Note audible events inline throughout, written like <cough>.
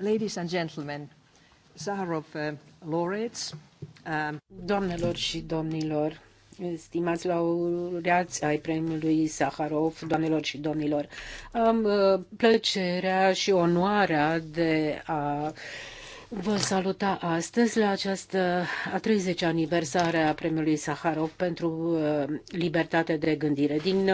Ladies and gentlemen, Zaharov uh, laureates. Um, doamnelor și domnilor, stimați laureați ai premiului Saharov, doamnelor și domnilor, am uh, plăcerea și onoarea de a uh, vă saluta astăzi la această a 30 aniversare a Premiului Saharov pentru uh, libertate de gândire. Din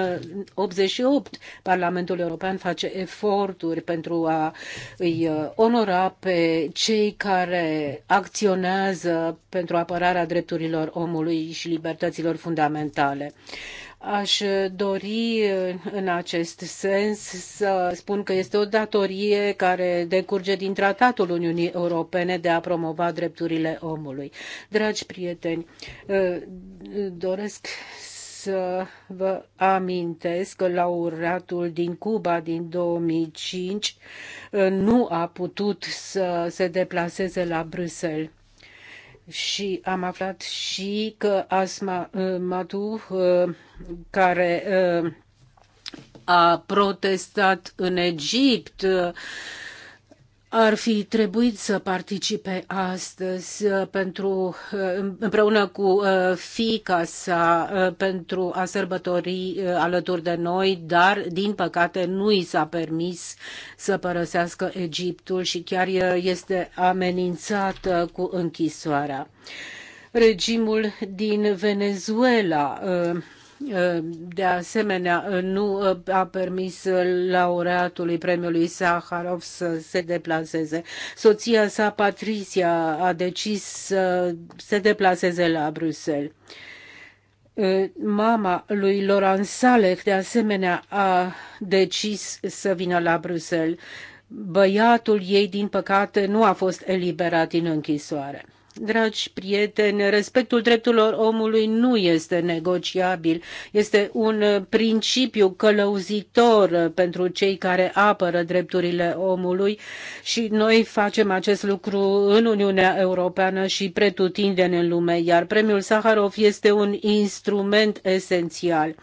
88, uh, Parlamentul European face eforturi pentru a îi uh, onora pe cei care acționează pentru apărarea drepturilor omului și libertăților fundamentale. Aș dori în acest sens să spun că este o datorie care decurge din Tratatul Uniunii Europene de a promova drepturile omului. Dragi prieteni, ă, doresc să vă amintesc că laureatul din Cuba din 2005 ă, nu a putut să se deplaseze la Bruxelles și am aflat și că Asma uh, Madu, uh, care uh, a protestat în Egipt, ar fi trebuit să participe astăzi uh, pentru, uh, împreună cu uh, fica sa pentru a sărbători alături de noi, dar din păcate nu i s-a permis să părăsească Egiptul și chiar este amenințată cu închisoarea. Regimul din Venezuela de asemenea, nu uh, a permis laureatului premiului Saharov să se deplaseze. Soția sa, Patricia, a decis să se deplaseze la Bruxelles. Uh, mama lui Laurent Salek, de asemenea, a decis să vină la Bruxelles. Băiatul ei, din păcate, nu a fost eliberat din închisoare. Dragi prieteni, respectul drepturilor omului nu este negociabil. Este un principiu călăuzitor pentru cei care apără drepturile omului și noi facem acest lucru în Uniunea Europeană și pretutindeni în lume, iar premiul Saharov este un instrument esențial.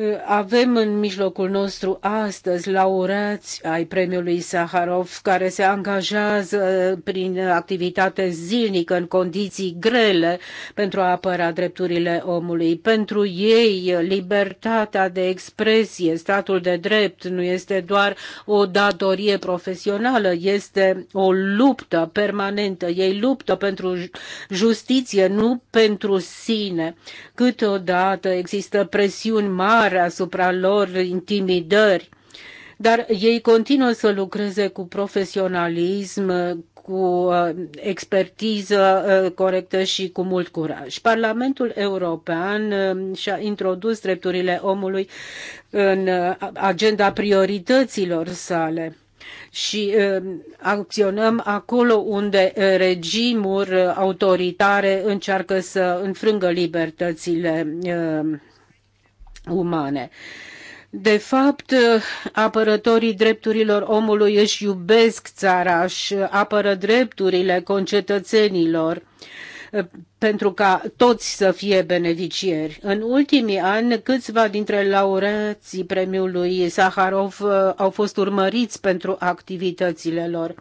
Eh, avem în mijlocul nostru astăzi laureați ai premiului Saharov care se angajează prin activitate zilnică în condiții grele pentru a apăra drepturile omului. Pentru ei, libertatea de expresie, statul de drept nu este doar o datorie profesională, este o luptă permanentă. Ei luptă pentru justiție, nu pentru sine. Câteodată există presiuni mari mari asupra lor, intimidări, dar ei continuă să lucreze cu profesionalism, cu uh, expertiză uh, corectă și cu mult curaj. Parlamentul European uh, și-a introdus drepturile omului în agenda priorităților sale și acționăm acolo unde regimuri autoritare încearcă să înfrângă libertățile umane. De fapt, apărătorii drepturilor omului își iubesc țara, își apără drepturile concetățenilor. Eh, pentru ca toți să fie beneficieri. În ultimii ani, câțiva dintre laureații premiului Saharov eh, au fost urmăriți pentru activitățile lor.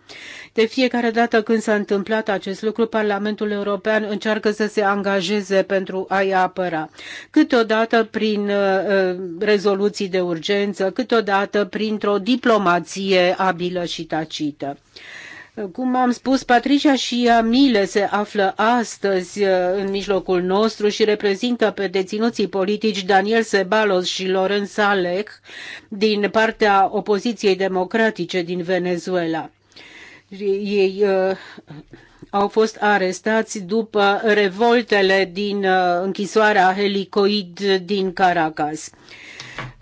De fiecare dată când s-a întâmplat acest lucru, Parlamentul European încearcă să se angajeze pentru a-i apăra. Câteodată prin eh, rezoluții de urgență, câteodată printr-o diplomație abilă și tacită. Cum am spus, Patricia și Iamile se află astăzi uh, în mijlocul nostru și reprezintă pe deținuții politici Daniel Sebalos și Loren Saleh din partea opoziției democratice din Venezuela. Ei uh, au fost arestați după revoltele din uh, închisoarea Helicoid din Caracas. Uh,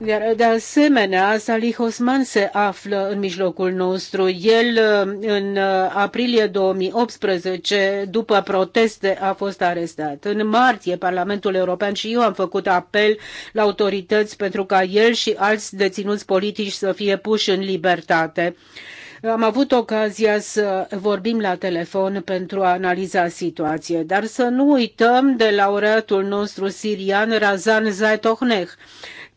iar de asemenea, Salih Osman se află în mijlocul nostru. El uh, în uh, aprilie 2018, după proteste, a fost arestat. În martie, Parlamentul European și eu am făcut apel la autorități pentru ca el și alți deținuți politici să fie puși în libertate. Am avut ocazia să vorbim la telefon pentru a analiza situație, dar să nu uităm de laureatul nostru sirian Razan Zaitohneh,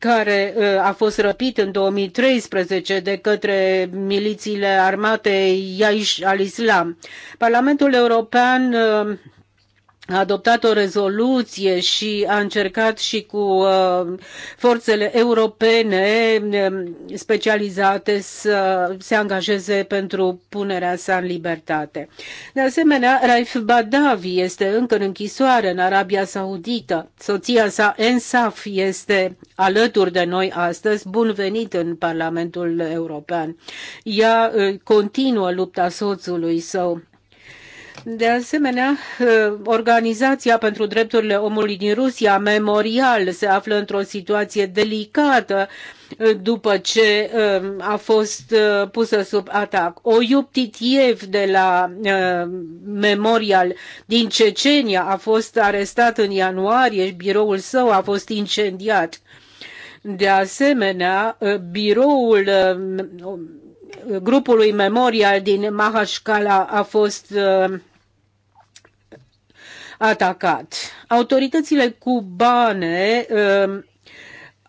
care uh, a fost răpit în 2013 de către milițiile armate Iaish al-Islam. Parlamentul European uh, a adoptat o rezoluție și a încercat și cu uh, forțele europene um, specializate să se angajeze pentru punerea sa în libertate. De asemenea, Raif Badavi este încă în închisoare în Arabia Saudită. Soția sa, Ensaf, este alături de noi astăzi. Bun venit în Parlamentul European. Ea uh, continuă lupta soțului său de asemenea, ă, Organizația pentru Drepturile Omului din Rusia, Memorial, se află într-o situație delicată ă, după ce ă, a fost pusă sub atac. Oyub Titiev de la Memorial din Cecenia a fost arestat în ianuarie, biroul său a fost incendiat. De asemenea, biroul grupului Memorial din Mahashkala a fost uh, atacat. Autoritățile cubane um,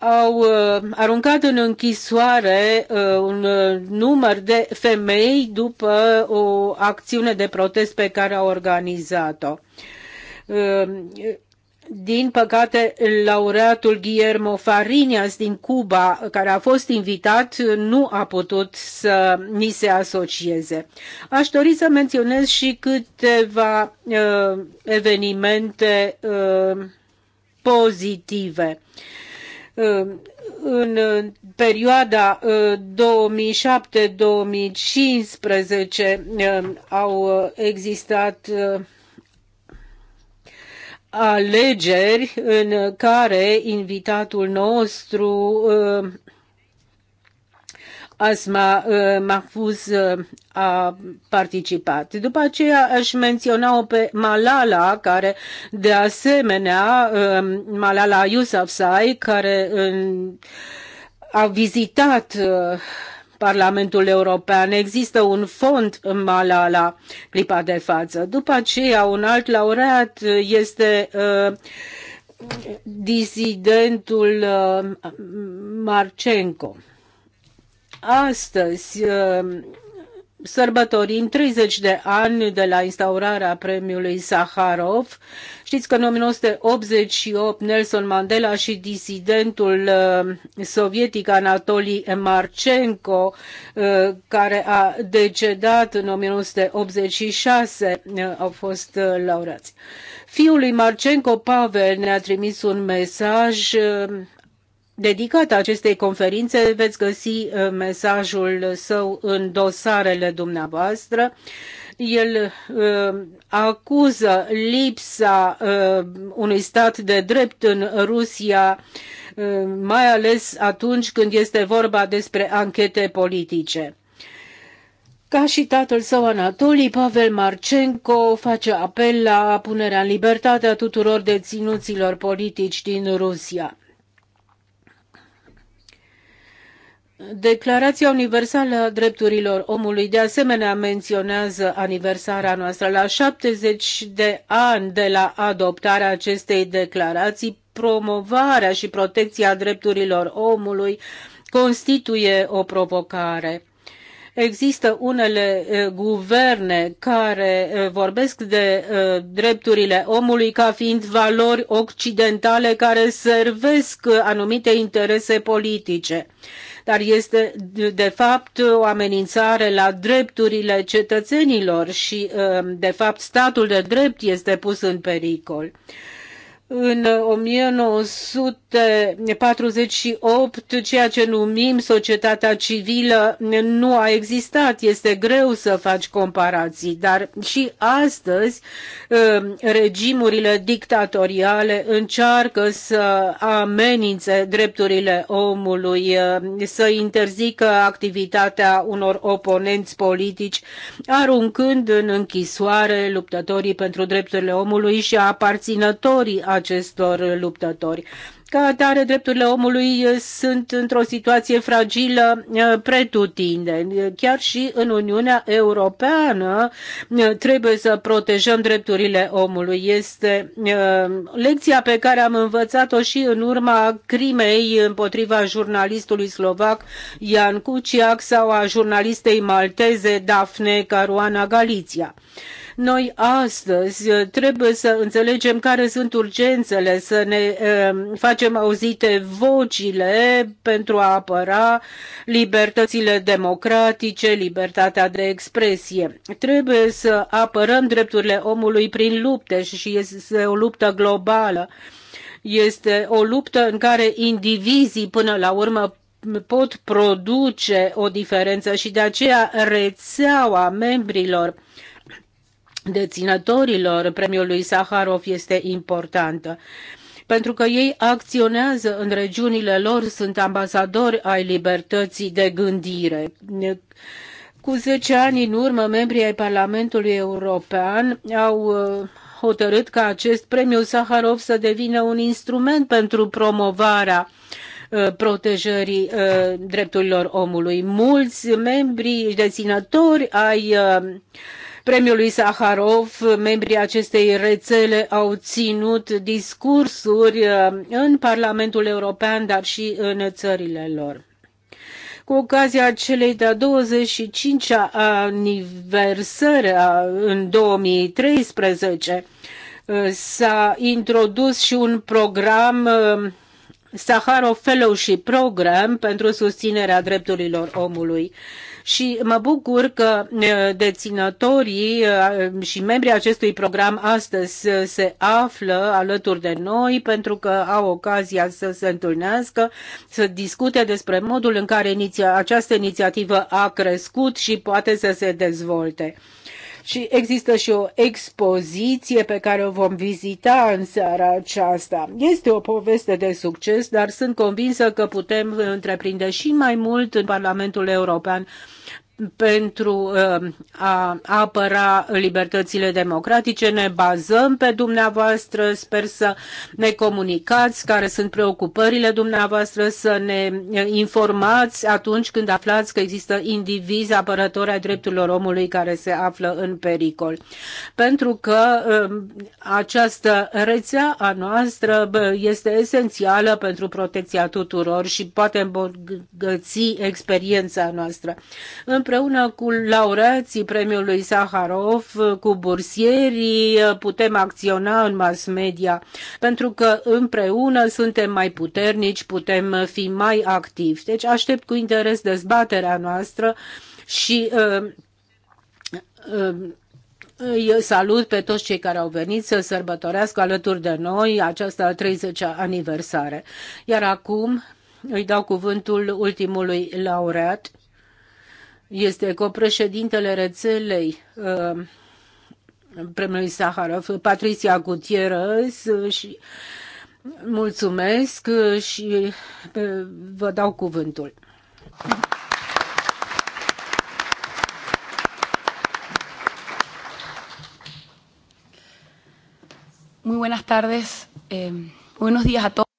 au um, aruncat în închisoare uh, un uh, număr de femei după o acțiune de protest pe care au organizat-o um, din păcate, laureatul Guillermo Farinas din Cuba, care a fost invitat, nu a putut să ni se asocieze. Aș dori să menționez și câteva uh, evenimente uh, pozitive. Uh, în perioada 2007-2015 uh, uh, au existat uh, alegeri în care invitatul nostru uh, Asma uh, Mahfuz uh, a participat. După aceea aș menționa-o pe Malala, care de asemenea, Malala Yousafzai, care a vizitat Parlamentul European. Există un fond în Malala clipa de față. După aceea, un alt laureat este uh, disidentul uh, Marcenco. Astăzi, uh, sărbătorim 30 de ani de la instaurarea premiului Saharov. Știți că în 1988 Nelson Mandela și disidentul uh, sovietic Anatoli Marchenko, uh, care a decedat în 1986, uh, au fost laureați. Fiul lui Marchenko, Pavel, ne-a trimis un mesaj dedicată acestei conferințe. Veți găsi uh, mesajul său în dosarele dumneavoastră. El uh, acuză lipsa uh, unui stat de drept în Rusia, uh, mai ales atunci când este vorba despre anchete politice. Ca și tatăl său Anatolii, Pavel Marcenco face apel la punerea în libertate a tuturor deținuților politici din Rusia. Declarația Universală a Drepturilor Omului de asemenea menționează aniversarea noastră la 70 de ani de la adoptarea acestei declarații. Promovarea și protecția drepturilor omului constituie o provocare. Există unele guverne care vorbesc de drepturile omului ca fiind valori occidentale care servesc anumite interese politice dar este de fapt o amenințare la drepturile cetățenilor și uh, de fapt statul de drept este pus în pericol în 1948 ceea ce numim societatea civilă nu a existat. Este greu să faci comparații, dar și astăzi ă, regimurile dictatoriale încearcă să amenințe drepturile omului, ă, să interzică activitatea unor oponenți politici, aruncând în închisoare luptătorii pentru drepturile omului și aparținătorii a acestor luptători. Ca atare, drepturile omului eh, sunt într-o situație fragilă eh, pretutinde. Chiar și în Uniunea Europeană eh, trebuie să protejăm drepturile omului. Este lecția pe care am învățat-o și în urma crimei împotriva jurnalistului slovac Ian Cuciac sau a jurnalistei malteze Daphne Caruana Galizia. Noi astăzi uh, trebuie să înțelegem care sunt urgențele, să ne uh, facem auzite vocile pentru a apăra libertățile democratice, libertatea de expresie. Trebuie să apărăm drepturile omului prin lupte și este o luptă globală. Este o luptă în care indivizii până la urmă pot produce o diferență și de aceea rețeaua membrilor deținătorilor premiului Saharov este importantă pentru că ei acționează în regiunile lor, sunt ambasadori ai libertății de gândire. Cu 10 ani în urmă, membrii ai Parlamentului European au uh, hotărât ca acest premiu Saharov să devină un instrument pentru promovarea uh, protejării uh, drepturilor omului. Mulți membri deținători ai premiului Saharov, membrii acestei rețele au ținut discursuri uh, în Parlamentul European, dar și în țările lor cu ocazia celei de-a 25-a aniversare uh, în 2013 uh, s-a introdus și un program Saharov Fellowship Program pentru susținerea drepturilor omului și mă bucur că deținătorii și membrii acestui program astăzi se află alături de noi pentru că au ocazia să se întâlnească, să discute despre modul în care această inițiativă a crescut și poate să se dezvolte și există și o expoziție pe care o vom vizita în seara aceasta. Este o poveste de succes, dar sunt convinsă că putem întreprinde și mai mult în Parlamentul European pentru um, a apăra libertățile democratice. Ne bazăm pe dumneavoastră, sper să ne comunicați care sunt preocupările dumneavoastră, să ne uh, informați atunci când aflați că există indivizi apărători ai drepturilor omului care se află în pericol. Pentru că um, această rețea a noastră este esențială pentru protecția tuturor și poate îmbogăți experiența noastră. În împreună cu laureații premiului Saharov, cu bursierii, putem acționa în mass media, pentru că împreună suntem mai puternici, putem fi mai activi. Deci aștept cu interes dezbaterea noastră și uh, uh, îi salut pe toți cei care au venit să sărbătorească alături de noi această 30-a aniversare. Iar acum îi dau cuvântul ultimului laureat, este copreședintele rețelei uh, premiului Saharov, Patricia Gutierrez uh, și mulțumesc uh, și vă dau cuvântul. Muy buenas tardes, eh, buenos días a todos.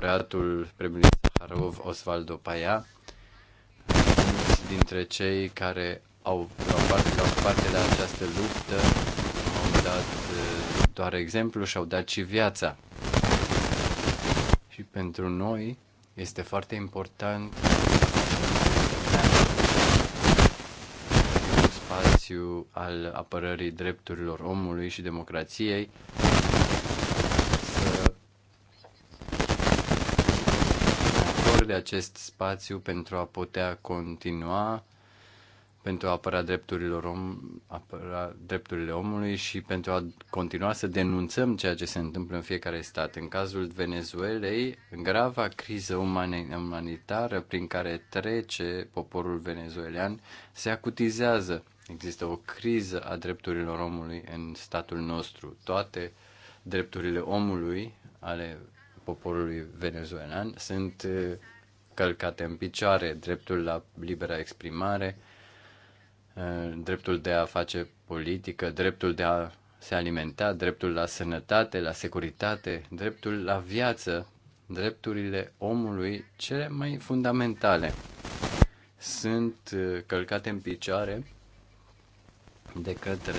laureatul premiului Saharov Osvaldo Paia, mulți dintre cei care au luat parte, luat parte la această luptă au dat eh, doar exemplu și au dat și viața. Și pentru noi este foarte important un spațiu al apărării drepturilor omului și democrației de acest spațiu pentru a putea continua pentru a apăra drepturile, om, apăra drepturile omului și pentru a continua să denunțăm ceea ce se întâmplă în fiecare stat. În cazul Venezuelei, grava criză umanitară prin care trece poporul venezuelian se acutizează. Există o criză a drepturilor omului în statul nostru. Toate drepturile omului ale poporului venezuelan sunt călcate în picioare, dreptul la libera exprimare, dreptul de a face politică, dreptul de a se alimenta, dreptul la sănătate, la securitate, dreptul la viață, drepturile omului cele mai fundamentale sunt călcate în picioare de către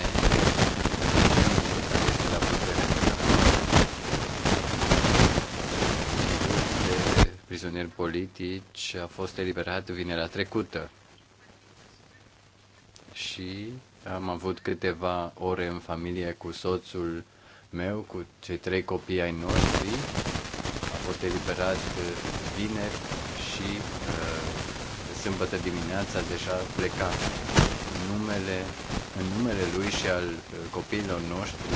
prizonieri politici a fost eliberat vinerea trecută. Și am avut câteva ore în familie cu soțul meu, cu cei trei copii ai noștri. A fost eliberat vineri și uh, sâmbătă dimineața deja pleca numele, în numele lui și al uh, copiilor noștri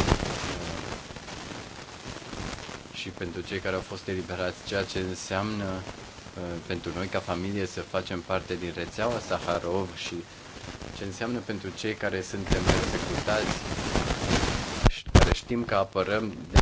și pentru cei care au fost eliberați, ceea ce înseamnă uh, pentru noi ca familie să facem parte din rețeaua Saharov și ce înseamnă pentru cei care suntem persecutați și care știm că apărăm de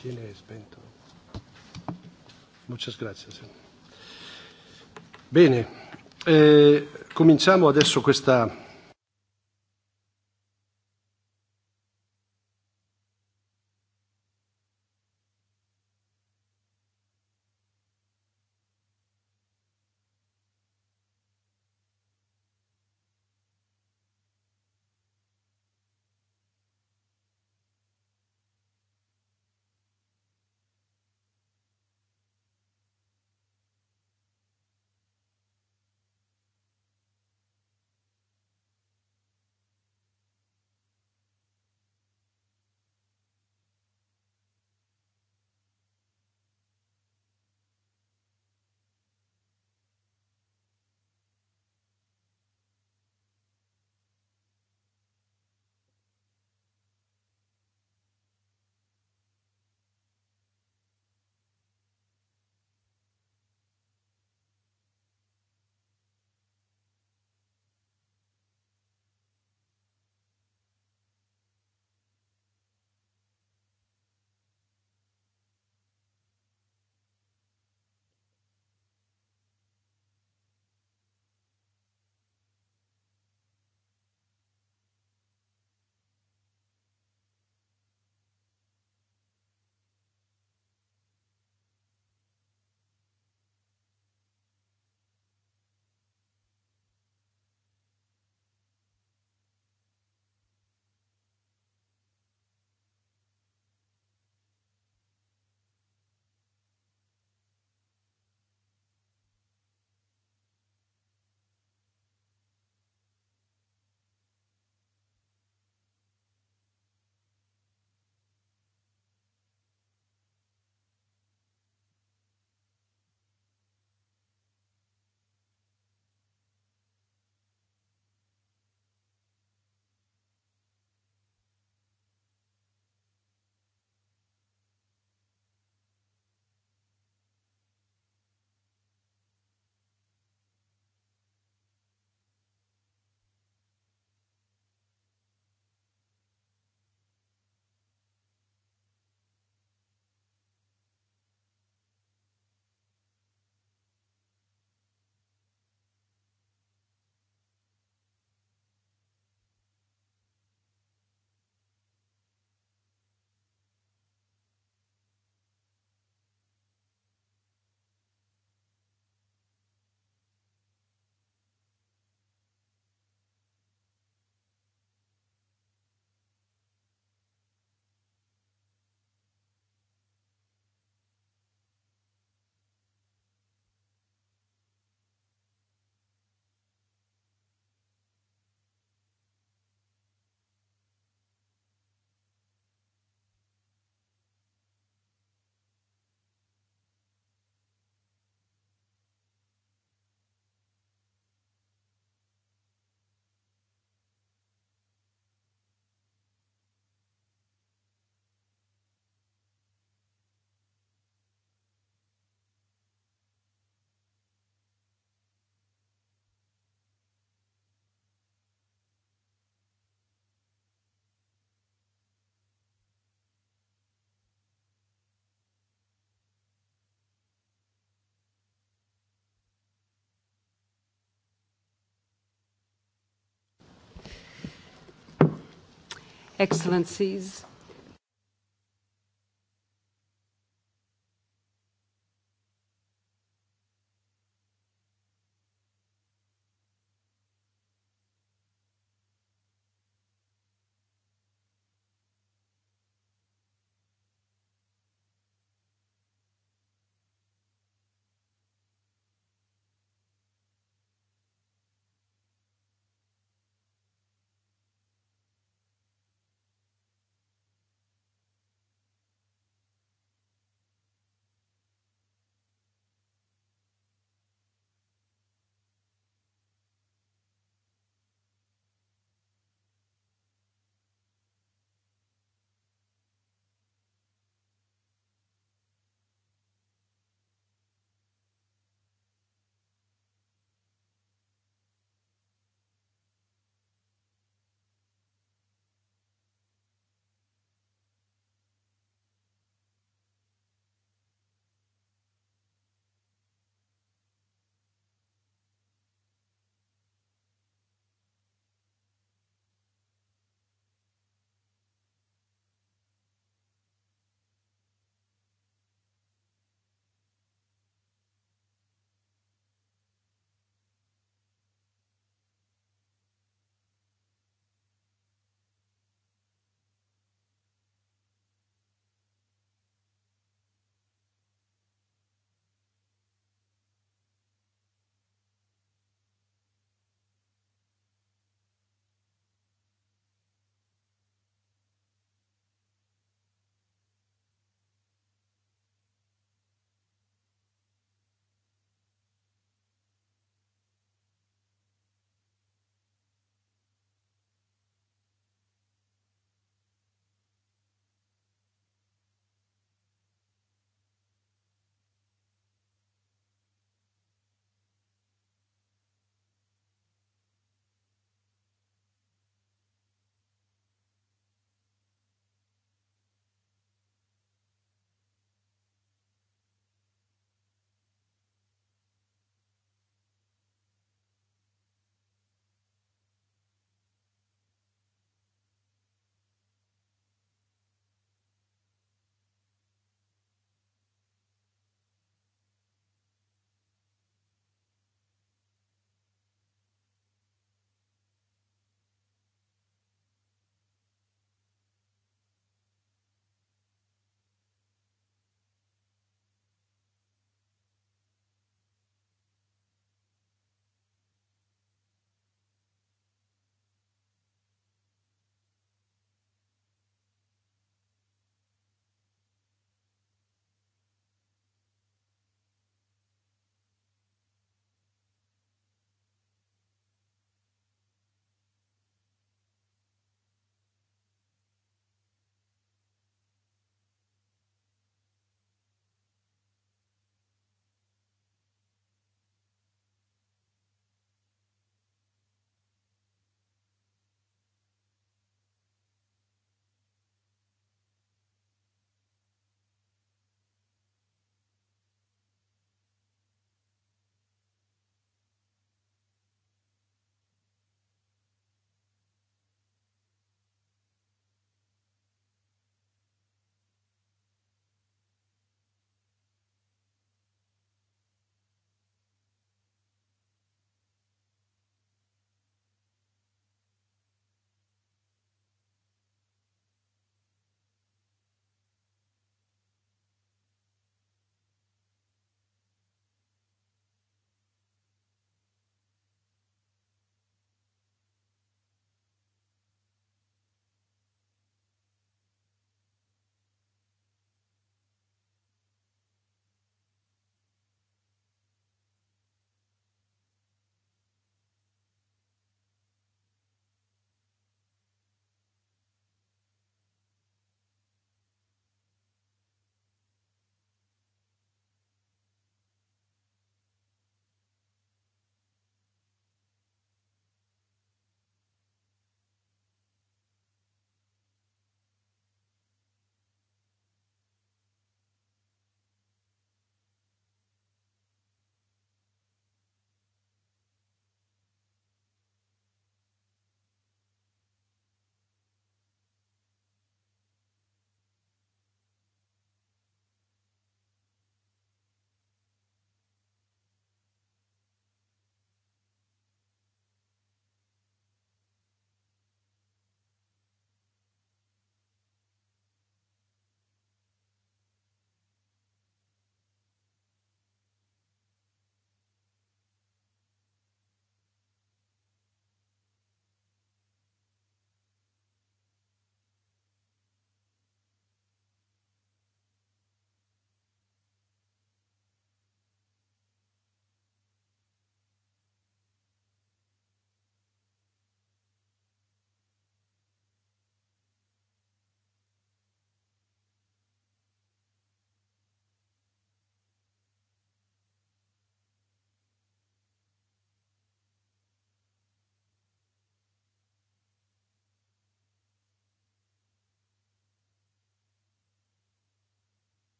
Cine este pentru? Muchas gracias. Eh. Bene, eh, cominciamo adesso questa Excellencies,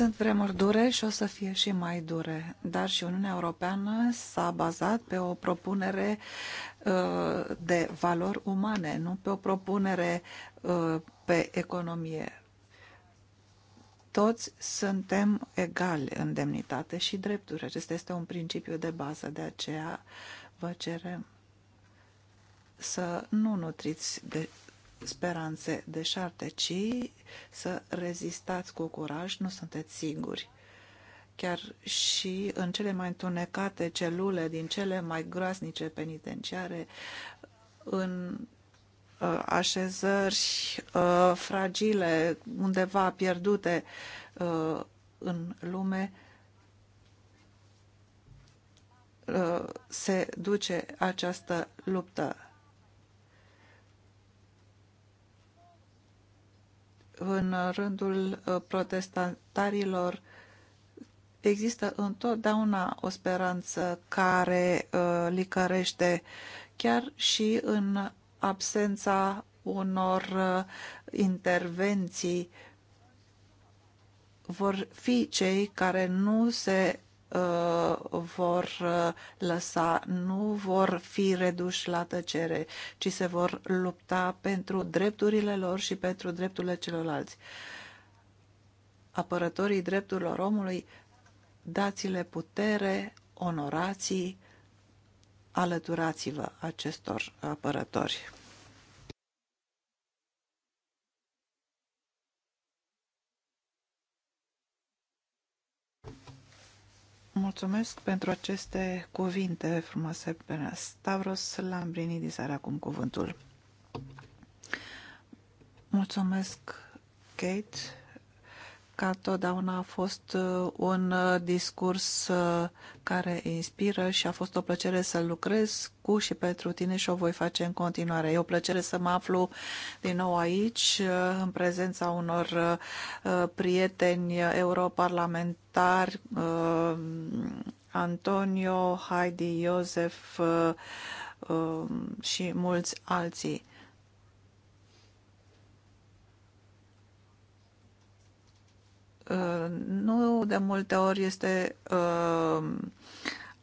Sunt vremuri dure și o să fie și mai dure, dar și Uniunea Europeană s-a bazat pe o propunere uh, de valori umane, nu pe o propunere uh, pe economie. Toți suntem egali în demnitate și drepturi. Acesta este un principiu de bază, de aceea vă cerem să nu nutriți de speranțe deșarte, ci să rezistați cu curaj, nu sunteți singuri. Chiar și în cele mai întunecate celule din cele mai groasnice penitenciare, în uh, așezări uh, fragile, undeva pierdute uh, în lume, uh, se duce această luptă în rândul uh, protestantarilor există întotdeauna o speranță care uh, licărește chiar și în absența unor uh, intervenții vor fi cei care nu se Uh, vor uh, lăsa, nu vor fi reduși la tăcere, ci se vor lupta pentru drepturile lor și pentru drepturile celorlalți. Apărătorii drepturilor omului, dați-le putere, onorații, alăturați-vă acestor apărători. Mulțumesc pentru aceste cuvinte frumoase. Stavros Lambrinidis are acum cuvântul. Mulțumesc, Kate ca totdeauna a fost uh, un uh, discurs uh, care inspiră și a fost o plăcere să lucrez cu și pentru tine și o voi face în continuare. E o plăcere să mă aflu din nou aici, în prezența unor prieteni europarlamentari, Antonio, Heidi, Iosef um, și mulți alții. Uh, nu de multe ori este uh,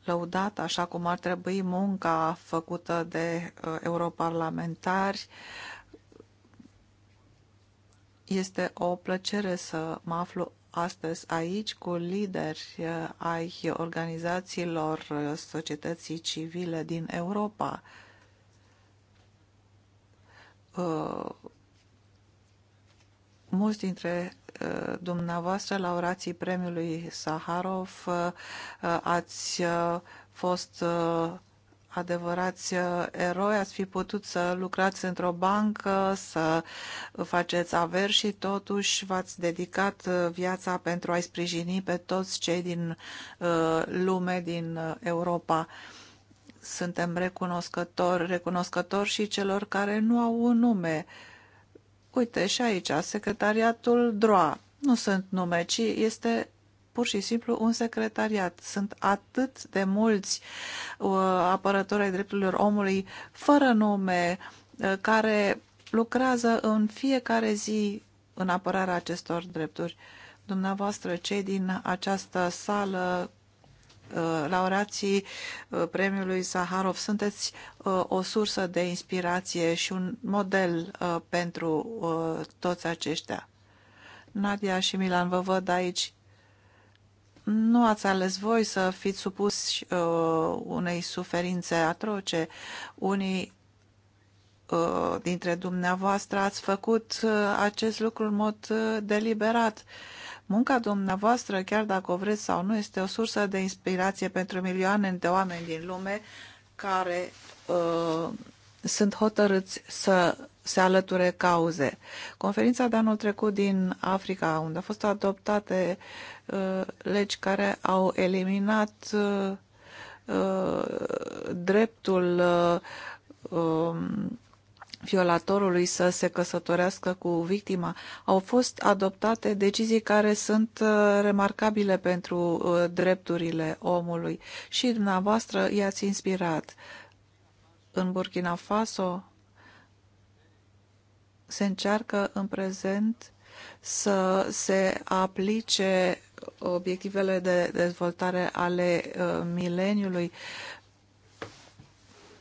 lăudată așa cum ar trebui munca făcută de uh, europarlamentari. Este o plăcere să mă aflu astăzi aici cu lideri ai organizațiilor societății civile din Europa. Mulți dintre dumneavoastră, laureații premiului Saharov, uh, ați uh, fost uh, adevărați eroi, ați fi putut să lucrați într-o bancă, să faceți averi și totuși v-ați dedicat viața pentru a-i sprijini pe toți cei din lume, din Europa. Suntem recunoscători, recunoscători și celor care nu au un nume, Uite și aici, secretariatul DROA. Nu sunt nume, ci este pur și simplu un secretariat. Sunt atât de mulți uh, apărători ai drepturilor omului, fără nume, uh, care lucrează în fiecare zi în apărarea acestor drepturi. Dumneavoastră, cei din această sală Uh, laureații uh, premiului Saharov, sunteți uh, o sursă de inspirație și un model pentru toți aceștia. Nadia și Milan, vă văd aici. Nu ați ales voi să fiți supuși unei suferințe atroce. Unii dintre dumneavoastră ați făcut acest lucru în mod deliberat. Munca dumneavoastră, chiar dacă o vreți sau nu, este o sursă de inspirație pentru milioane de oameni din lume care uh, sunt hotărâți să se alăture cauze. Conferința de anul trecut din Africa, unde au fost adoptate uh, legi care au eliminat uh, uh dreptul uh, um, violatorului să se căsătorească cu victima. Au fost adoptate decizii care sunt uh, remarcabile pentru uh, drepturile omului și dumneavoastră i-ați inspirat. În Burkina Faso se încearcă în prezent să se aplice obiectivele de dezvoltare ale uh, mileniului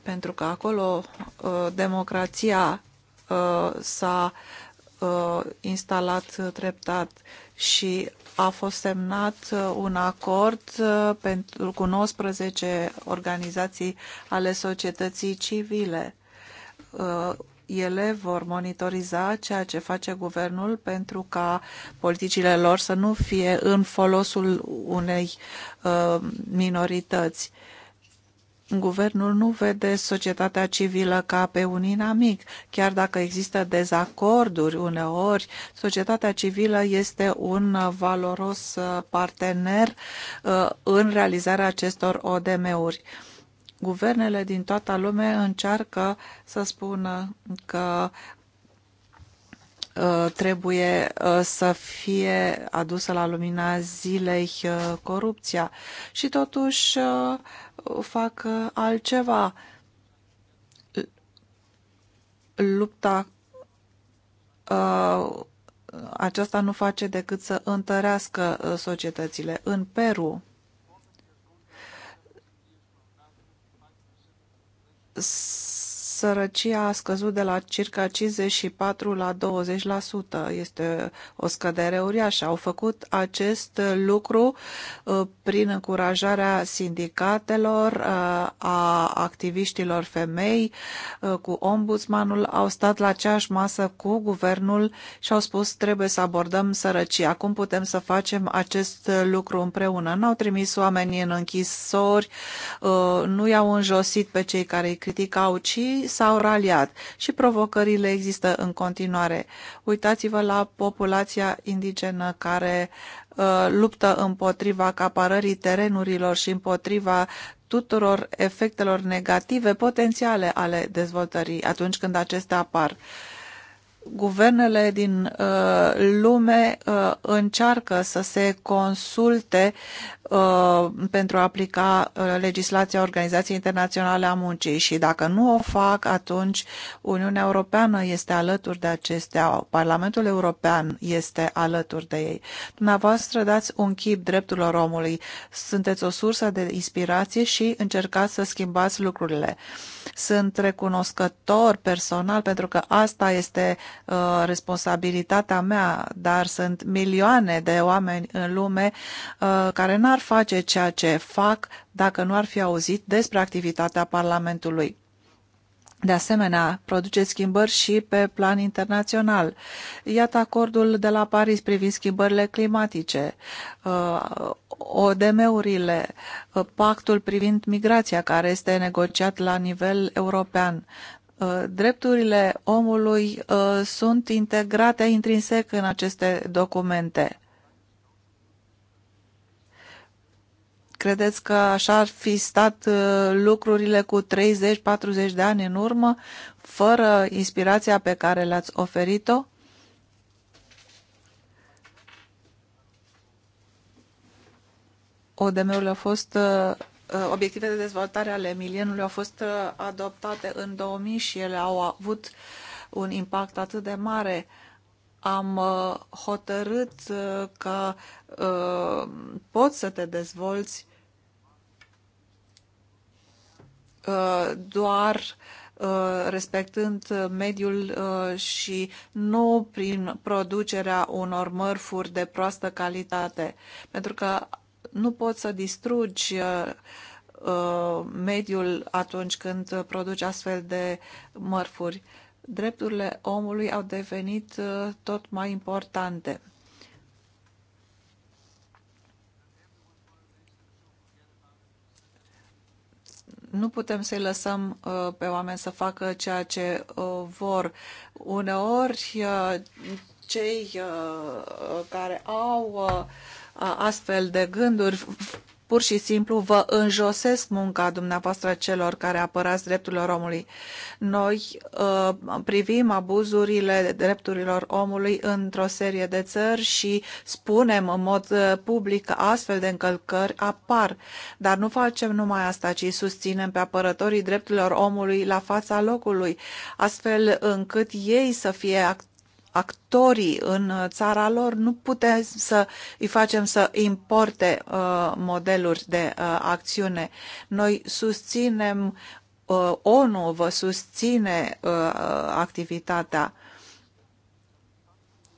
pentru că acolo uh, democrația uh, s-a uh, instalat treptat și a fost semnat un acord pentru, cu 19 organizații ale societății civile. Ele vor monitoriza ceea ce face guvernul pentru ca politicile lor să nu fie în folosul unei minorități. Uh, Guvernul nu vede societatea civilă ca pe un inamic. Chiar dacă există dezacorduri uneori, societatea civilă este un valoros uh, partener uh, în realizarea acestor ODM-uri. Guvernele din toată lumea încearcă să spună că Uh, trebuie uh, să fie adusă la lumina zilei uh, corupția și totuși fac altceva. Lupta aceasta nu face decât să întărească societățile. În Peru sărăcia a scăzut de la circa 54 la 20%. Este o scădere uriașă. Au făcut acest lucru uh, prin încurajarea sindicatelor, uh, a activiștilor femei, uh, cu ombudsmanul. Au stat la aceeași masă cu guvernul și au spus trebuie să abordăm sărăcia. Cum putem să facem acest lucru împreună? N-au trimis oamenii în închisori, nu i-au înjosit pe cei care îi criticau, ci s-au raliat și provocările există în continuare. Uitați-vă la populația indigenă care uh, luptă împotriva acaparării terenurilor și împotriva tuturor efectelor negative potențiale ale dezvoltării atunci când acestea apar. Uh, guvernele din uh, lume uh, încearcă să se consulte uh, pentru a aplica uh, legislația Organizației Internaționale a Muncii și dacă nu o fac, atunci Uniunea Europeană este alături de acestea, Parlamentul European este alături de ei. Dumneavoastră dați un chip drepturilor omului, sunteți o sursă de inspirație și încercați să schimbați lucrurile. Uh, sunt recunoscător personal pentru că asta este uh, responsabilitatea mea, dar sunt milioane de oameni în lume uh, care n-ar face ceea ce fac dacă nu ar fi auzit despre activitatea Parlamentului. De asemenea, produce schimbări și pe plan internațional. Iată acordul de la Paris privind schimbările climatice. Uh, ODM-urile, uh, pactul privind migrația care este negociat la nivel european. Uh, drepturile omului uh, sunt integrate intrinsec în aceste documente. Credeți că așa ar fi stat lucrurile cu 30-40 de ani în urmă, fără inspirația pe care le-ați oferit-o? ODM-urile au fost uh, uh, obiective de dezvoltare ale milienului au fost uh, adoptate în 2000 și ele au avut un impact atât de mare. Am hotărât că poți să te dezvolți doar respectând mediul și nu prin producerea unor mărfuri de proastă calitate. Pentru că nu poți să distrugi uh, uh, mediul atunci când produci astfel de mărfuri. Drepturile omului au devenit uh, tot mai importante. nu putem să-i lăsăm pe oameni să facă ceea ce vor. Uneori, cei care au astfel de gânduri pur și simplu vă înjosesc munca dumneavoastră celor care apărați drepturile omului. Noi uh, privim abuzurile drepturilor omului într-o serie de țări și spunem în mod public că astfel de încălcări apar, dar nu facem numai asta, ci susținem pe apărătorii drepturilor omului la fața locului, astfel încât ei să fie activi actorii în țara lor, nu putem să îi facem să importe uh, modeluri de uh, acțiune. Noi susținem, uh, ONU vă susține uh, activitatea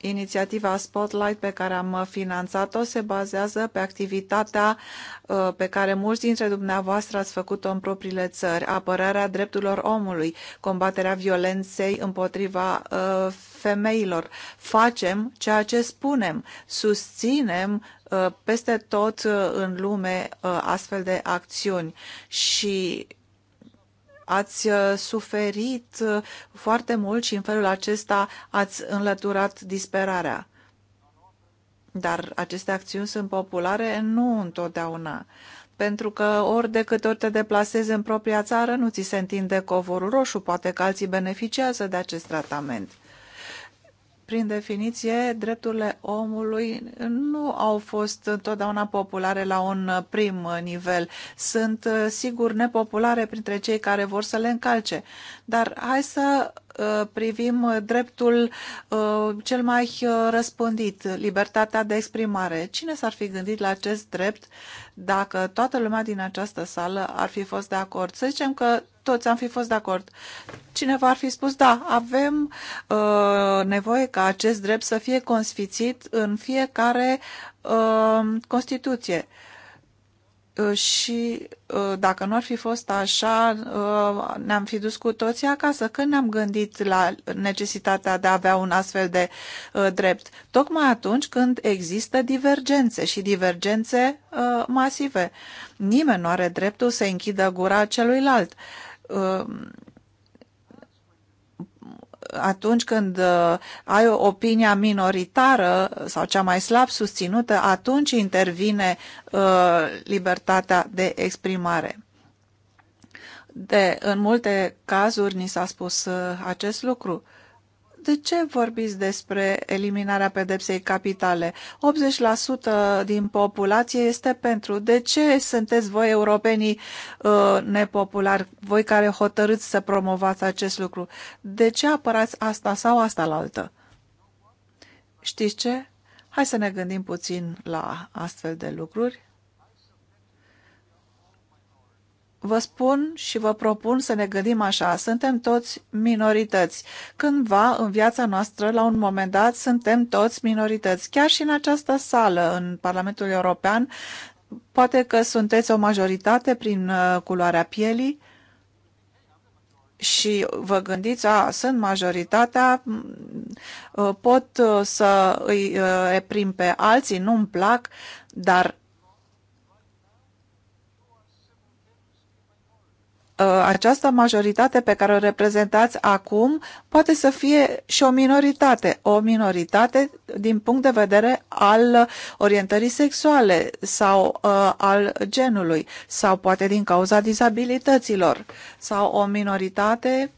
Inițiativa Spotlight pe care am finanțat-o se bazează pe activitatea uh, pe care mulți dintre dumneavoastră ați făcut-o în propriile țări, apărarea drepturilor omului, combaterea violenței împotriva uh, femeilor. Facem ceea ce spunem, susținem uh, peste tot în lume astfel de acțiuni și ați uh, suferit uh, foarte mult și în felul acesta ați înlăturat disperarea. Dar aceste acțiuni sunt populare nu întotdeauna pentru că ori de câte ori te deplasezi în propria țară, nu ți se întinde covorul roșu, poate că alții beneficiază de acest tratament. Prin definiție, drepturile omului nu au fost întotdeauna populare la un prim nivel. Sunt, uh, sigur, nepopulare printre cei care vor să le încalce. Dar hai să uh, privim dreptul uh, cel mai răspândit, libertatea de exprimare. Cine s-ar fi gândit la acest drept dacă toată lumea din această sală ar fi fost de acord? Să zicem că toți am fi fost de acord. Cineva ar fi spus, da, avem uh, nevoie ca acest drept să fie consfițit în fiecare uh, Constituție. Uh, și uh, dacă nu ar fi fost așa, uh, ne-am fi dus cu toții acasă când ne-am gândit la necesitatea de a avea un astfel de drept. Tocmai atunci când există divergențe și divergențe masive. Nimeni nu are dreptul să închidă gura celuilalt. Um, atunci când uh, ai o opinia minoritară sau cea mai slab susținută, atunci intervine uh, libertatea de exprimare. De, în multe cazuri ni s-a spus uh, acest lucru de ce vorbiți despre eliminarea pedepsei capitale? 80% din populație este pentru. De ce sunteți voi, europenii uh, nepopulari, voi care hotărâți să promovați acest lucru? De ce apărați asta sau asta la altă? Știți ce? Hai să ne gândim puțin la astfel de lucruri vă spun și vă propun să ne gândim așa, suntem toți minorități. Cândva în viața noastră, la un moment dat, suntem toți minorități. Chiar și în această sală, în Parlamentul European, poate că sunteți o majoritate prin uh, culoarea pielii și vă gândiți, a, sunt majoritatea, uh, pot uh, să îi reprim pe alții, nu-mi plac, dar Uh, această majoritate pe care o reprezentați acum poate să fie și o minoritate, o minoritate din punct de vedere al orientării sexuale sau uh, al genului sau poate din cauza dizabilităților sau o minoritate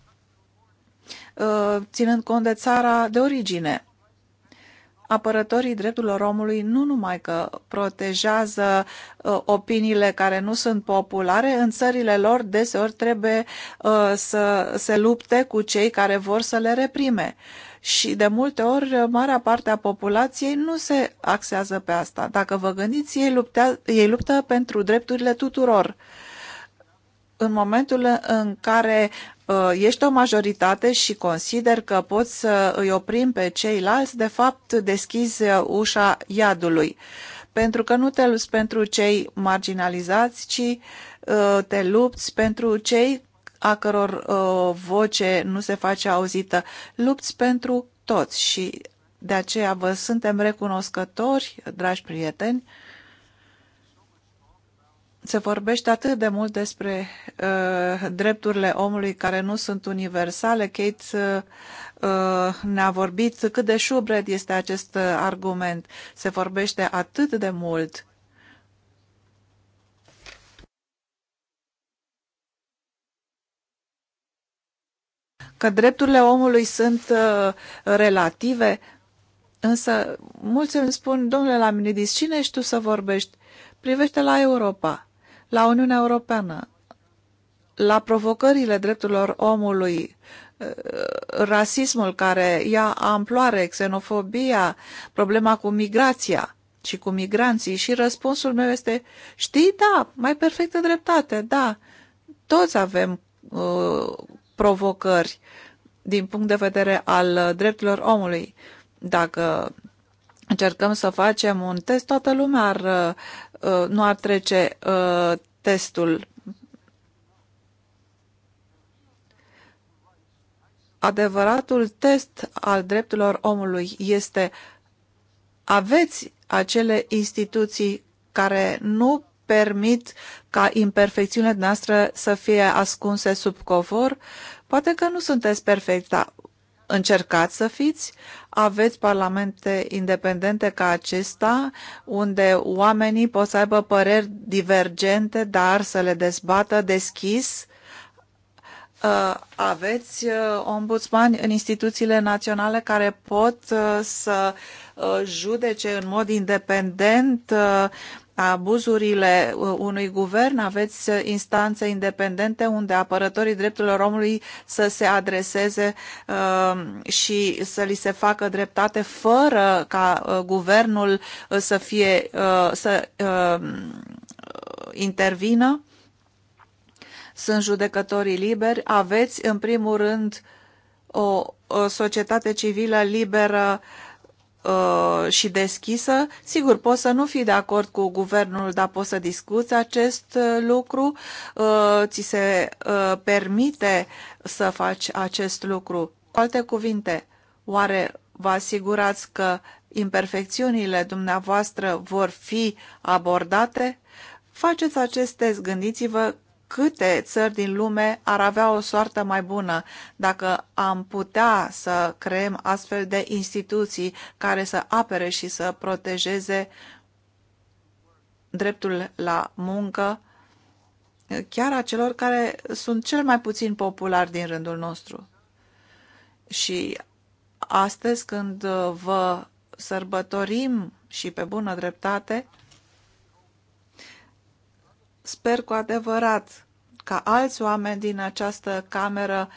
uh, ținând cont de țara de origine apărătorii drepturilor omului nu numai că protejează uh, opiniile care nu sunt populare, în țările lor deseori trebuie uh, să se lupte cu cei care vor să le reprime. Și de multe ori, marea parte a populației nu se axează pe asta. Dacă vă gândiți, ei, luptea, ei luptă pentru drepturile tuturor. Uh, în momentul în care uh, ești o majoritate și consider că poți să îi oprim pe ceilalți, de fapt deschizi uh, ușa iadului. Pentru că nu te lupți pentru cei marginalizați, ci uh, te lupți pentru cei a căror voce nu se face auzită. Lupți pentru toți și de aceea vă suntem recunoscători, dragi prieteni, se vorbește atât de mult despre uh, drepturile omului care nu sunt universale. Kate uh, uh ne-a vorbit cât de șubred este acest uh, argument. Se vorbește atât de mult. Că drepturile omului sunt uh, relative, însă mulți îmi spun, domnule Laminidis, cine ești tu să vorbești? Privește la Europa la Uniunea Europeană, la provocările drepturilor omului, eh, rasismul care ia amploare, xenofobia, problema cu migrația și cu migranții și răspunsul meu este știi, da, mai perfectă dreptate, da, toți avem uh, provocări din punct de vedere al eh, drepturilor omului. Dacă încercăm să facem un test, toată lumea ar Uh, nu ar trece uh, testul. Adevăratul test al drepturilor omului este aveți acele instituții care nu permit ca imperfecțiunile noastre să fie ascunse sub covor? Poate că nu sunteți perfecta, încercați să fiți. Aveți parlamente independente ca acesta, unde oamenii pot să aibă păreri divergente, dar să le dezbată deschis. Uh, aveți uh, ombudsmani în instituțiile naționale care pot uh, să judece în mod independent abuzurile uh, unui guvern, aveți instanțe independente unde apărătorii drepturilor omului să se adreseze uh, și să li se facă dreptate fără ca uh, guvernul să fie să intervină. Sunt judecătorii liberi, aveți în primul rând o, o societate civilă liberă uh, Uh, și deschisă. Sigur, poți să nu fii de acord cu guvernul, dar poți să discuți acest uh, lucru. Uh, ți se permite să faci acest lucru. Cu alte cuvinte, oare vă asigurați că imperfecțiunile dumneavoastră vor fi abordate? Faceți acest test, gândiți-vă câte țări din lume ar avea o soartă mai bună dacă am putea să creăm astfel de instituții care să apere și să protejeze dreptul la muncă, chiar a celor care sunt cel mai puțin populari din rândul nostru. Și astăzi, când vă sărbătorim și pe bună dreptate, Sper cu adevărat ca alți oameni din această cameră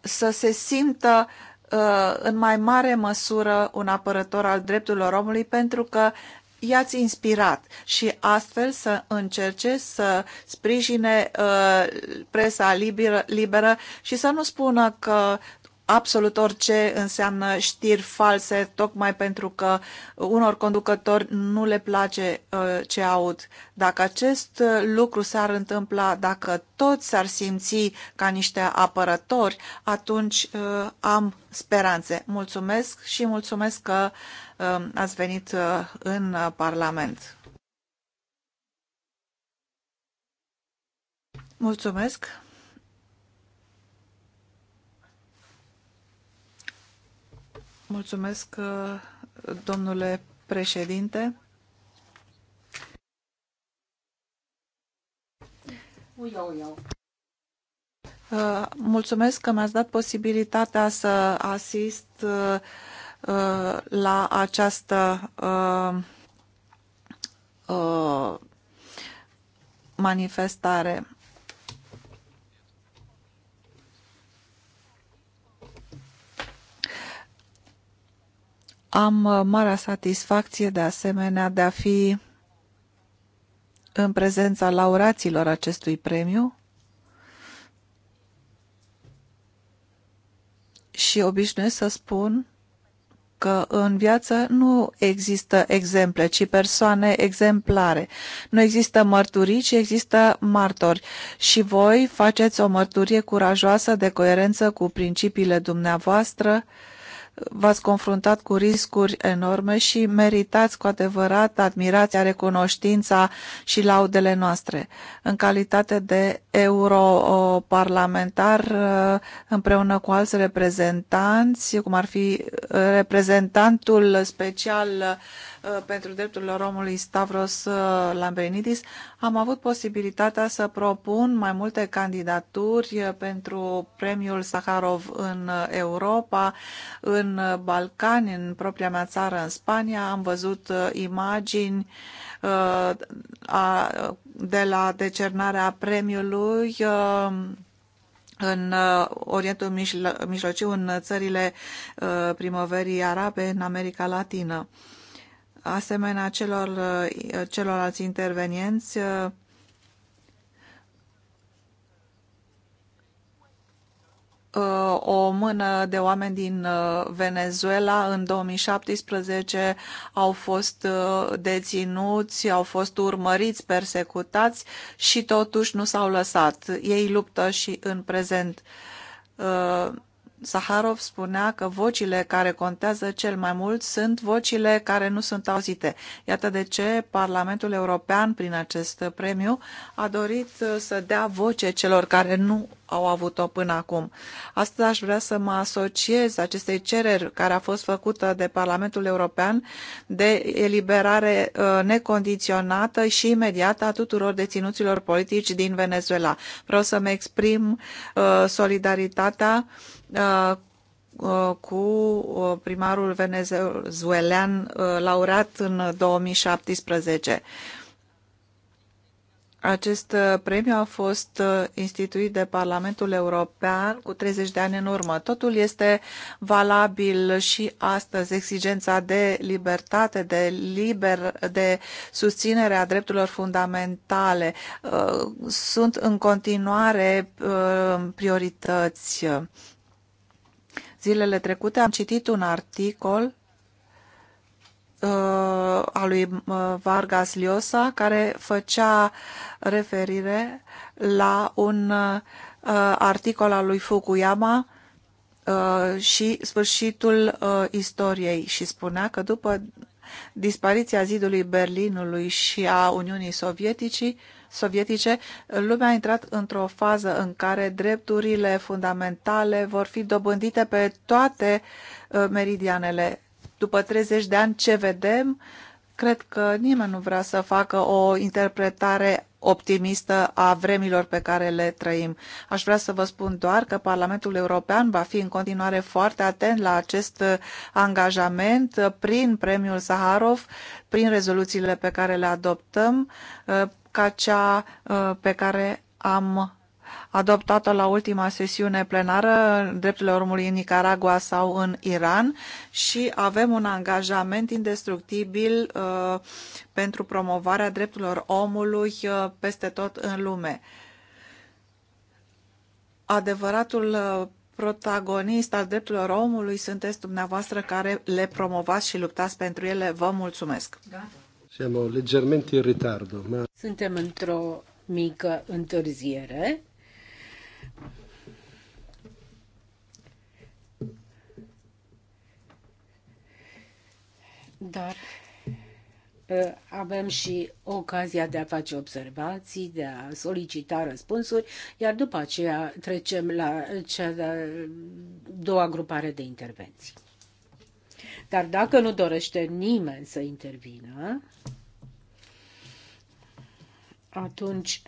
să se simtă uh, în mai mare măsură un apărător al drepturilor omului pentru că i-ați inspirat și astfel să încerce să sprijine uh, presa liberă, liberă și să nu spună că absolut orice înseamnă știri false, tocmai pentru că unor conducători nu le place uh, ce aud. Dacă acest uh, lucru s-ar întâmpla, dacă toți s-ar simți ca niște apărători, atunci uh, am speranțe. Mulțumesc și mulțumesc că uh, ați venit uh, în Parlament. Mulțumesc! Mulțumesc, uh, domnule președinte. Uh, mulțumesc că mi-ați dat posibilitatea să asist uh, la această manifestare. Am uh, marea satisfacție de asemenea de a fi în prezența laureaților acestui premiu și obișnuiesc să spun că în viață nu există exemple, ci persoane exemplare. Nu există mărturii, ci există martori. Și voi faceți o mărturie curajoasă de coerență cu principiile dumneavoastră v-ați confruntat cu riscuri enorme și meritați cu adevărat admirația, recunoștința și laudele noastre. În calitate de europarlamentar, uh, împreună cu alți reprezentanți, cum ar fi uh, reprezentantul special uh, Uh, pentru drepturile omului Stavros uh, Lambrinidis, am avut posibilitatea să propun mai multe candidaturi uh, pentru premiul Saharov în Europa, în Balcani, în propria mea țară, în Spania. Am văzut imagini de la decernarea premiului în Orientul Mijlociu, în țările primăverii arabe, în America Latină asemenea celor, uh, celorlalți intervenienți, uh, uh, o mână de oameni din Venezuela în 2017 au fost deținuți, au fost urmăriți, persecutați și totuși nu s-au lăsat. Ei luptă și în prezent. Saharov spunea că vocile care contează cel mai mult sunt vocile care nu sunt auzite. Iată de ce Parlamentul European, prin acest premiu, a dorit uh, să dea voce celor care nu au avut-o până acum. Astăzi aș vrea să mă asociez acestei cereri care a fost făcută de Parlamentul European de eliberare uh, necondiționată și imediată a tuturor deținuților politici din Venezuela. Vreau să-mi exprim uh, solidaritatea Uh, uh, cu uh, primarul venezuelean laureat în 2017. Acest premiu a fost instituit de Parlamentul European cu 30 de ani în urmă. Totul este valabil și astăzi. Exigența de libertate, de liber, de susținere a drepturilor fundamentale sunt în continuare priorități Zilele trecute am citit un articol uh, a lui uh, Vargas Llosa care făcea referire la un uh, articol al lui Fukuyama uh, și sfârșitul uh, istoriei și spunea că după dispariția zidului Berlinului și a Uniunii Sovieticii, uh, sovietice, lumea a intrat într-o fază în care drepturile fundamentale vor fi dobândite pe toate uh, meridianele. După 30 de ani, ce vedem? Cred că nimeni nu vrea să facă o interpretare optimistă a vremilor pe care le trăim. Aș vrea să vă spun doar că Parlamentul European va fi în continuare foarte atent la acest uh, angajament uh, prin premiul Saharov, prin rezoluțiile pe care le adoptăm, ca cea uh, pe care am adoptat-o la ultima sesiune plenară drepturile omului în Nicaragua sau în Iran și avem un angajament indestructibil uh, pentru promovarea drepturilor omului uh, peste tot în lume. Adevăratul uh, protagonist al drepturilor omului sunteți dumneavoastră care le promovați și luptați pentru ele. Vă mulțumesc! Gata. Siamo leggermente in ritardo, ma... Suntem într-o mică întârziere. Dar ă, avem și ocazia de a face observații, de a solicita răspunsuri, iar după aceea trecem la cea de-a doua grupare de intervenții. Dar dacă nu dorește nimeni să intervină, atunci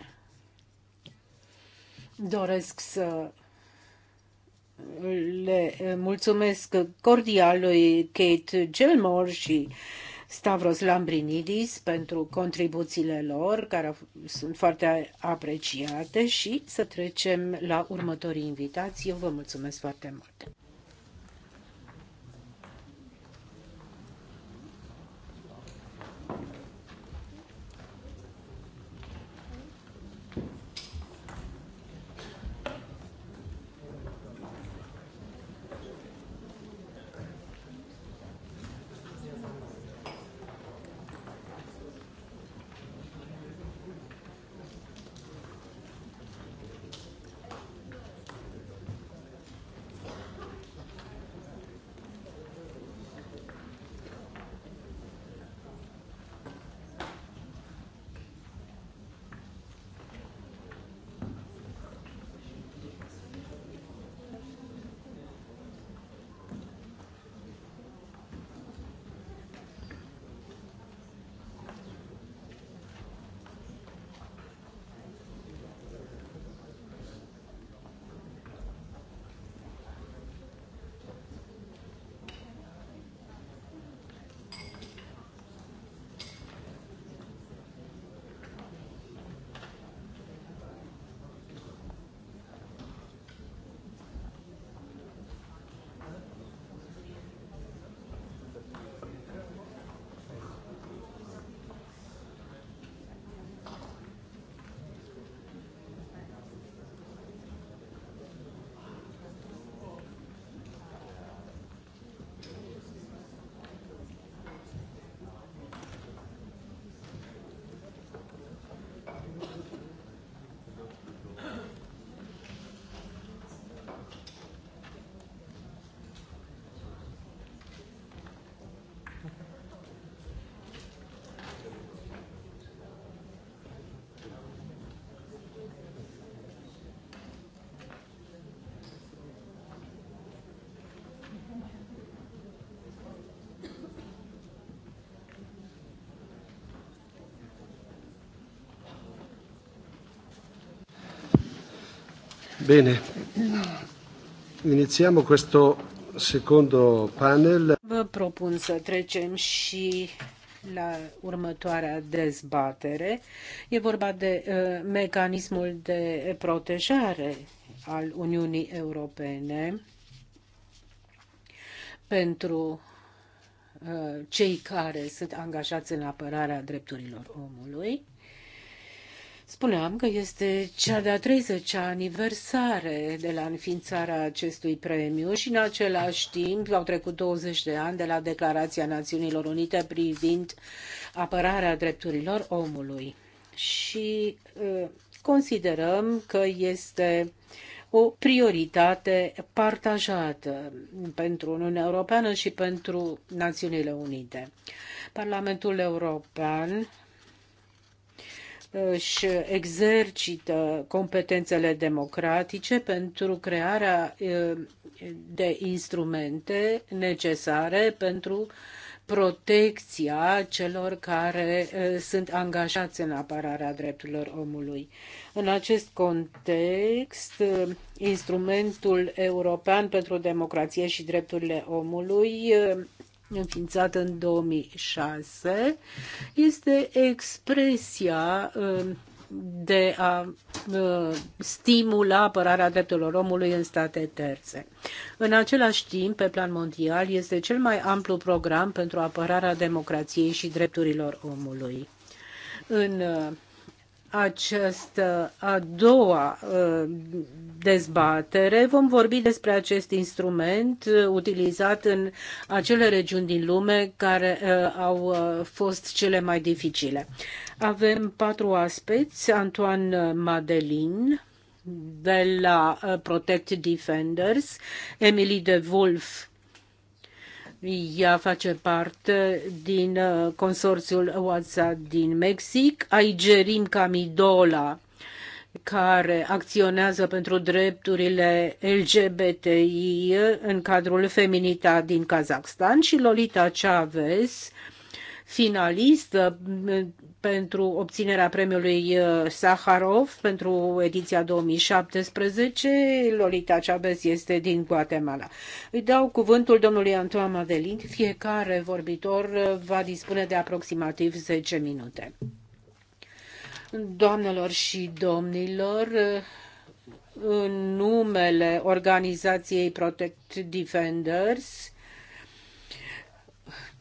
doresc să le mulțumesc cordial lui Kate Gilmore și Stavros Lambrinidis pentru contribuțiile lor, care sunt foarte apreciate și să trecem la următorii invitați. Eu vă mulțumesc foarte mult! Bine, inițiamo questo secondo panel. Vă propun să trecem și la următoarea dezbatere. E vorba de uh, mecanismul de protejare al Uniunii Europene pentru uh, cei care sunt angajați în apărarea drepturilor omului. Spuneam că este cea de-a 30-a aniversare de la înființarea acestui premiu și în același timp au trecut 20 de ani de la Declarația Națiunilor Unite privind apărarea drepturilor omului. Și ă, considerăm că este o prioritate partajată pentru Uniunea Europeană și pentru Națiunile Unite. Parlamentul European își exercită competențele democratice pentru crearea de instrumente necesare pentru protecția celor care sunt angajați în apărarea drepturilor omului. În acest context, instrumentul european pentru democrație și drepturile omului înființat în 2006, este expresia uh, de a uh, stimula apărarea drepturilor omului în state terțe. În același timp, pe plan mondial, este cel mai amplu program pentru apărarea democrației și drepturilor omului. În uh, această uh, a doua uh, dezbatere. Vom vorbi despre acest instrument uh, utilizat în acele regiuni din lume care au fost cele mai dificile. Avem patru aspecte: Antoine Madelin de la Protect Defenders, Emily de Wolf ea face parte din uh, consorțiul WhatsApp din Mexic. Aigerim Camidola, care acționează pentru drepturile LGBTI în cadrul Feminita din Kazakhstan și Lolita Chavez, finalist uh, pentru obținerea premiului uh, Saharov pentru ediția 2017. Lolita Chavez este din Guatemala. Îi dau cuvântul domnului Antoine Madelin. Fiecare vorbitor uh, va dispune de aproximativ 10 minute. Doamnelor și domnilor, în numele organizației Protect Defenders,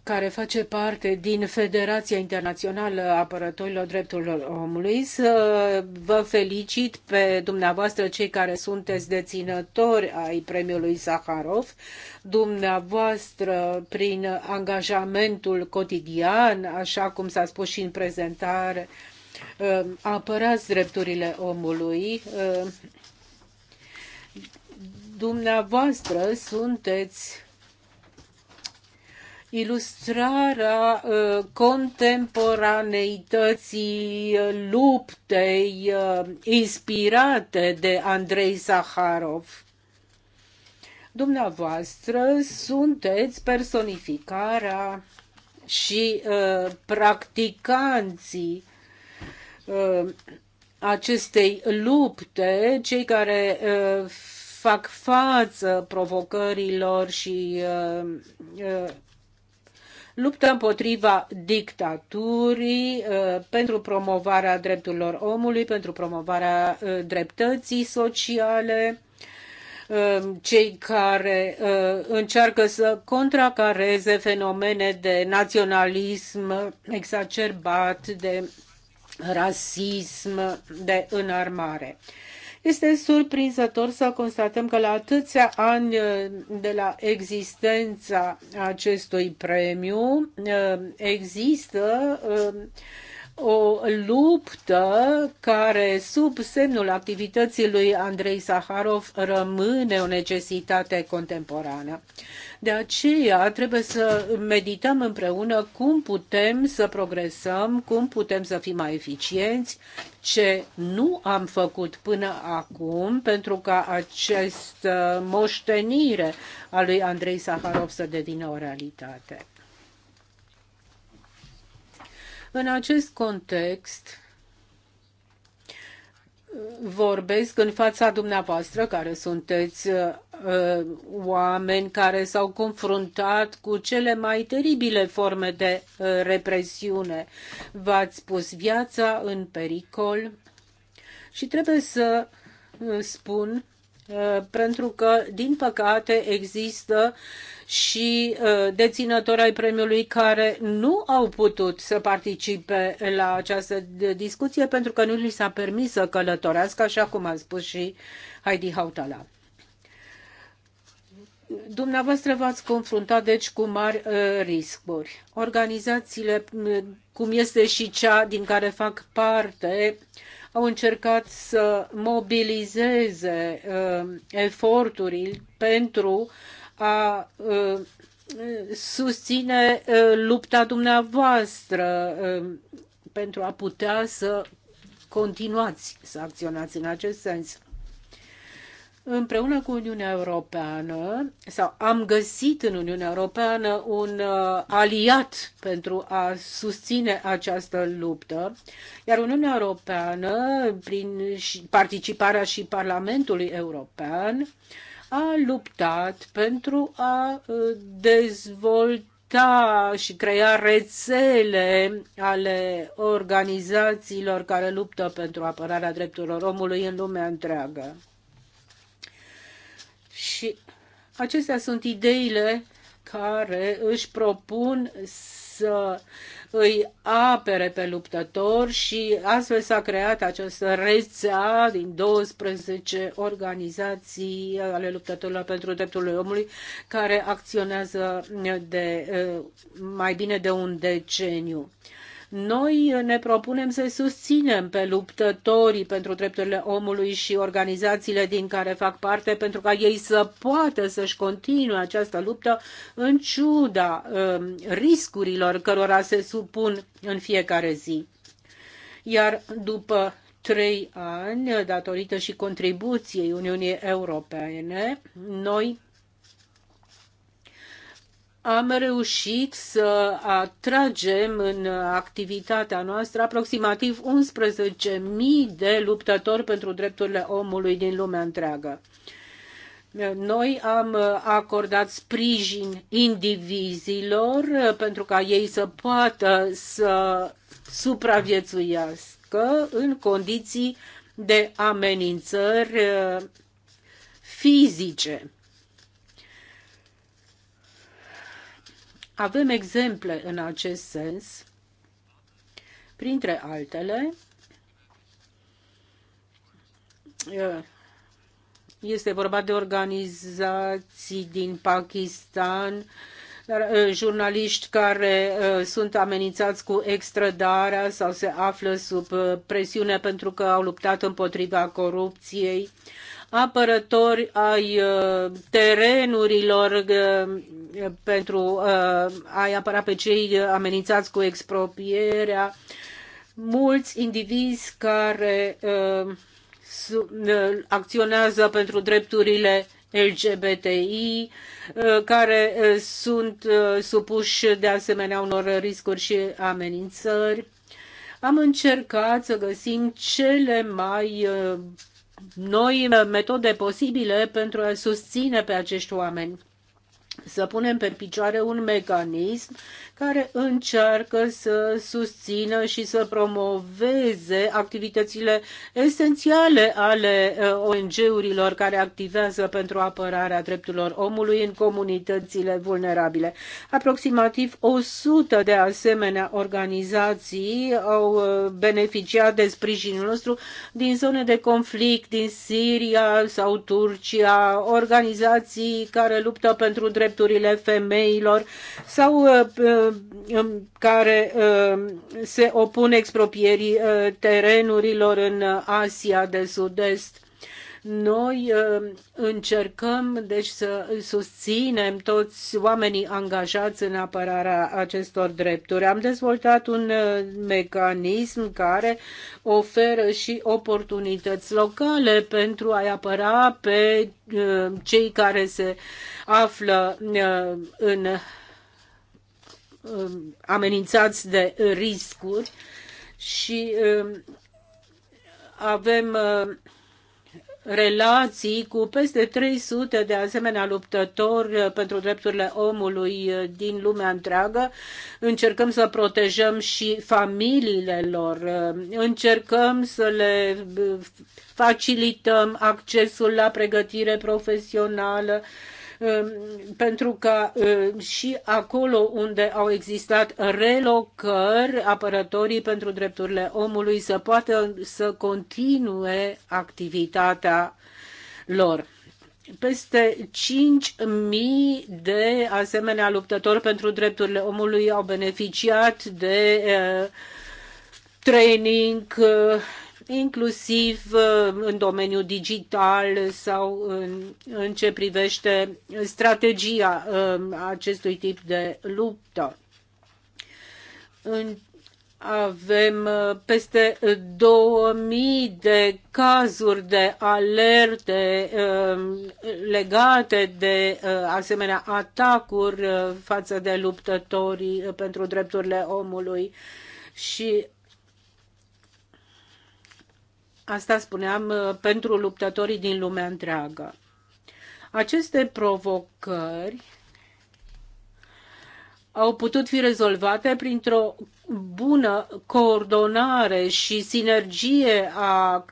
care face parte din Federația Internațională a Apărătorilor Drepturilor Omului, să vă felicit pe dumneavoastră cei care sunteți deținători ai premiului Zaharov, dumneavoastră prin angajamentul cotidian, așa cum s-a spus și în prezentare, uh, apărați drepturile omului, uh, dumneavoastră sunteți ilustrarea uh, contemporaneității uh, luptei uh, inspirate de Andrei Zaharov. Dumneavoastră sunteți personificarea și uh, practicanții uh, acestei lupte, cei care uh, fac față provocărilor și uh, uh, luptă împotriva dictaturii, uh, pentru promovarea drepturilor omului, pentru promovarea uh, dreptății sociale, uh, cei care încearcă să contracareze fenomene de naționalism exacerbat, de rasism, de înarmare. Este surprinzător să constatăm că la atâția ani uh, de la existența acestui premiu uh, există uh, o luptă care, sub semnul activității lui Andrei Saharov, rămâne o necesitate contemporană. De aceea trebuie să medităm împreună cum putem să progresăm, cum putem să fim mai eficienți, ce nu am făcut până acum pentru ca această moștenire a lui Andrei Saharov să devină o realitate. În acest context, vorbesc în fața dumneavoastră, care sunteți uh, oameni care s-au confruntat cu cele mai teribile forme de uh, represiune. V-ați pus viața în pericol și trebuie să uh, spun Uh, pentru că, din păcate, există și uh, deținători ai premiului care nu au putut să participe la această discuție pentru că nu li s-a permis să călătorească, așa cum a spus și Heidi Hautala. Dumneavoastră v-ați confruntat, deci, cu mari uh, riscuri. Organizațiile, uh, cum este și cea din care fac parte, uh, au încercat să mobilizeze um, eforturi pentru a um, susține uh, lupta dumneavoastră um, pentru a putea să continuați să acționați în acest sens împreună cu Uniunea Europeană sau am găsit în Uniunea Europeană un uh, aliat pentru a susține această luptă, iar Uniunea Europeană, prin participarea și Parlamentului European, a luptat pentru a dezvolta uh, dezvolta și crea rețele ale organizațiilor care luptă pentru apărarea drepturilor omului în lumea întreagă. Acestea sunt ideile care își propun să îi apere pe luptător și astfel s-a creat această rețea din 12 organizații ale luptătorilor pentru drepturile omului care acționează de eh, mai bine de un deceniu. Noi ne propunem să susținem pe luptătorii pentru drepturile omului și organizațiile din care fac parte pentru ca ei să poată să-și continue această luptă în ciuda uh, riscurilor cărora se supun în fiecare zi. Iar după trei ani, datorită și contribuției Uniunii Europene, noi am reușit să atragem în activitatea noastră aproximativ 11.000 de luptători pentru drepturile omului din lumea întreagă. Noi am acordat sprijin indivizilor pentru ca ei să poată să supraviețuiască în condiții de amenințări fizice. Avem exemple în acest sens, printre altele, uh, este vorba de organizații din Pakistan, uh, jurnaliști care uh, sunt amenințați cu extrădarea sau se află sub presiune pentru că au luptat împotriva corupției apărători ai uh, terenurilor uh, pentru uh, a-i apăra pe cei amenințați cu expropierea, mulți indivizi care acționează pentru drepturile LGBTI, care sunt supuși de asemenea unor riscuri și amenințări. Am încercat să găsim cele mai noi uh, metode posibile pentru a susține pe acești oameni. Să punem pe picioare un mecanism care încearcă să susțină și să promoveze activitățile esențiale ale uh, ONG-urilor care activează pentru apărarea drepturilor omului în comunitățile vulnerabile. Aproximativ 100 de asemenea organizații au uh, beneficiat de sprijinul nostru din zone de conflict, din Siria sau Turcia, organizații care luptă pentru drepturile femeilor sau uh, Uh, um, care uh, se opun expropierii uh, terenurilor în Asia de Sud-Est. Noi încercăm deci să susținem toți oamenii angajați în apărarea acestor drepturi. Am dezvoltat un mecanism care oferă și oportunități locale pentru a-i apăra pe cei care se află în Um, amenințați de riscuri și um, avem uh, relații cu peste 300 de asemenea luptători uh, pentru drepturile omului uh, din lumea întreagă. Încercăm să protejăm și familiile lor, încercăm să le facilităm accesul la pregătire profesională, Ehm, pentru că ehm, și acolo unde au existat relocări, apărătorii pentru drepturile omului să poată să continue activitatea lor peste 5.000 de asemenea luptători pentru drepturile omului au beneficiat de ehm, training inclusiv uh, în domeniul digital sau în, în ce privește strategia uh, acestui tip de luptă. avem uh, peste 2000 de cazuri de alerte legate de asemenea atacuri față de luptătorii pentru drepturile omului și Asta spuneam uh, pentru luptătorii din lumea întreagă. Aceste provocări au putut fi rezolvate printr-o bună coordonare și sinergie a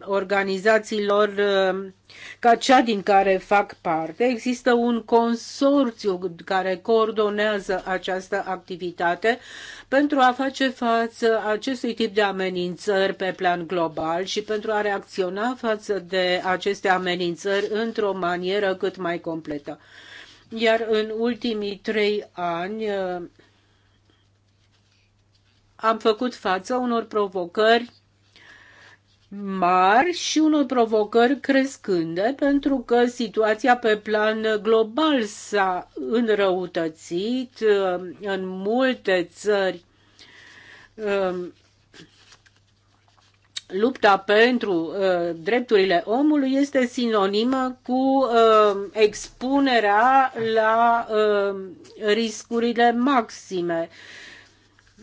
organizațiilor uh, ca cea din care fac parte. Există un consorțiu care coordonează această activitate pentru a face față acestui tip de amenințări pe plan global și pentru a reacționa față de aceste amenințări într-o manieră cât mai completă. Iar în ultimii trei ani uh, am făcut față unor provocări mari și unor provocări crescânde, pentru că situația pe plan global s-a înrăutățit uh, în multe țări. Um, lupta pentru uh, drepturile omului este sinonimă cu uh, expunerea la riscurile maxime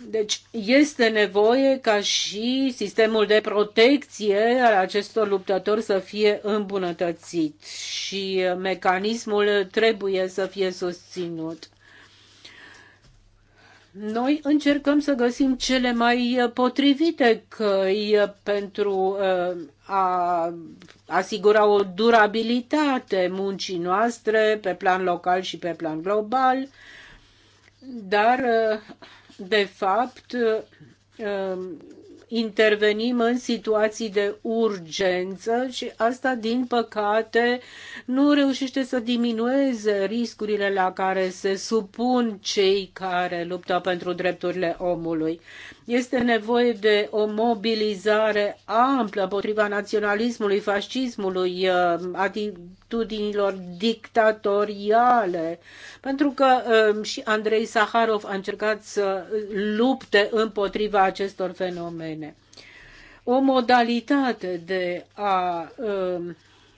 deci este nevoie ca și sistemul de protecție al acestor luptători să fie îmbunătățit și mecanismul trebuie să fie susținut. Noi încercăm să găsim cele mai potrivite căi pentru uh, a asigura o durabilitate muncii noastre pe plan local și pe plan global, dar uh, de fapt, um, intervenim în situații de urgență și asta, din păcate, nu reușește să diminueze riscurile la care se supun cei care luptă pentru drepturile omului. Este nevoie de o mobilizare amplă împotriva naționalismului, fascismului, uh, atitudinilor dictatoriale, pentru că uh, și Andrei Saharov a încercat să lupte împotriva acestor fenomene. O modalitate de a uh,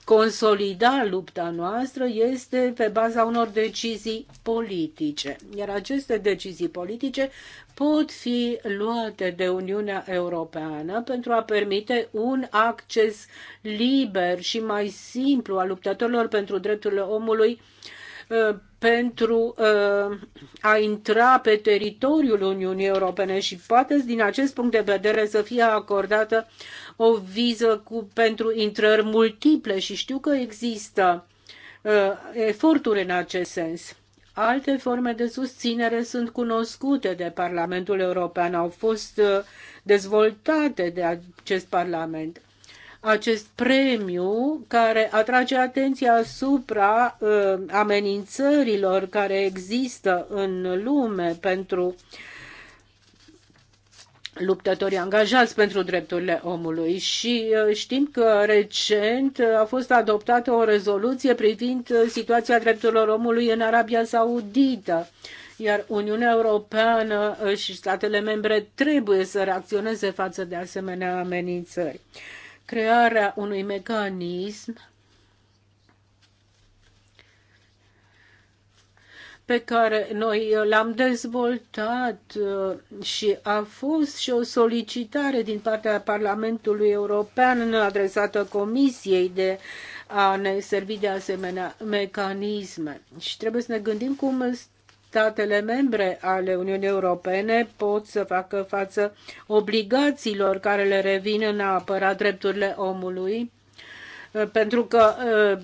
consolida lupta noastră este pe baza unor decizii politice. Iar aceste decizii politice pot fi luate de Uniunea Europeană pentru a permite un acces liber și mai simplu a luptătorilor pentru drepturile omului uh, pentru uh, a intra pe teritoriul Uniunii Europene și poate din acest punct de vedere să fie acordată o viză cu, pentru intrări multiple și știu că există uh, eforturi în acest sens. Alte forme de susținere sunt cunoscute de Parlamentul European, au fost uh, dezvoltate de acest Parlament. Acest premiu care atrage atenția asupra uh, amenințărilor care există în lume pentru uh, luptători angajați pentru drepturile omului și uh, știm că recent uh, a fost adoptată o rezoluție privind uh, situația drepturilor omului în Arabia Saudită iar Uniunea Europeană și statele membre trebuie să reacționeze față de asemenea amenințări. Crearea unui mecanism pe care noi l-am dezvoltat uh, și a fost și o solicitare din partea Parlamentului European adresată Comisiei de a ne servi de asemenea mecanisme. Și trebuie să ne gândim cum statele membre ale Uniunii Europene pot să facă față obligațiilor care le revin în a apăra drepturile omului, uh, pentru că uh,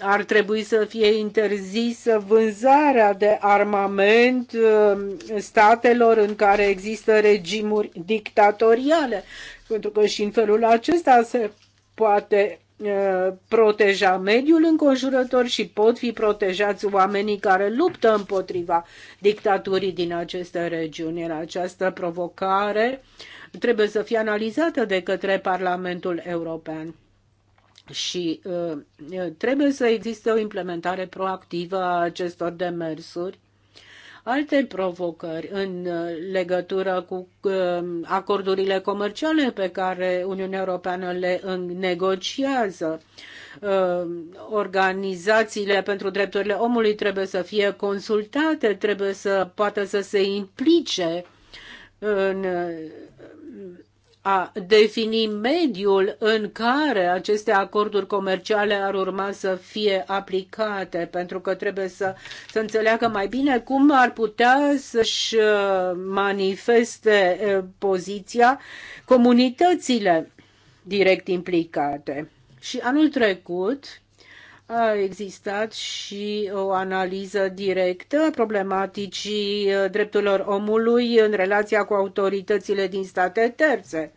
ar trebui să fie interzisă vânzarea de armament uh, statelor în care există regimuri dictatoriale, pentru că și în felul acesta se poate uh, proteja mediul înconjurător și pot fi protejați oamenii care luptă împotriva dictaturii din aceste regiuni. Iar această provocare trebuie să fie analizată de către Parlamentul European și uh, trebuie să existe o implementare proactivă a acestor demersuri. Alte provocări în uh, legătură cu uh, acordurile comerciale pe care Uniunea Europeană le negociază. Organizațiile pentru drepturile omului trebuie să fie consultate, trebuie să poată să se implice în a defini mediul în care aceste acorduri comerciale ar urma să fie aplicate, pentru că trebuie să, să înțeleagă mai bine cum ar putea să-și uh, manifeste uh, poziția comunitățile direct implicate. Și anul trecut, a existat și o analiză directă a problematicii uh, drepturilor omului în relația cu autoritățile din state terțe.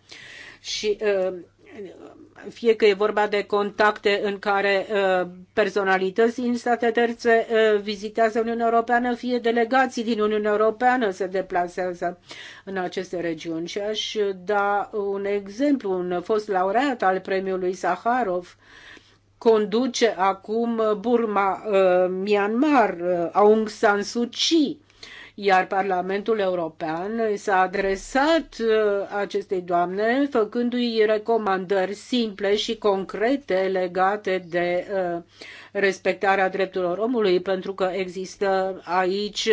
Și uh, fie că e vorba de contacte în care uh, personalități din state terțe vizitează Uniunea Europeană, fie delegații din Uniunea Europeană se deplasează în aceste regiuni. Și aș da un exemplu, un fost laureat al premiului Saharov, conduce acum uh, Burma, uh, Myanmar, uh, Aung San Suu Kyi. Iar Parlamentul European s-a adresat acestei doamne făcându-i recomandări simple și concrete legate de respectarea drepturilor omului, pentru că există aici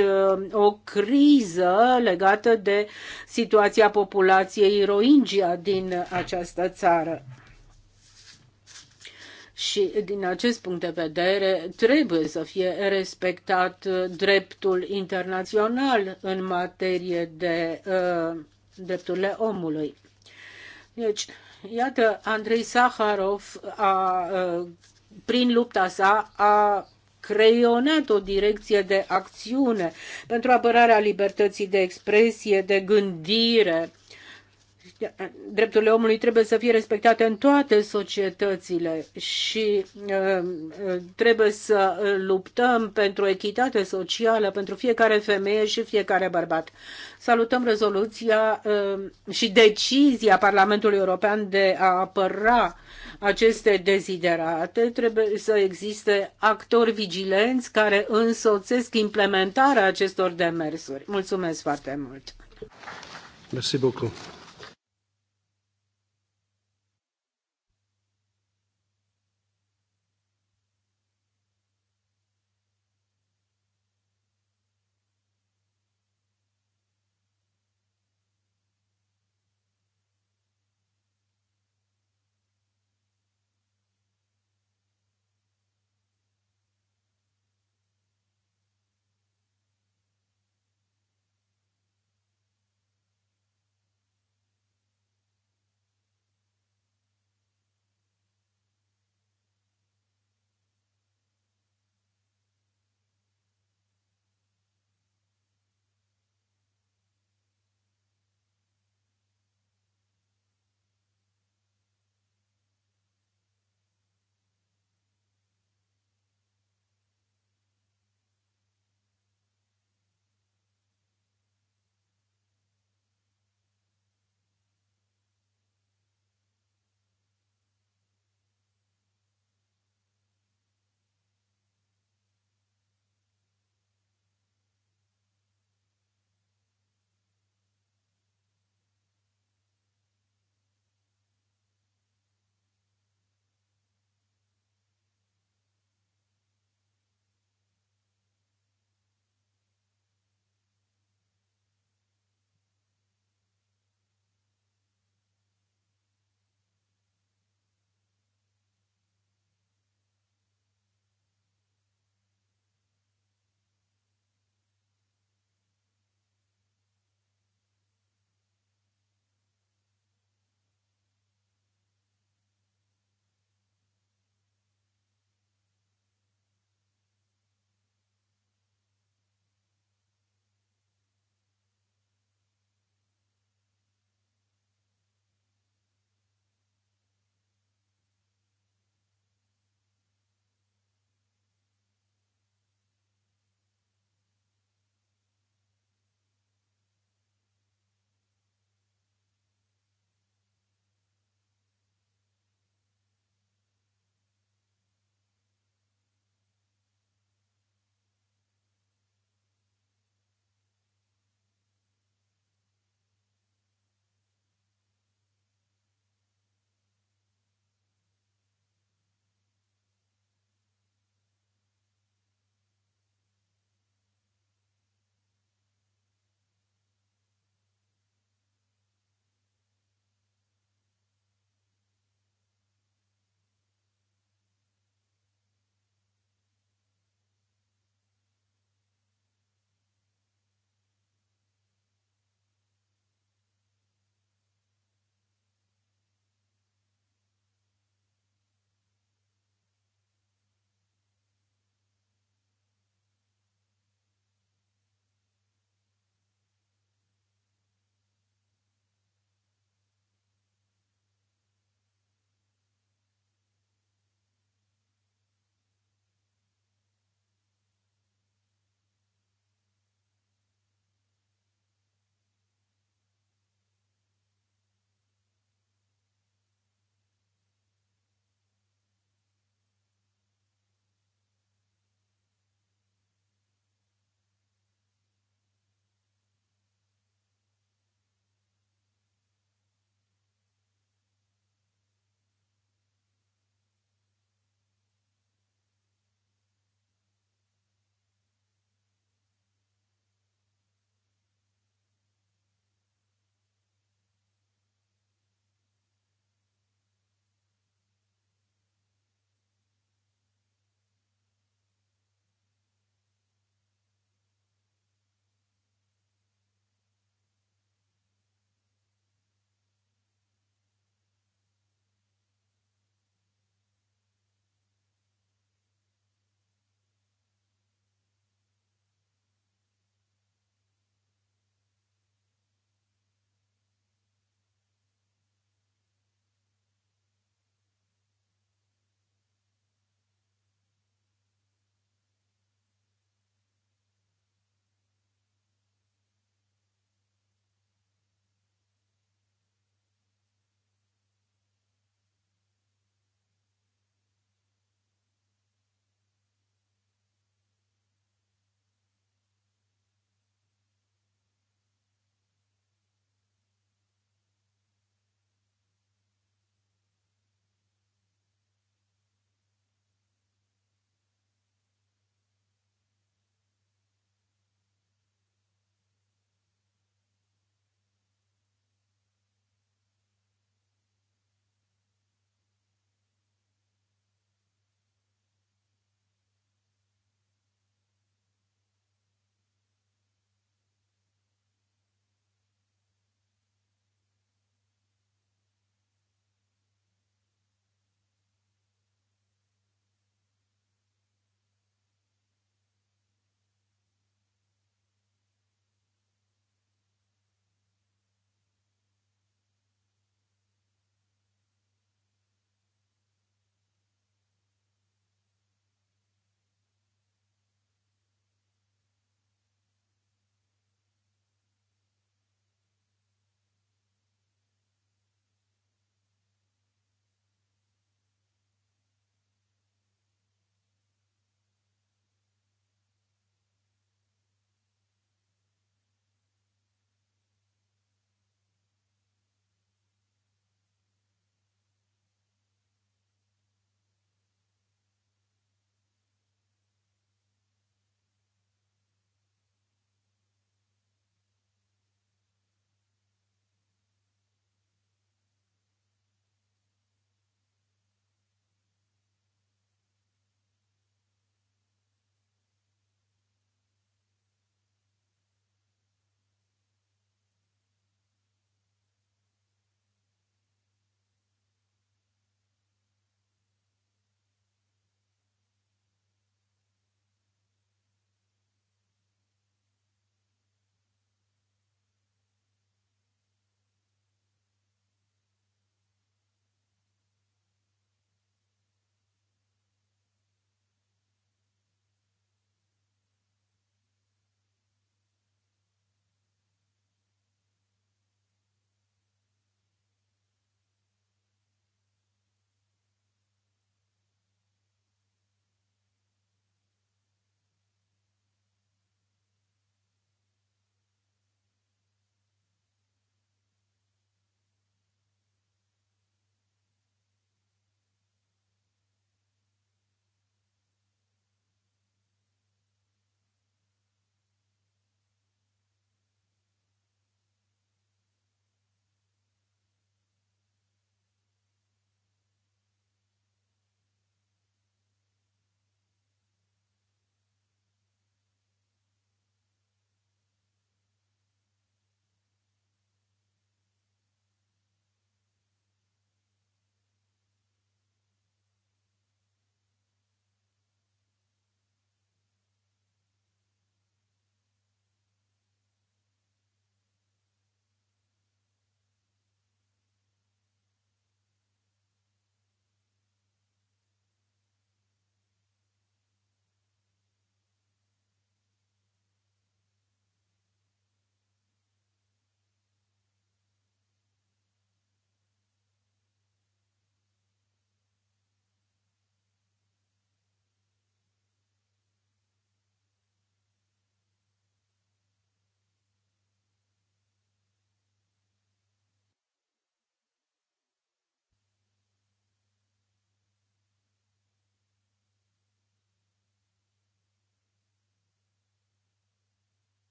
o criză legată de situația populației rohingya din această țară și din acest punct de vedere trebuie să fie respectat dreptul internațional în materie de uh, drepturile omului. Deci, iată, Andrei Saharov a, uh, prin lupta sa a creionat o direcție de acțiune pentru apărarea libertății de expresie, de gândire, drepturile omului trebuie să fie respectate în toate societățile și uh, uh, trebuie să luptăm pentru echitate socială pentru fiecare femeie și fiecare bărbat. Salutăm rezoluția uh, și decizia Parlamentului European de a apăra aceste deziderate. Trebuie să existe actori vigilenți care însoțesc implementarea acestor demersuri. Mulțumesc foarte mult! Merci beaucoup.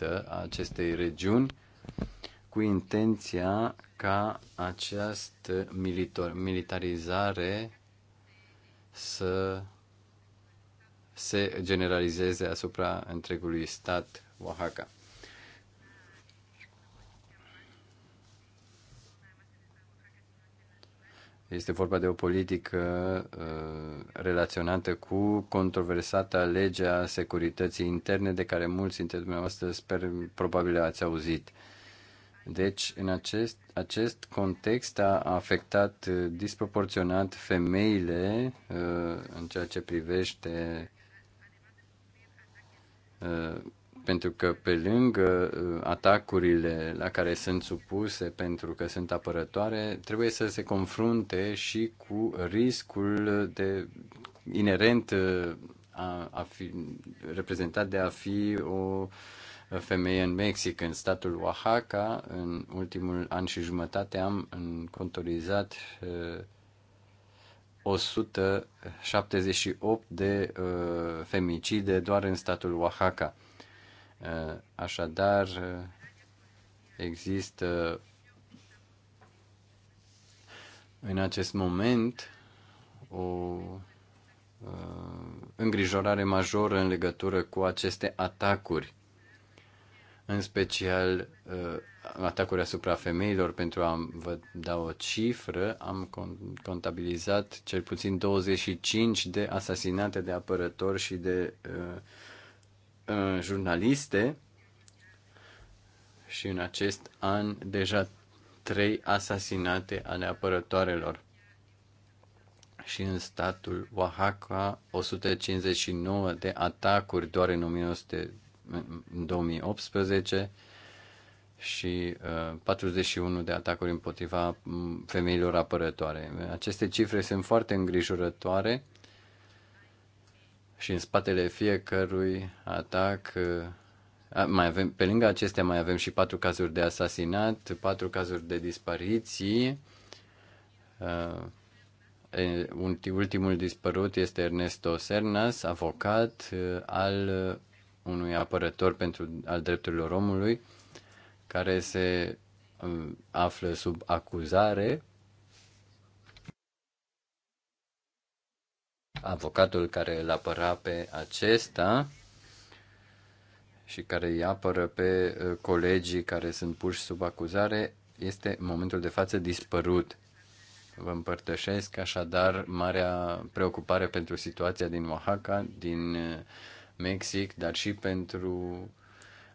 sporită a acestei regiuni cu intenția ca această militarizare să se generalizeze asupra întregului stat Oaxaca. Este vorba de o politică uh, relaționată cu controversata legea securității interne de care mulți dintre dumneavoastră sper probabil ați auzit. Deci, în acest, acest context a afectat uh, disproporționat femeile uh, în ceea ce privește uh, pentru că pe lângă uh, atacurile la care sunt supuse pentru că sunt apărătoare, trebuie să se confrunte și cu riscul de inerent uh, a, a fi, reprezentat de a fi o uh, femeie în Mexic, în statul Oaxaca. În ultimul an și jumătate am contorizat 178 de uh, femicide doar în statul Oaxaca. Uh, așadar, uh, există în acest moment o uh, îngrijorare majoră în legătură cu aceste atacuri, în special atacuri asupra femeilor. Pentru a vă da o cifră, am contabilizat cel puțin 25 de asasinate de apărători și de uh, Uh, jurnaliste și în acest an deja trei asasinate ale apărătoarelor. Și în statul Oaxaca 159 de atacuri doar în 2018 și uh, 41 de atacuri împotriva mm, femeilor apărătoare. Aceste cifre sunt foarte îngrijorătoare și în spatele fiecărui atac uh, mai avem, pe lângă acestea mai avem și patru cazuri de asasinat, patru cazuri de dispariții. Uh, ultimul dispărut este Ernesto Sernas, avocat uh, al unui apărător pentru al drepturilor omului, care se află sub acuzare avocatul care îl apăra pe acesta și care îi apără pe uh, colegii care sunt puși sub acuzare este în momentul de față dispărut. Vă împărtășesc așadar marea preocupare pentru situația din Oaxaca, din uh, Mexic, dar și pentru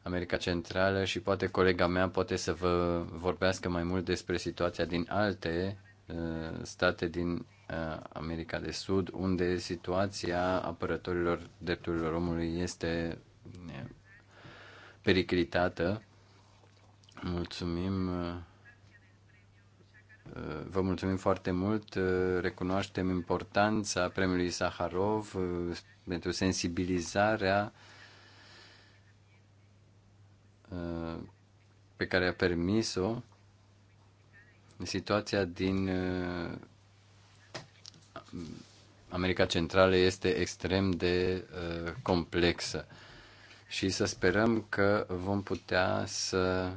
America Centrală și poate colega mea poate să vă vorbească mai mult despre situația din alte uh, state din Uh, America de Sud, unde situația apărătorilor drepturilor omului este uh, periclitată. Mulțumim. Uh, vă mulțumim foarte mult. Recunoaștem importanța premiului Saharov pentru sensibilizarea pe care a permis-o situația din America Centrală este extrem de uh, complexă și să sperăm că vom putea să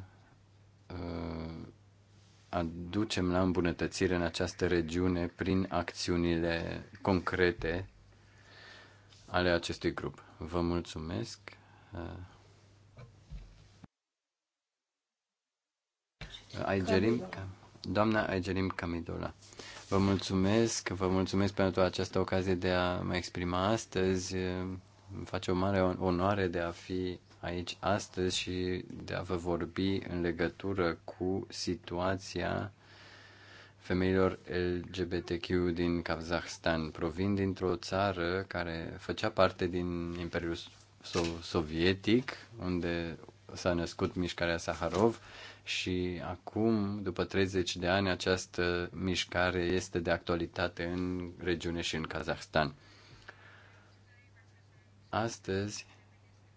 uh, aducem la îmbunătățire în această regiune prin acțiunile concrete ale acestui grup. Vă mulțumesc. Uh, Aigerim, doamna Aigerim Camidola. Vă mulțumesc, vă mulțumesc pentru această ocazie de a mă exprima astăzi. Îmi face o mare onoare de a fi aici astăzi și de a vă vorbi în legătură cu situația femeilor LGBTQ din Kazahstan. Provin dintr-o țară care făcea parte din Imperiul Sovietic, unde s-a născut mișcarea Saharov și acum, după 30 de ani, această mișcare este de actualitate în regiune și în Kazahstan. Astăzi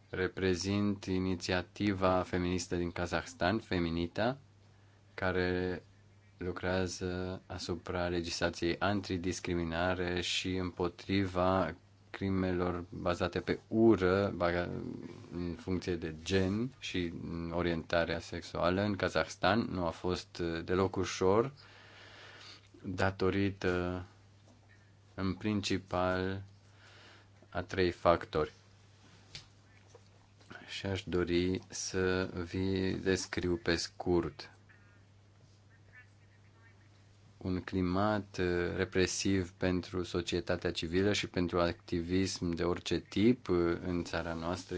reprezint inițiativa feministă din Kazahstan, Feminita, care lucrează asupra legislației antidiscriminare și împotriva crimelor bazate pe ură în funcție de gen și orientarea sexuală în Kazahstan nu a fost uh, deloc ușor datorită în principal a trei factori. Și aș dori să vi descriu pe scurt un climat uh, represiv pentru societatea civilă și pentru activism de orice tip uh, în țara noastră,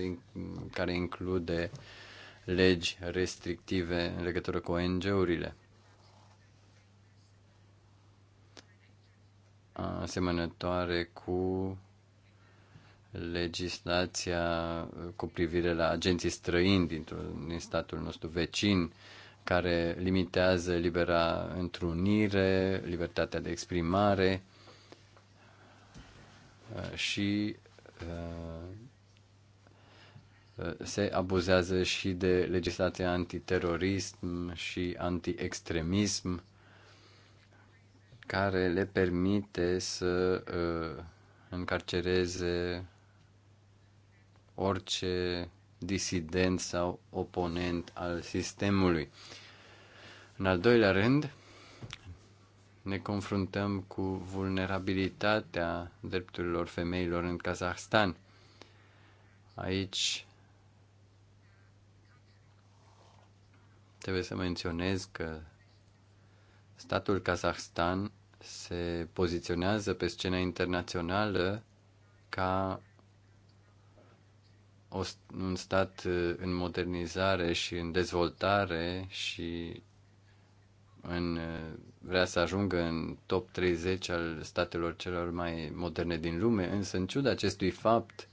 care include legi restrictive în legătură cu ONG-urile. Asemănătoare cu legislația uh, cu privire la agenții străini dintr-un din statul nostru vecin, uh, care limitează libera întrunire, libertatea de exprimare uh, și uh, uh, se abuzează și de legislația antiterorism și antiextremism care le permite să încarcereze orice disident sau oponent al sistemului. În al doilea rând, ne confruntăm cu vulnerabilitatea drepturilor femeilor în Kazahstan. Aici trebuie să menționez că statul Kazahstan se poziționează pe scena internațională ca un stat uh, în modernizare și în dezvoltare și în, uh, vrea să ajungă în top 30 al statelor celor mai moderne din lume, însă în ciuda acestui fapt,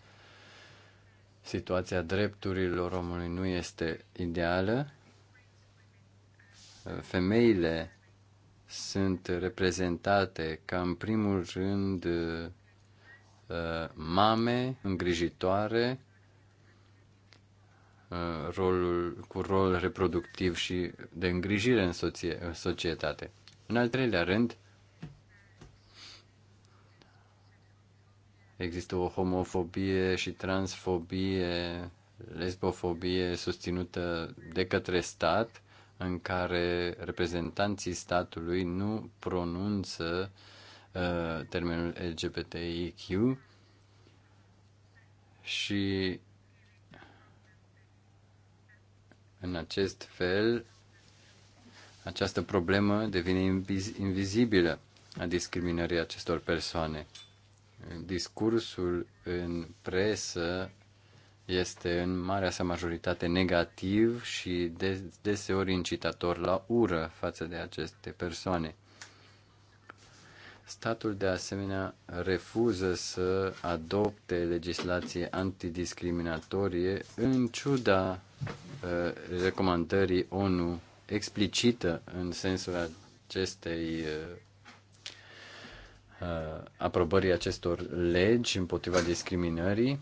situația drepturilor omului nu este ideală. Uh, femeile sunt reprezentate ca în primul rând mame îngrijitoare, Uh, rolul, cu rol reproductiv și de îngrijire în soție, societate. În al treilea rând, există o homofobie și transfobie, lesbofobie susținută de către stat, în care reprezentanții statului nu pronunță uh, termenul LGBTIQ și În acest fel, această problemă devine invizibilă a discriminării acestor persoane. Discursul în presă este în marea sa majoritate negativ și deseori incitator la ură față de aceste persoane. Statul de asemenea refuză să adopte legislație antidiscriminatorie în ciuda Uh, recomandării ONU explicită în sensul acestei uh, uh, aprobării acestor legi împotriva discriminării,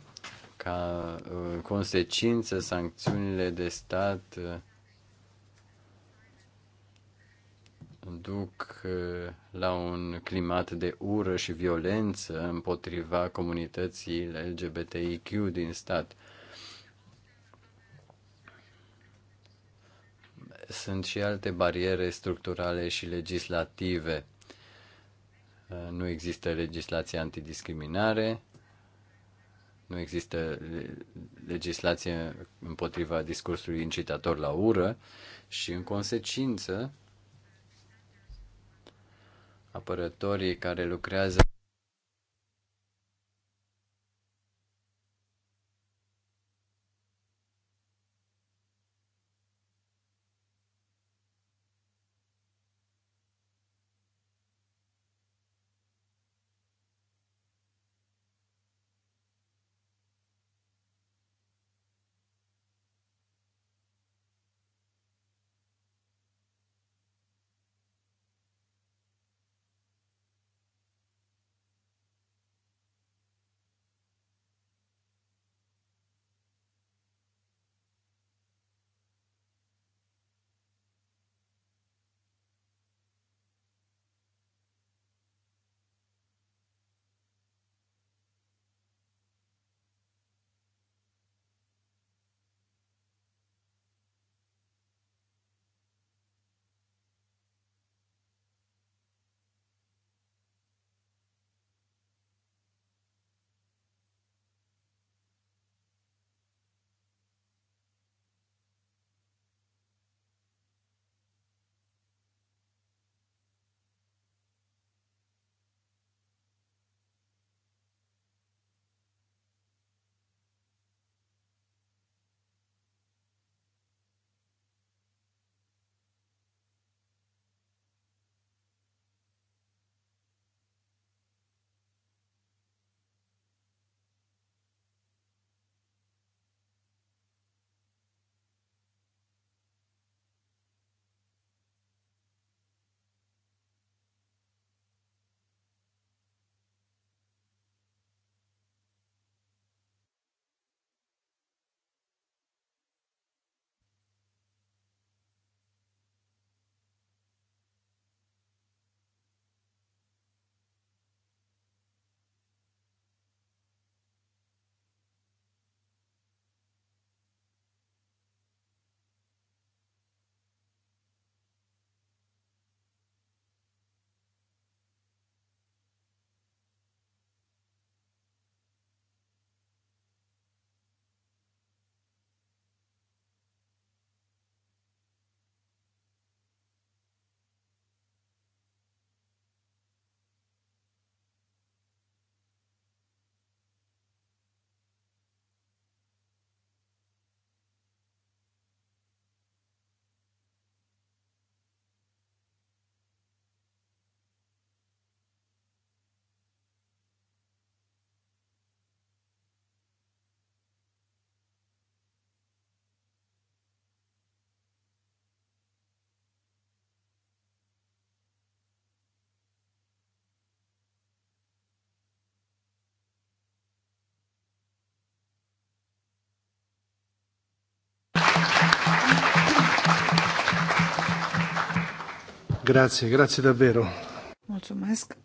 ca consecință sancțiunile de stat duc la un climat de ură și violență împotriva comunității LGBTIQ din stat. sunt și alte bariere structurale și legislative. Nu există legislație antidiscriminare, nu există legislație împotriva discursului incitator la ură și, în consecință, apărătorii care lucrează Grazie, grazie davvero. Mulțumesc.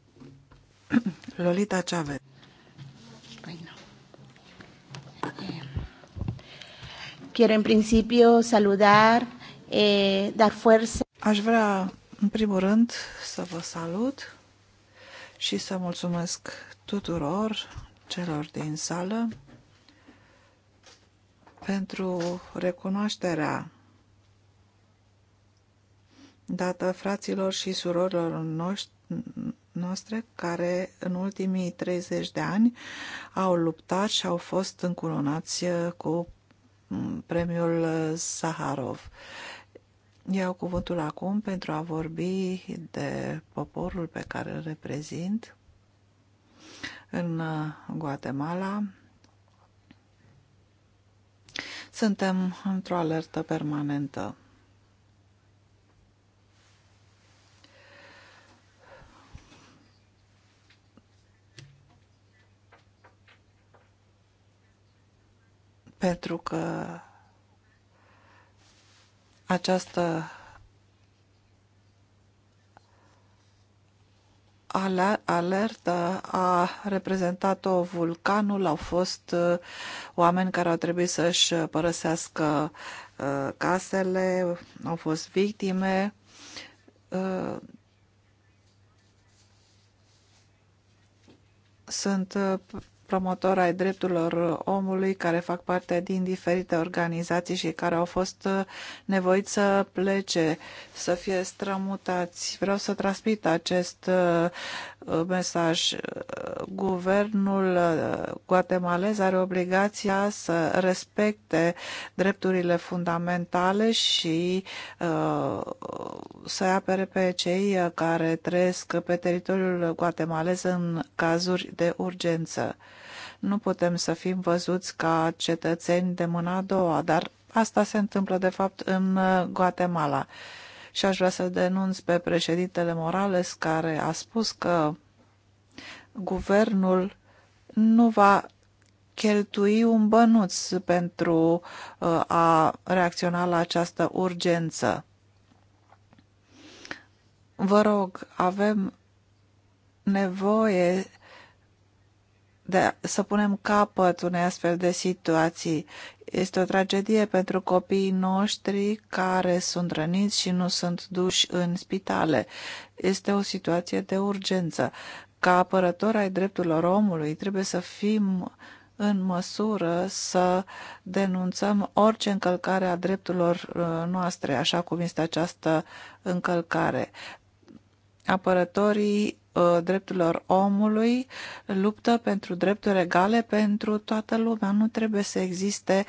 <clears throat> Lolita Chavez. Păi Quiero en principio saludar, eh, dar fuerza. Aș vrea, în primul rând, să vă salut și să mulțumesc tuturor celor din sală pentru recunoașterea dată fraților și surorilor noastre care în ultimii 30 de ani au luptat și au fost încuronați uh, cu mm, premiul uh, Saharov. Iau cuvântul acum pentru a vorbi de poporul pe care îl reprezint în uh, Guatemala. Suntem într-o alertă permanentă. pentru că această alertă a reprezentat-o vulcanul, au fost uh, oameni care au trebuit să-și părăsească uh, casele, au fost victime. Uh, sunt promotor ai drepturilor omului care fac parte din diferite organizații și care au fost nevoiți să plece, să fie strămutați. Vreau să transmit acest uh, mesaj. Guvernul uh, guatemalez are obligația să respecte drepturile fundamentale și uh, să apere pe cei care trăiesc pe teritoriul guatemalez în cazuri de urgență. Nu putem să fim văzuți ca cetățeni de mâna a doua, dar asta se întâmplă de fapt în uh, Guatemala. Și aș vrea să denunț pe președintele Morales care a spus că guvernul nu va cheltui un bănuț pentru uh, a reacționa la această urgență. Vă rog, avem nevoie de da, să punem capăt unei astfel de situații. Este o tragedie pentru copiii noștri care sunt răniți și nu sunt duși în spitale. Este o situație de urgență. Ca apărător ai drepturilor omului trebuie să fim în măsură să denunțăm orice încălcare a drepturilor uh, noastre, așa cum este această încălcare apărătorii uh, drepturilor omului luptă pentru drepturi egale pentru toată lumea. Nu trebuie să existe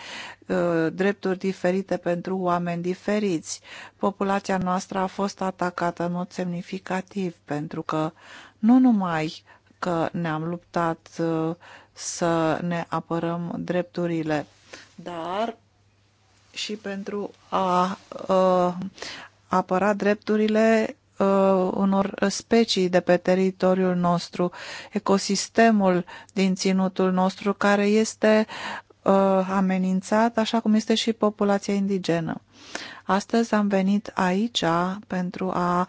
uh, drepturi diferite pentru oameni diferiți. Populația noastră a fost atacată în mod semnificativ pentru că nu numai că ne-am luptat uh, să ne apărăm drepturile, dar și pentru a uh, apăra drepturile uh, unor specii de pe teritoriul nostru, ecosistemul din ținutul nostru care este uh, amenințat, așa cum este și populația indigenă. Astăzi am venit aici pentru a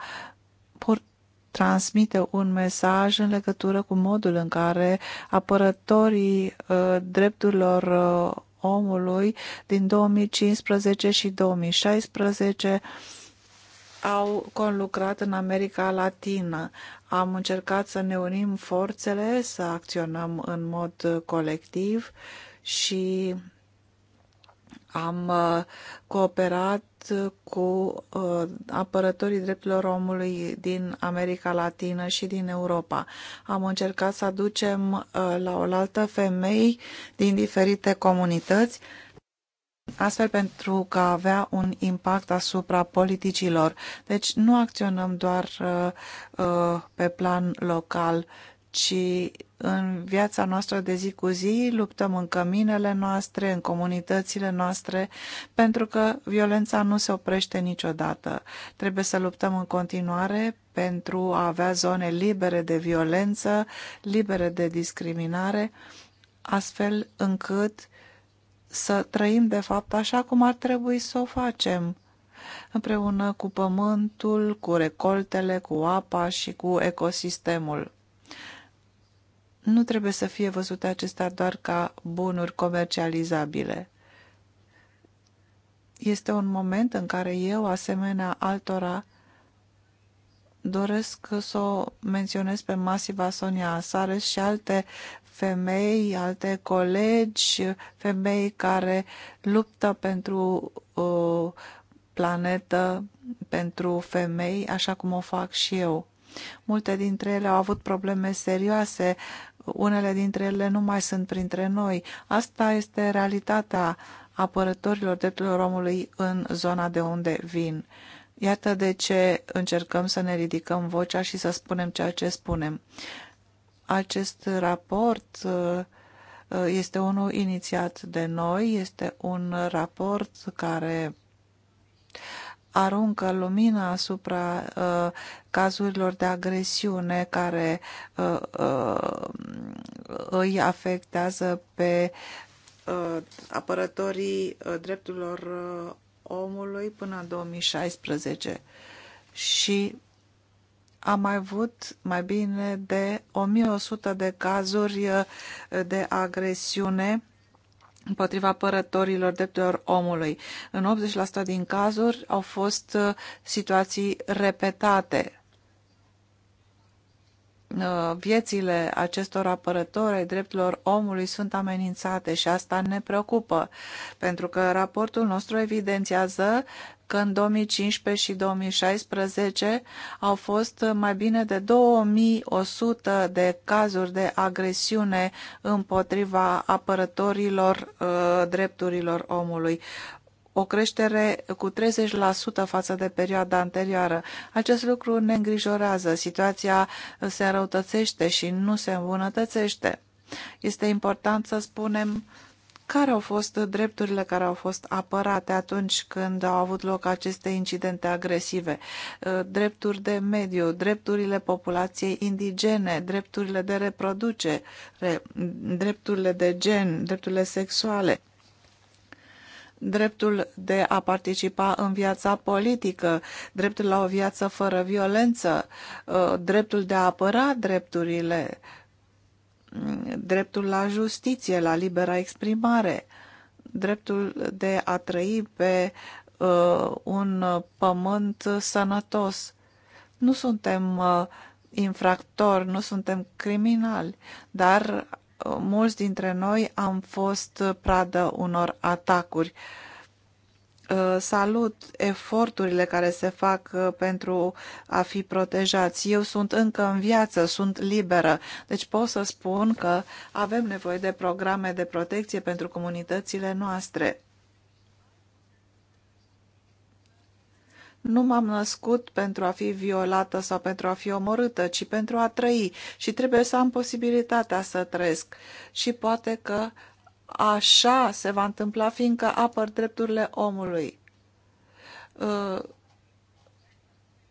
transmite un mesaj în legătură cu modul în care apărătorii uh, drepturilor uh, omului din 2015 și 2016 au conlucrat în America Latină. Am încercat să ne unim forțele, să acționăm în mod colectiv și am uh, cooperat cu uh, apărătorii drepturilor omului din America Latină și din Europa. Am încercat să aducem uh, la oaltă femei din diferite comunități astfel pentru că avea un impact asupra politicilor. Deci nu acționăm doar uh, uh, pe plan local, ci în viața noastră de zi cu zi luptăm în căminele noastre, în comunitățile noastre, pentru că violența nu se oprește niciodată. Trebuie să luptăm în continuare pentru a avea zone libere de violență, libere de discriminare, astfel încât să trăim de fapt așa cum ar trebui să o facem, împreună cu pământul, cu recoltele, cu apa și cu ecosistemul. Nu trebuie să fie văzute acestea doar ca bunuri comercializabile. Este un moment în care eu, asemenea altora, doresc să o menționez pe Masiva Sonia Asares și alte femei, alte colegi, femei care luptă pentru uh, planetă, pentru femei, așa cum o fac și eu. Multe dintre ele au avut probleme serioase, unele dintre ele nu mai sunt printre noi. Asta este realitatea apărătorilor drepturilor omului în zona de unde vin. Iată de ce încercăm să ne ridicăm vocea și să spunem ceea ce spunem. Acest raport uh, este unul inițiat de noi, este un raport care aruncă lumina asupra uh, cazurilor de agresiune care uh, uh, îi afectează pe uh, apărătorii uh, drepturilor uh, omului până în 2016 și am mai avut mai bine de 1100 de cazuri uh, de agresiune împotriva părătorilor drepturilor omului. În 80% din cazuri au fost uh, situații repetate. Uh, viețile acestor apărători ai drepturilor omului sunt amenințate și asta ne preocupă, pentru că raportul nostru evidențiază că în 2015 și 2016 au fost mai bine de 2100 de cazuri de agresiune împotriva apărătorilor uh, drepturilor omului o creștere cu 30% față de perioada anterioară. Acest lucru ne îngrijorează. Situația se înrăutățește și nu se îmbunătățește. Este important să spunem care au fost drepturile care au fost apărate atunci când au avut loc aceste incidente agresive, uh, drepturi de mediu, drepturile populației indigene, drepturile de reproducere, drepturile de gen, drepturile sexuale dreptul de a participa în viața politică, dreptul la o viață fără violență, uh, dreptul de a apăra drepturile dreptul la justiție, la libera exprimare, dreptul de a trăi pe uh, un pământ sănătos. Nu suntem uh, infractori, nu suntem criminali, dar uh, mulți dintre noi am fost pradă unor atacuri uh, Uh, salut eforturile care se fac uh, pentru a fi protejați. Eu sunt încă în viață, sunt liberă, deci pot să spun că avem nevoie de programe de protecție pentru comunitățile noastre. Nu m-am născut pentru a fi violată sau pentru a fi omorâtă, ci pentru a trăi și trebuie să am posibilitatea să trăiesc. Și poate că Așa se va întâmpla, fiindcă apăr drepturile omului. Uh,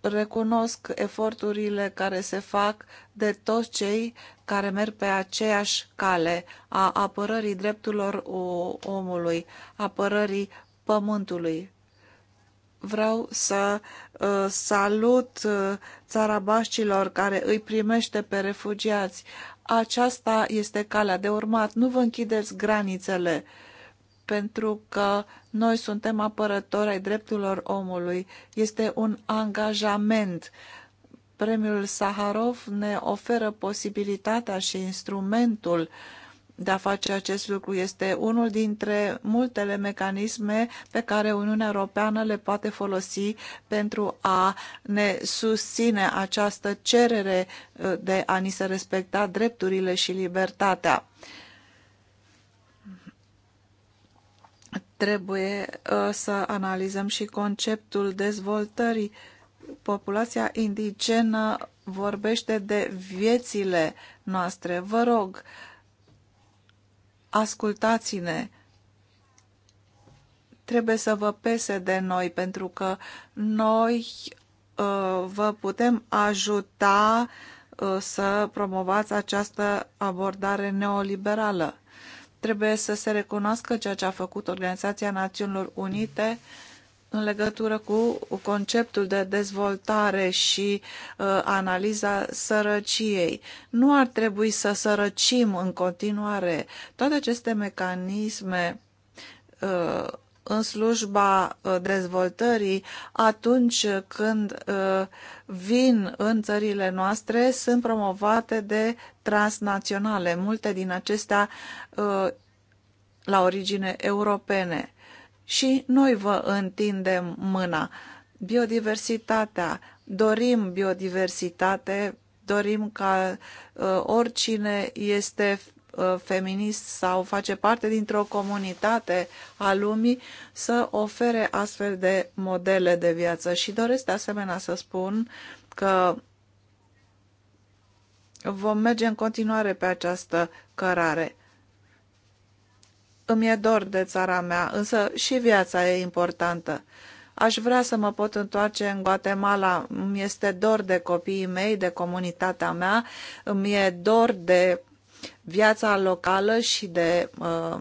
recunosc eforturile care se fac de toți cei care merg pe aceeași cale a apărării drepturilor omului, apărării pământului. Vreau să uh, salut uh, țara care îi primește pe refugiați aceasta este calea de urmat. Nu vă închideți granițele, pentru că noi suntem apărători ai drepturilor omului. Este un angajament. Premiul Saharov ne oferă posibilitatea și instrumentul uh, de a face acest lucru este unul dintre multele mecanisme pe care Uniunea Europeană le poate folosi pentru a ne susține această cerere uh, de a ni se respecta drepturile și libertatea. Trebuie uh, să analizăm și conceptul dezvoltării. Populația indigenă vorbește de viețile noastre. Vă rog, ascultați-ne, trebuie să vă pese de noi, pentru că noi uh, vă putem ajuta uh, să promovați această abordare neoliberală. Trebuie să se recunoască ceea ce a făcut Organizația Națiunilor Unite în legătură cu conceptul de dezvoltare și uh, analiza sărăciei. Nu ar trebui să sărăcim în continuare toate aceste mecanisme uh, în slujba uh, dezvoltării atunci când uh, vin în țările noastre, sunt promovate de transnaționale, multe din acestea uh, la origine europene și noi vă întindem mâna. Biodiversitatea, dorim biodiversitate, dorim ca uh, oricine este uh, feminist sau face parte dintr-o comunitate a lumii să ofere astfel de modele de viață. Și doresc de asemenea să spun că vom merge în continuare pe această cărare. Îmi e dor de țara mea, însă și viața e importantă. Aș vrea să mă pot întoarce în Guatemala. Îmi este dor de copiii mei, de comunitatea mea, îmi e dor de viața locală și de uh,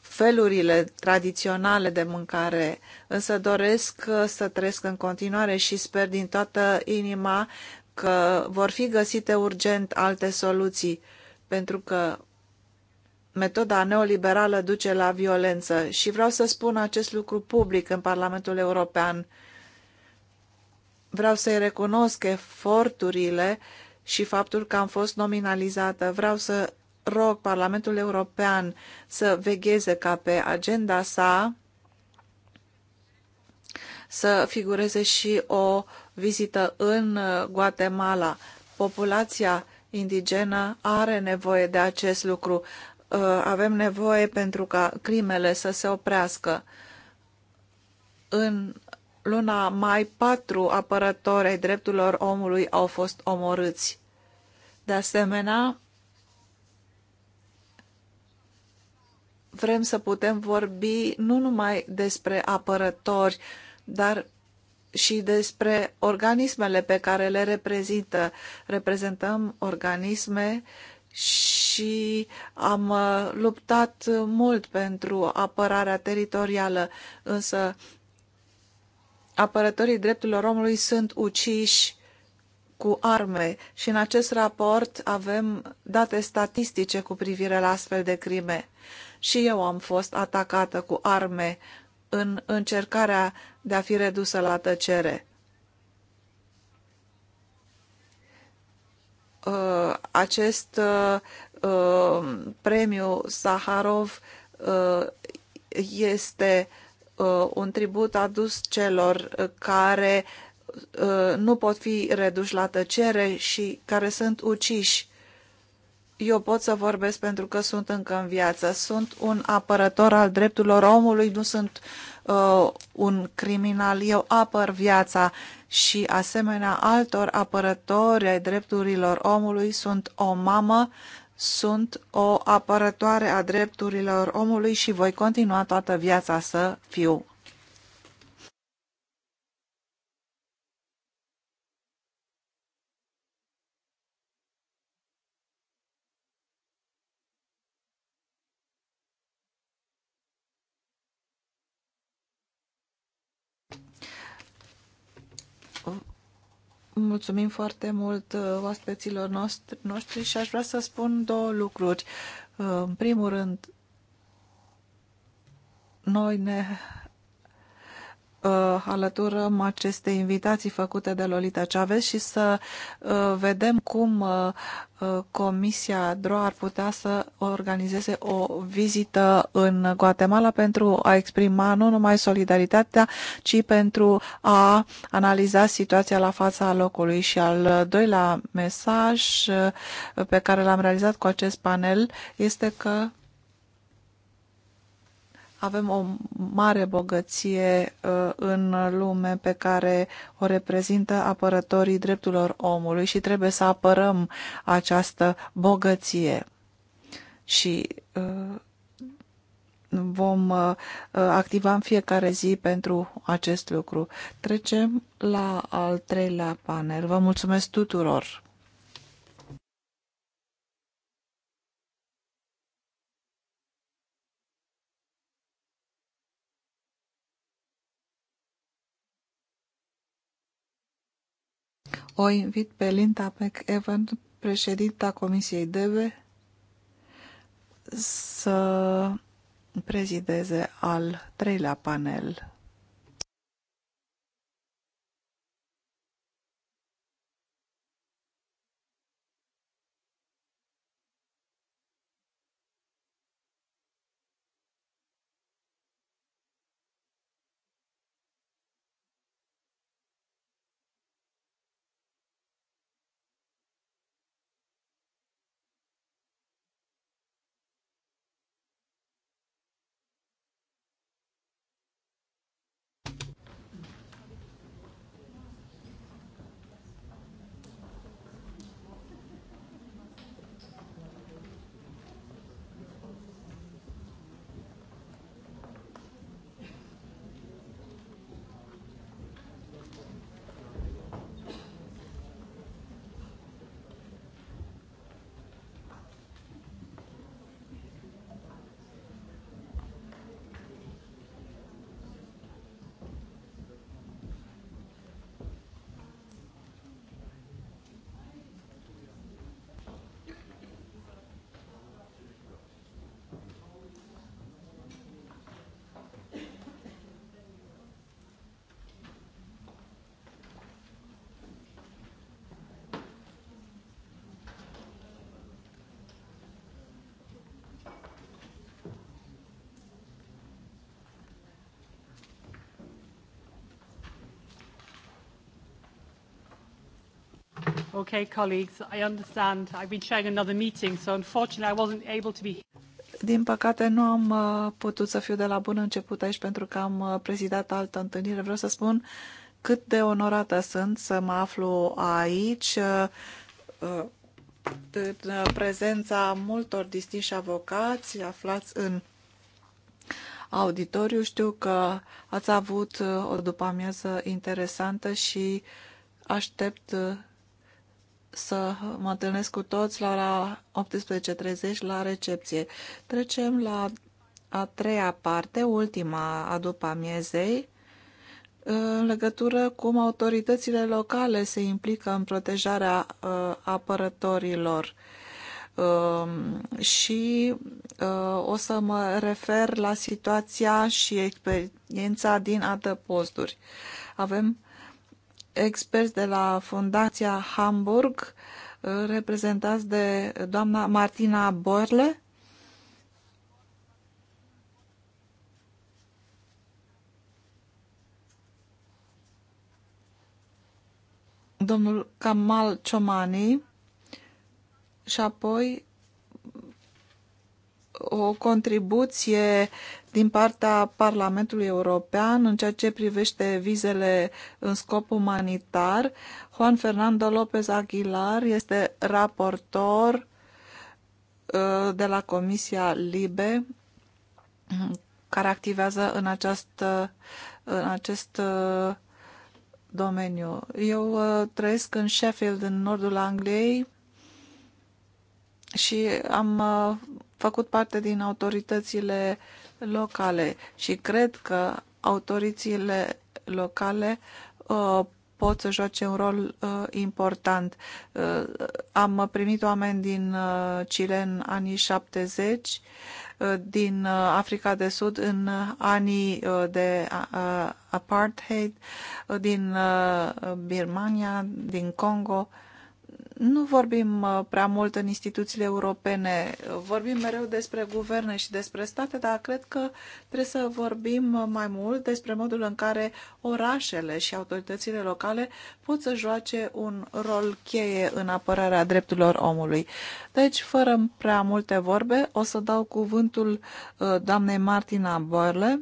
felurile tradiționale de mâncare, însă doresc uh, să trăiesc în continuare și sper din toată inima că vor fi găsite urgent alte soluții, pentru că metoda neoliberală duce la violență și vreau să spun acest lucru public în Parlamentul European. Vreau să-i recunosc eforturile și faptul că am fost nominalizată. Vreau să rog Parlamentul European să vegheze ca pe agenda sa să figureze și o vizită în Guatemala. Populația indigenă are nevoie de acest lucru. Uh, avem nevoie pentru ca crimele să se oprească. În luna mai, patru apărători ai drepturilor omului au fost omorâți. De asemenea, vrem să putem vorbi nu numai despre apărători, dar și despre organismele pe care le reprezintă. Reprezentăm organisme uh, și am uh, luptat mult pentru apărarea teritorială, însă apărătorii drepturilor omului sunt uciși cu arme și în acest raport avem date statistice cu privire la astfel de crime. Și eu am fost atacată cu arme în încercarea de a fi redusă la tăcere. Uh, acest uh, uh, premiu Saharov este un tribut adus celor care nu pot fi reduși la tăcere și care sunt uciși. Eu pot să vorbesc pentru că sunt încă în viață. Sunt un apărător al drepturilor omului, nu sunt uh, uh, un criminal, eu apăr viața și asemenea altor apărători ai drepturilor omului sunt o mamă, sunt o apărătoare a drepturilor omului și voi continua toată viața să fiu Mulțumim foarte mult uh, oaspeților noștri, noștri și aș vrea să spun două lucruri. Uh, în primul rând, noi ne uh, alăturăm aceste invitații făcute de Lolita Chavez și să uh, vedem cum uh, uh, Comisia DRO ar putea să organizeze o vizită în Guatemala pentru a exprima nu numai solidaritatea, ci pentru a analiza situația la fața locului. Și al doilea mesaj uh, pe care l-am realizat cu acest panel este că avem o mare bogăție uh, în lume pe care o reprezintă apărătorii drepturilor omului și trebuie să apărăm această bogăție. Și uh, vom uh, activa în fiecare zi pentru acest lucru. Trecem la al treilea panel. Vă mulțumesc tuturor! O invit pe Linda McEvan, președinta Comisiei DEVE, să prezideze al treilea panel Okay, colleagues, I understand. I've been another meeting, so unfortunately I wasn't able to be din păcate nu am uh, putut să fiu de la bun început aici pentru că am uh, prezidat altă întâlnire. Vreau să spun cât de onorată sunt să mă aflu aici uh, în prezența multor distinși avocați aflați în auditoriu. Știu că ați avut o după-amiază interesantă și aștept să mă întâlnesc cu toți la ora 18.30 la recepție. Trecem la a treia parte, ultima a după amiezei, în legătură cum autoritățile locale se implică în protejarea uh, apărătorilor um, și uh, o să mă refer la situația și experiența din alte posturi. Avem experți de la Fundația Hamburg, eh, reprezentați de doamna Martina Borle. Domnul Kamal Ciomani și apoi o contribuție din partea Parlamentului European în ceea ce privește vizele în scop umanitar. Juan Fernando López Aguilar este raportor uh, de la Comisia Libe care activează în, această, în acest uh, domeniu. Eu uh, trăiesc în Sheffield, în nordul Angliei și am făcut parte din autoritățile locale și cred că autoritățile locale uh, pot să joace un rol uh, important. Uh, am primit oameni din Chile în anii 70, din Africa de Sud în anii de apartheid, din Birmania, din Congo nu vorbim uh, prea mult în instituțiile europene, vorbim mereu despre guverne și despre state, dar cred că trebuie să vorbim uh, mai mult despre modul în care orașele și autoritățile locale pot să joace un rol cheie în apărarea drepturilor omului. Deci, fără prea multe vorbe, o să dau cuvântul uh, doamnei Martina Boerle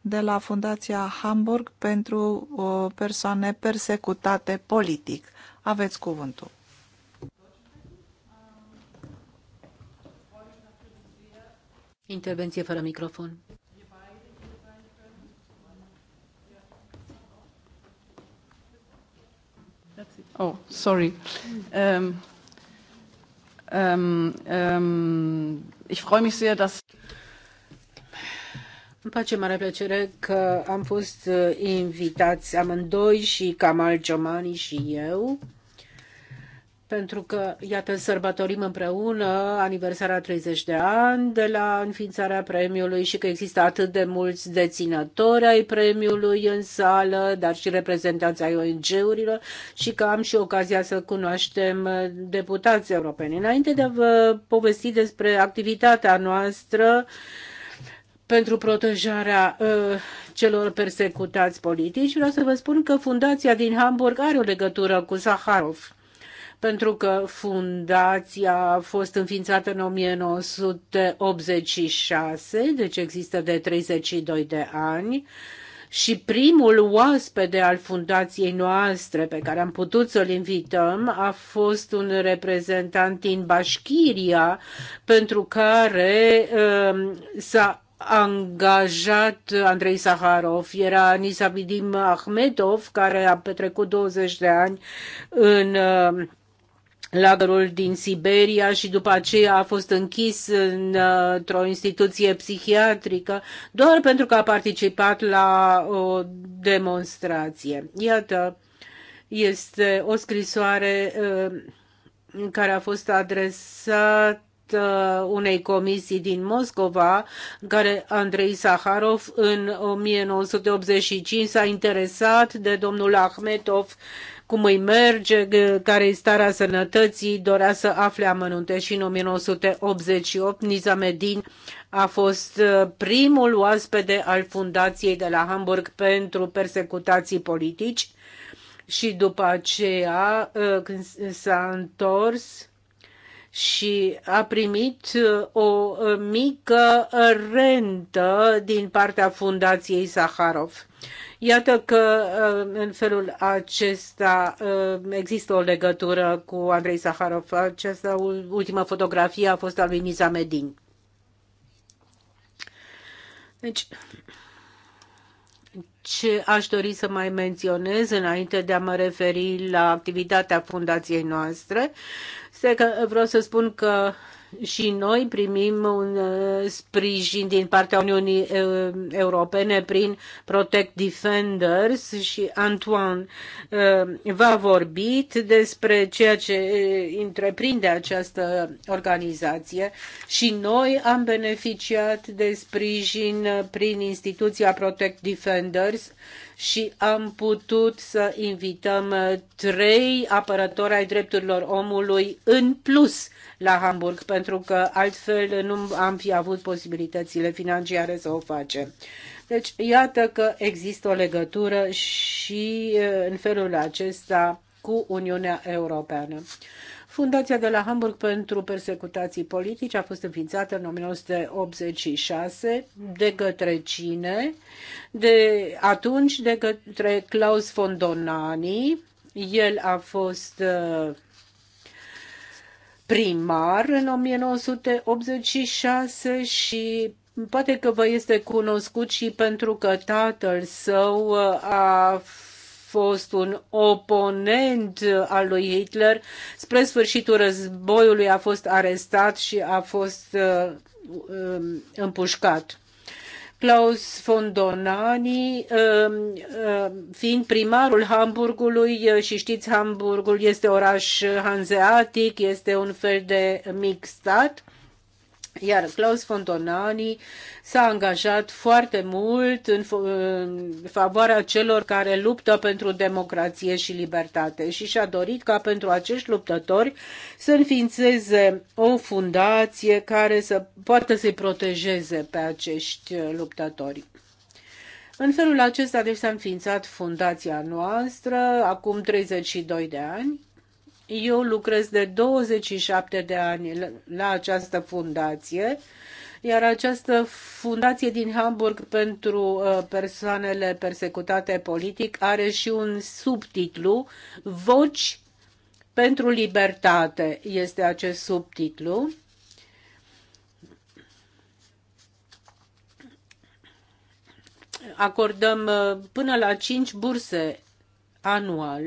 de la Fundația Hamburg pentru persoane persecutate politic. Aveți cuvântul. Intervenție fără microfon. Oh, sorry. Um, um, um, ich freue mich sehr, dass îmi face mare plăcere că am fost uh, invitați amândoi și Kamal Giomani și eu, pentru că, iată, sărbătorim împreună aniversarea 30 de ani de la înființarea premiului și că există atât de mulți deținători ai premiului în sală, dar și reprezentanți ai ONG-urilor și că am și ocazia să cunoaștem deputați europeni. Înainte de a vă povesti despre activitatea noastră, pentru protejarea uh, celor persecutați politici, vreau să vă spun că fundația din Hamburg are o legătură cu Zaharov, pentru că fundația a fost înființată în 1986, deci există de 32 de ani, și primul oaspede al fundației noastre pe care am putut să-l invităm a fost un reprezentant din Bașchiria pentru care uh, s-a angajat Andrei Saharov era Nisabidim Ahmedov, care a petrecut 20 de ani în uh, lagărul din Siberia și după aceea a fost închis uh, într-o instituție psihiatrică doar pentru că a participat la o demonstrație. Iată, este o scrisoare uh, care a fost adresată Uh, unei comisii din Moscova, în care Andrei Saharov în 1985 s-a interesat de domnul Ahmetov, cum îi merge, uh, care e starea sănătății, dorea să afle amănunte și în 1988 Nizamedin a fost uh, primul oaspede al fundației de la Hamburg pentru persecutații politici și după aceea când s-a întors și a primit uh, o uh, mică rentă din partea Fundației Saharov. Iată că uh, în felul acesta există o legătură cu Andrei Saharov. Această ultimă fotografie a fost a lui Niza Medin. Deci, ce aș dori să mai menționez înainte de a mă referi la activitatea fundației noastre este că vreau să spun că și noi primim un uh, sprijin din partea Uniunii uh, Europene prin Protect Defenders și Antoine uh, va vorbit despre ceea ce întreprinde această organizație și noi am beneficiat de sprijin prin instituția Protect Defenders și am putut să invităm uh, trei apărători ai drepturilor omului în plus la Hamburg, pentru că altfel nu am fi avut posibilitățile financiare să o facem. Deci, iată că există o legătură și uh, în felul acesta cu Uniunea Europeană. Fundația de la Hamburg pentru persecutații politice a fost înființată în 1986 de către cine? De atunci de către Klaus von Donani. El a fost uh, primar în 1986 și poate că vă este cunoscut și pentru că tatăl său uh, a fost un oponent al lui Hitler. Spre sfârșitul războiului a fost arestat și a fost uh, um, împușcat. Klaus von Donani, um, um, fiind primarul Hamburgului, uh, și știți, Hamburgul este oraș hanzeatic, este un fel de mic stat, iar Klaus Fontonani s-a angajat foarte mult în favoarea celor care luptă pentru democrație și libertate și și-a dorit ca pentru acești luptători să înființeze o fundație care să poată să-i protejeze pe acești luptători. În felul acesta, deci, s-a înființat fundația noastră acum 32 de ani eu lucrez de 27 de ani la această fundație, iar această fundație din Hamburg pentru uh, persoanele persecutate politic are și un subtitlu, Voci pentru libertate este acest subtitlu. Acordăm uh, până la 5 burse anual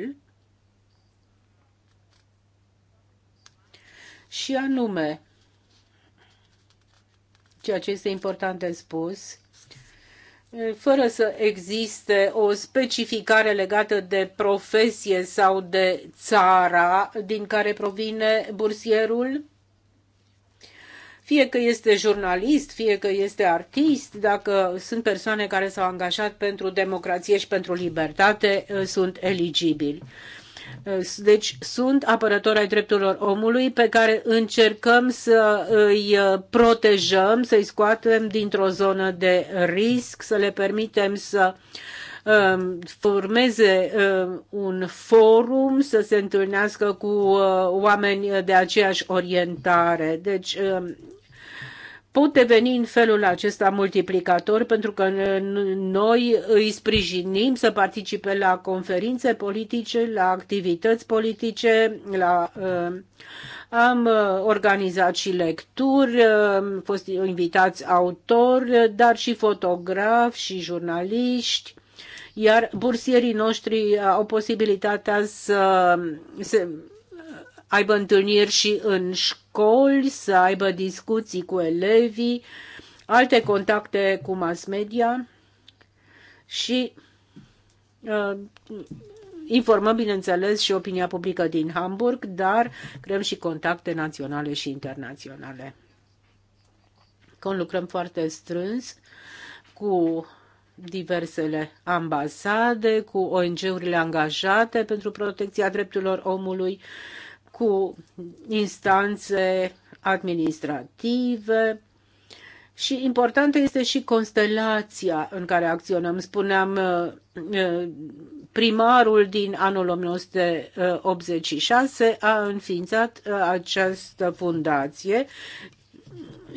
și anume, ceea ce este important de spus, fără să existe o specificare legată de profesie sau de țara din care provine bursierul, fie că este jurnalist, fie că este artist, dacă sunt persoane care s-au angajat pentru democrație și pentru libertate, sunt eligibili. Deci, deci sunt apărători ai drepturilor omului pe care încercăm să îi uh, protejăm, să-i scoatem dintr-o zonă de risc, să le permitem să um, formeze um, un forum, să se întâlnească cu uh, oameni de aceeași orientare. Deci um, pot deveni în felul acesta multiplicator pentru că noi îi sprijinim să participe la conferințe politice, la activități politice, la uh, am uh, organizat și lecturi, uh, am fost invitați autori, uh, dar și fotografi și jurnaliști, iar bursierii noștri au posibilitatea să se aibă întâlniri și în școli, să aibă discuții cu elevii, alte contacte cu mass media și uh, informăm, bineînțeles, și opinia publică din Hamburg, dar creăm și contacte naționale și internaționale. lucrăm foarte strâns cu diversele ambasade, cu ONG-urile angajate pentru protecția drepturilor omului cu instanțe administrative și importantă este și constelația în care acționăm. Spuneam uh, uh, primarul din anul 1986 a înființat uh, această fundație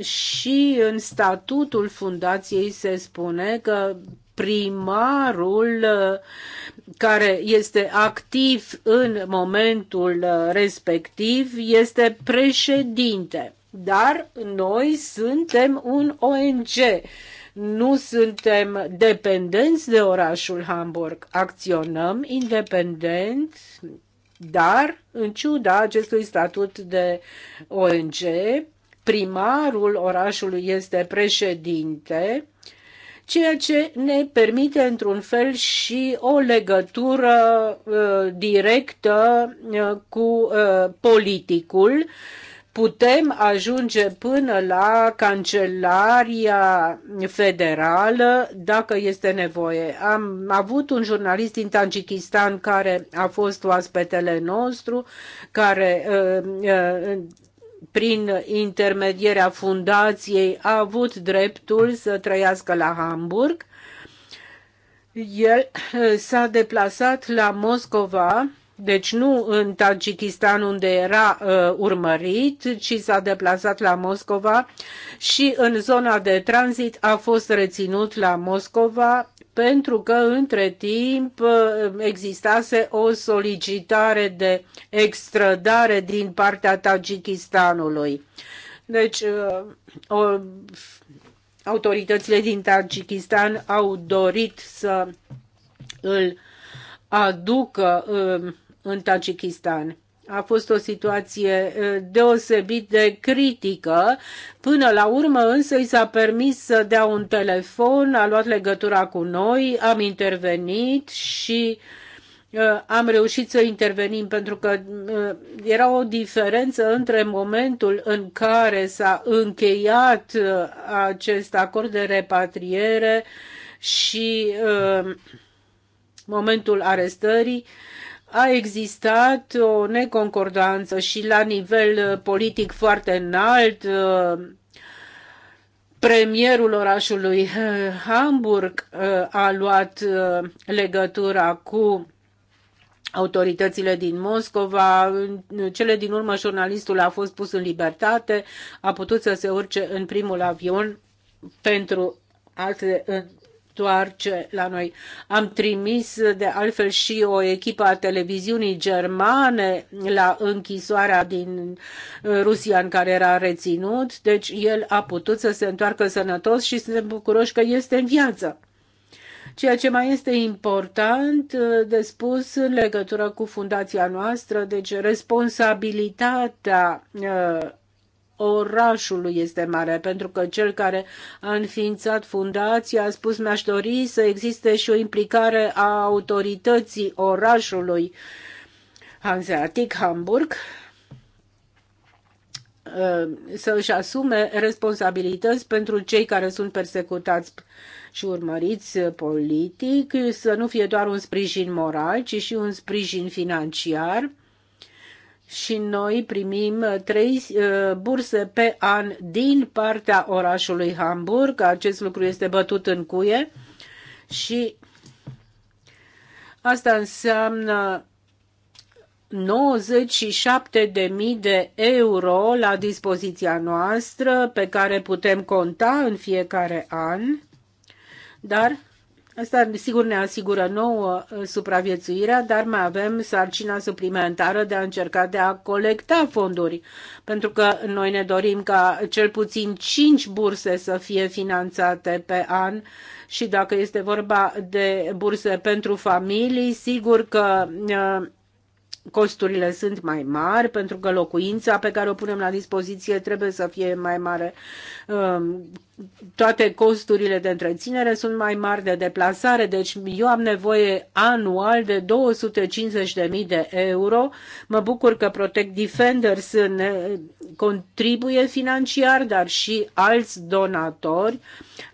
și în statutul fundației se spune că primarul care este activ în momentul uh, respectiv este președinte. Dar noi suntem un ONG, nu suntem dependenți de orașul Hamburg. Acționăm independent, dar în ciuda acestui statut de ONG, primarul orașului este președinte ceea ce ne permite într-un fel și o legătură uh, directă uh, cu uh, politicul. Putem ajunge până la Cancelaria Federală dacă este nevoie. Am avut un jurnalist din Tajikistan care a fost oaspetele nostru, care uh, uh, prin intermedierea fundației, a avut dreptul să trăiască la Hamburg. El s-a deplasat la Moscova, deci nu în Tajikistan unde era uh, urmărit, ci s-a deplasat la Moscova și în zona de tranzit a fost reținut la Moscova pentru că între timp uh, existase o solicitare de extrădare din partea Tajikistanului. Deci, uh, o, autoritățile din Tajikistan au dorit să îl aducă uh, în Tajikistan a fost o situație deosebit de critică. Până la urmă însă i s-a permis să dea un telefon, a luat legătura cu noi, am intervenit și am reușit să intervenim pentru că era o diferență între momentul în care s-a încheiat acest acord de repatriere și momentul arestării a existat o neconcordanță și la nivel uh, politic foarte înalt. Uh, premierul orașului uh, Hamburg a luat legătura cu autoritățile din Moscova. cele din urmă, jurnalistul a fost pus în libertate, a putut să se urce în primul avion pentru alte întoarce la noi. Am trimis de altfel și o echipă a televiziunii germane la închisoarea din Rusia în care era reținut, deci el a putut să se întoarcă sănătos și suntem bucuroși că este în viață. Ceea ce mai este important uh, de spus în legătură cu fundația noastră, deci responsabilitatea uh, orașului este mare, pentru că cel care a înființat fundația a spus mi-aș dori să existe și o implicare a autorității orașului Hanseatic Hamburg uh, să își asume responsabilități pentru cei care sunt persecutați și urmăriți politic, să nu fie doar un sprijin moral, ci și un sprijin financiar și noi primim uh, trei uh, burse pe an din partea orașului Hamburg. Acest lucru este bătut în cuie și asta înseamnă 97.000 de euro la dispoziția noastră pe care putem conta în fiecare an, dar Asta, sigur, ne asigură nouă uh, supraviețuirea, dar mai avem sarcina suplimentară de a încerca de a colecta fonduri, pentru că noi ne dorim ca cel puțin 5 burse să fie finanțate pe an și dacă este vorba de burse pentru familii, sigur că uh, costurile sunt mai mari pentru că locuința pe care o punem la dispoziție trebuie să fie mai mare. Um, toate costurile de întreținere sunt mai mari de deplasare, deci eu am nevoie anual de 250.000 de euro. Mă bucur că Protect Defenders contribuie financiar, dar și alți donatori,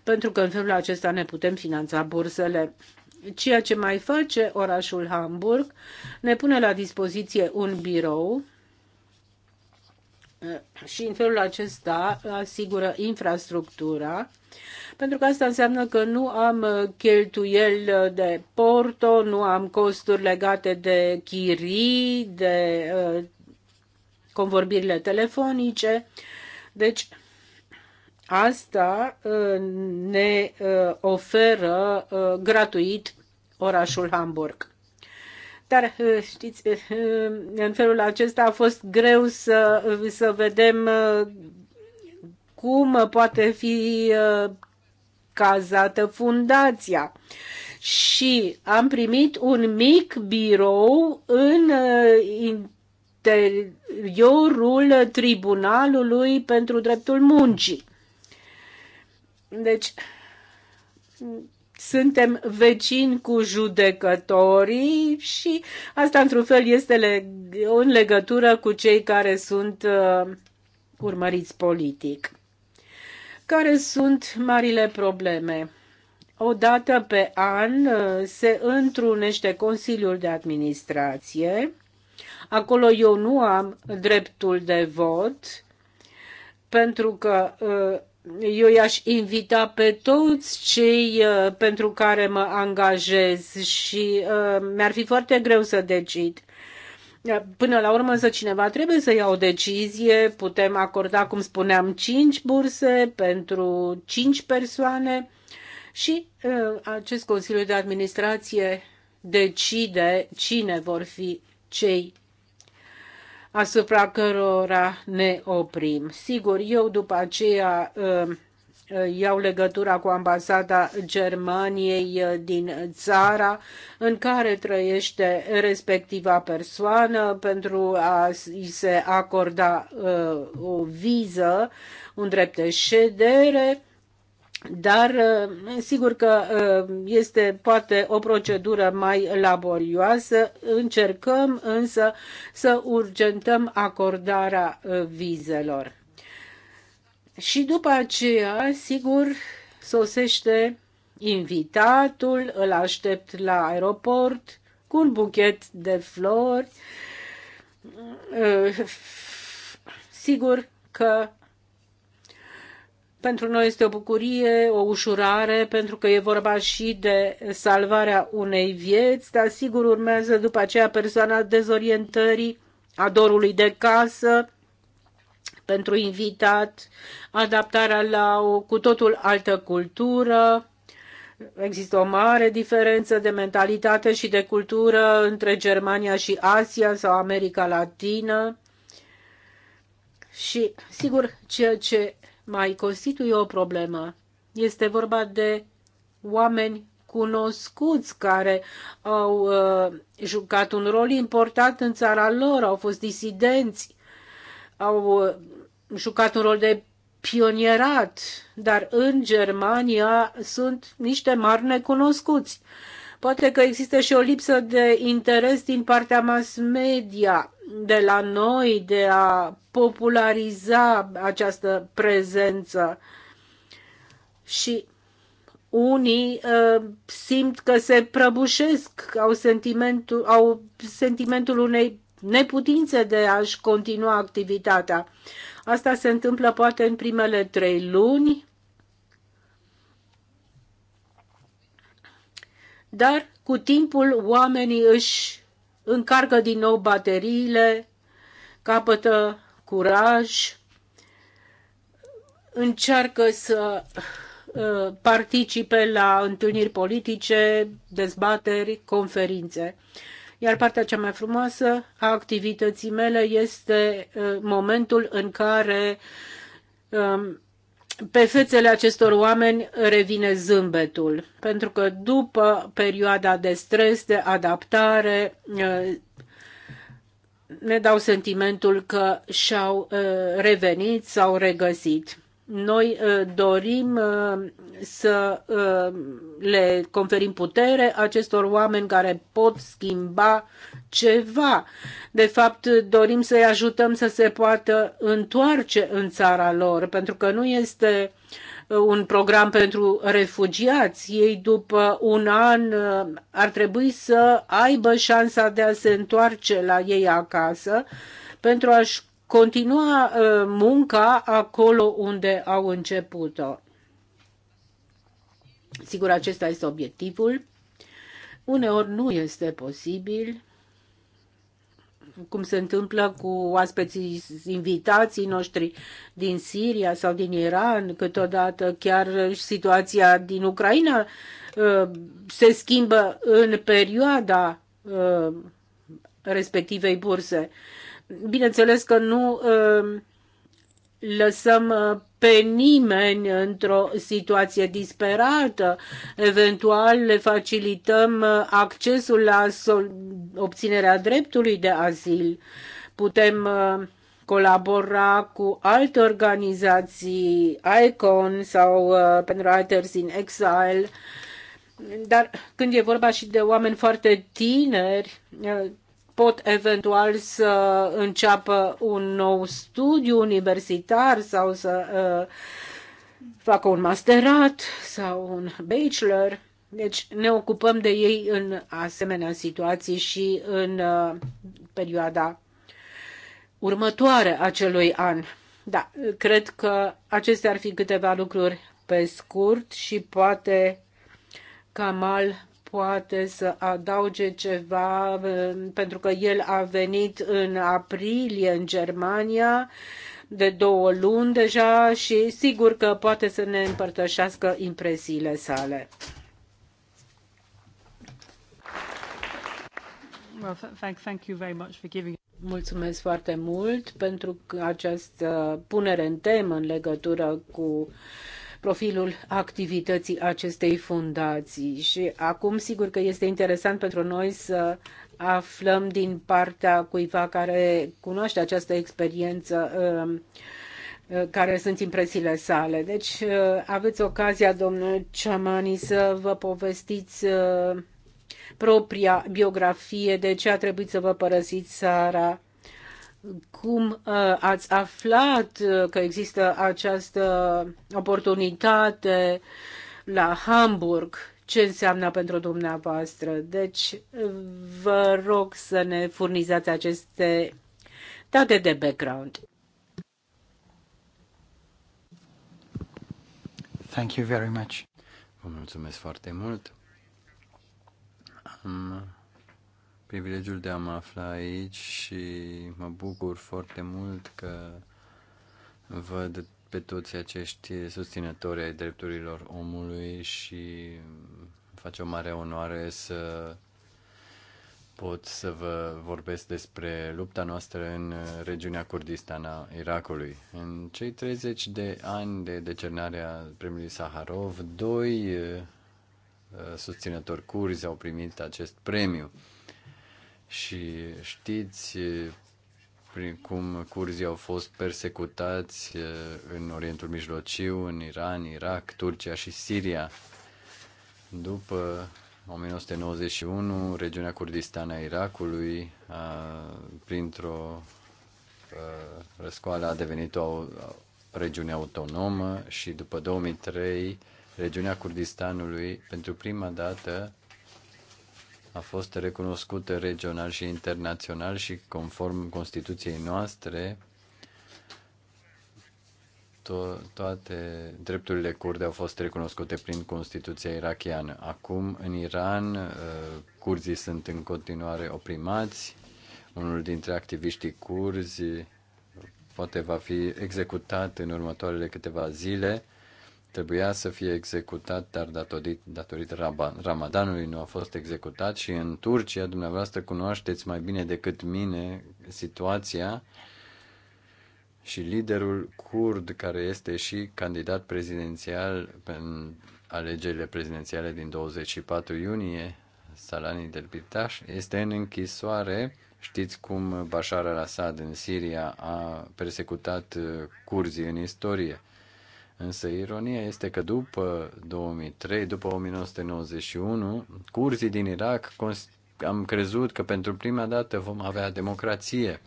pentru că în felul acesta ne putem finanța bursele ceea ce mai face orașul Hamburg, ne pune la dispoziție un birou eh, și în felul acesta asigură infrastructura, pentru că asta înseamnă că nu am eh, cheltuiel eh, de porto, nu am costuri legate de chirii, de convorbirile telefonice. Deci, asta ne oferă gratuit orașul Hamburg. Dar, eh, știți, eh, eh, în felul acesta a fost greu să, să vedem cum poate fi cazată fundația. Și am primit un mic birou în interiorul Tribunalului pentru Dreptul Muncii. Deci, suntem vecini cu judecătorii și asta într-un fel este leg- în legătură cu cei care sunt uh, urmăriți politic. Care sunt marile probleme? O dată pe an uh, se întrunește Consiliul de Administrație. Acolo eu nu am dreptul de vot, pentru că uh, eu i-aș invita pe toți cei uh, pentru care mă angajez și uh, mi-ar fi foarte greu să decid. Uh, până la urmă, să cineva trebuie să ia o decizie. Putem acorda, cum spuneam, 5 burse pentru 5 persoane și acest Consiliu de Administrație decide cine vor fi cei asupra cărora ne oprim. Sigur, eu după aceea um, iau legătura cu ambasada Germaniei uh, din țara în care trăiește respectiva persoană pentru a i se acorda uh, o viză, un drept de ședere dar uh, sigur că uh, este poate o procedură mai laborioasă. Încercăm însă să urgentăm acordarea uh, vizelor. Și după aceea, sigur, sosește invitatul, îl aștept la aeroport cu un buchet de flori. Sigur că pentru noi este o bucurie, o ușurare, pentru că e vorba și de salvarea unei vieți, dar sigur urmează după aceea persoana dezorientării, a dorului de casă, pentru invitat, adaptarea la o cu totul altă cultură. Există o mare diferență de mentalitate și de cultură între Germania și Asia sau America Latină. Și, sigur, ceea ce mai constituie o problemă. Este vorba de oameni cunoscuți care au uh, jucat un rol important în țara lor, au fost disidenți, au uh, jucat un rol de pionierat, dar în Germania sunt niște mari necunoscuți. Poate că există și o lipsă de interes din partea mass media de la noi de a populariza această prezență. Și unii uh, simt că se prăbușesc, au sentimentul, au sentimentul unei neputințe de a-și continua activitatea. Asta se întâmplă poate în primele trei luni, dar cu timpul oamenii își încarcă din nou bateriile, capătă curaj, încearcă să uh, participe la întâlniri politice, dezbateri, conferințe. Iar partea cea mai frumoasă a activității mele este uh, momentul în care um, pe fețele acestor oameni revine zâmbetul, pentru că după perioada de stres, de adaptare, eh, ne dau sentimentul că și-au eh, revenit, s-au regăsit. Noi uh, dorim uh, să uh, le conferim putere acestor oameni care pot schimba ceva. De fapt, dorim să-i ajutăm să se poată întoarce în țara lor, pentru că nu este un program pentru refugiați. Ei după un an ar trebui să aibă șansa de a se întoarce la ei acasă pentru a-și continua ă, munca acolo unde au început-o. Sigur, acesta este obiectivul. Uneori nu este posibil, cum se întâmplă cu oaspeții invitații noștri din Siria sau din Iran, câteodată chiar situația din Ucraina ă, se schimbă în perioada ă, respectivei burse. Bineînțeles că nu um, lăsăm uh, pe nimeni într-o situație disperată. Eventual le facilităm uh, accesul la obținerea dreptului de azil. Putem uh, colabora cu alte organizații, ICON sau Writers in Exile, dar când e vorba și de oameni foarte tineri, pot eventual să înceapă un nou studiu universitar sau să uh, facă un masterat sau un bachelor. Deci ne ocupăm de ei în asemenea situații și în uh, perioada următoare acelui an. Da, cred că acestea ar fi câteva lucruri pe scurt și poate Kamal poate să adauge ceva pentru că el a venit în aprilie în Germania de două luni deja și sigur că poate să ne împărtășească impresiile sale. Mulțumesc foarte mult pentru această punere în temă în legătură cu uh, profilul activității acestei fundații. Și acum, sigur că este interesant pentru noi să aflăm din partea cuiva care cunoaște această experiență um, uh, care sunt impresiile sale. Deci uh, aveți ocazia, domnul Ciamani, să vă povestiți uh, propria biografie, de ce a trebuit să vă părăsiți țara, cum uh, ați aflat uh, că există această oportunitate la Hamburg? Ce înseamnă pentru dumneavoastră? Deci, vă rog să ne furnizați aceste date de background. Thank you very much. Vă mulțumesc foarte mult. Am privilegiul de a mă afla aici și mă bucur foarte mult că văd pe toți acești susținători ai drepturilor omului și face o mare onoare să pot să vă vorbesc despre lupta noastră în regiunea Kurdistana Irakului. În cei 30 de ani de decernare a premiului Saharov, doi uh, susținători curzi au primit acest premiu și știți prin cum curzii au fost persecutați în Orientul Mijlociu, în Iran, Irak, Turcia și Siria. După 1991, regiunea Kurdistan a Irakului, printr-o răscoală, a devenit o regiune autonomă și după 2003, regiunea Kurdistanului pentru prima dată a fost recunoscută regional și internațional și conform Constituției noastre, to- toate drepturile curde au fost recunoscute prin Constituția irachiană. Acum, în Iran, uh, curzii sunt în continuare oprimați. Unul dintre activiștii curzi poate va fi executat în următoarele câteva zile trebuia să fie executat, dar datorit, datorită Ramadanului nu a fost executat și în Turcia, dumneavoastră cunoașteți mai bine decât mine situația și liderul kurd care este și candidat prezidențial în alegerile prezidențiale din 24 iunie, Salani Delbitaș, este în închisoare. Știți cum Bashar al-Assad în Siria a persecutat uh, curzii în istorie Însă ironia este că după 2003, după 1991, curzii din Irak am crezut că pentru prima dată vom avea democrație.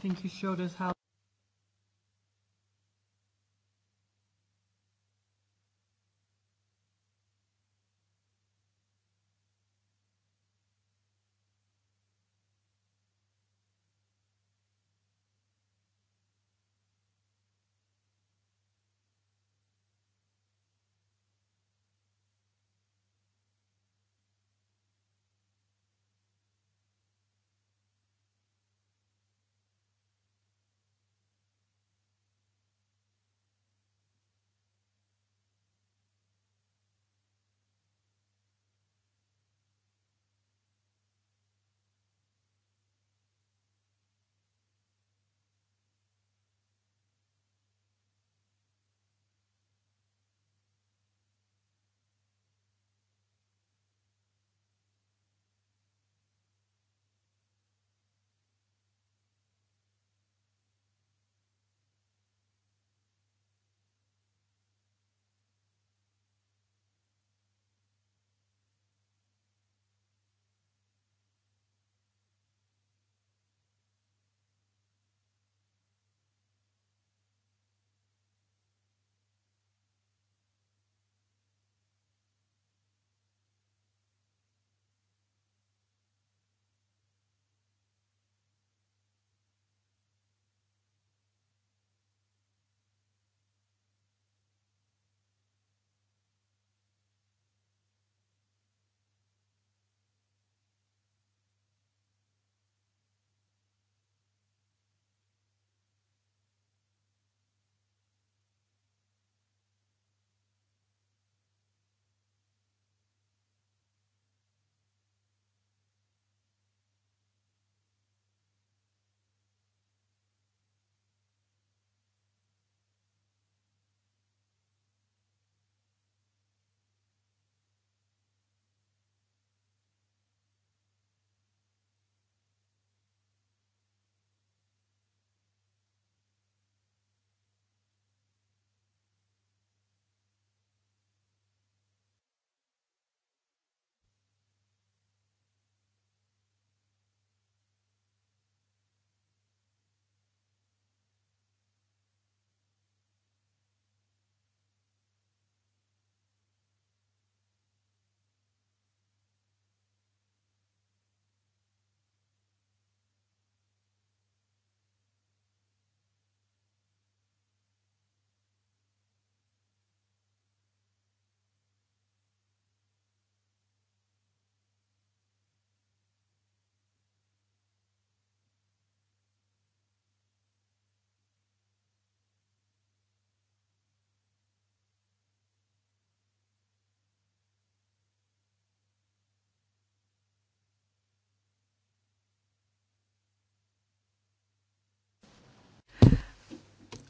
think you showed us how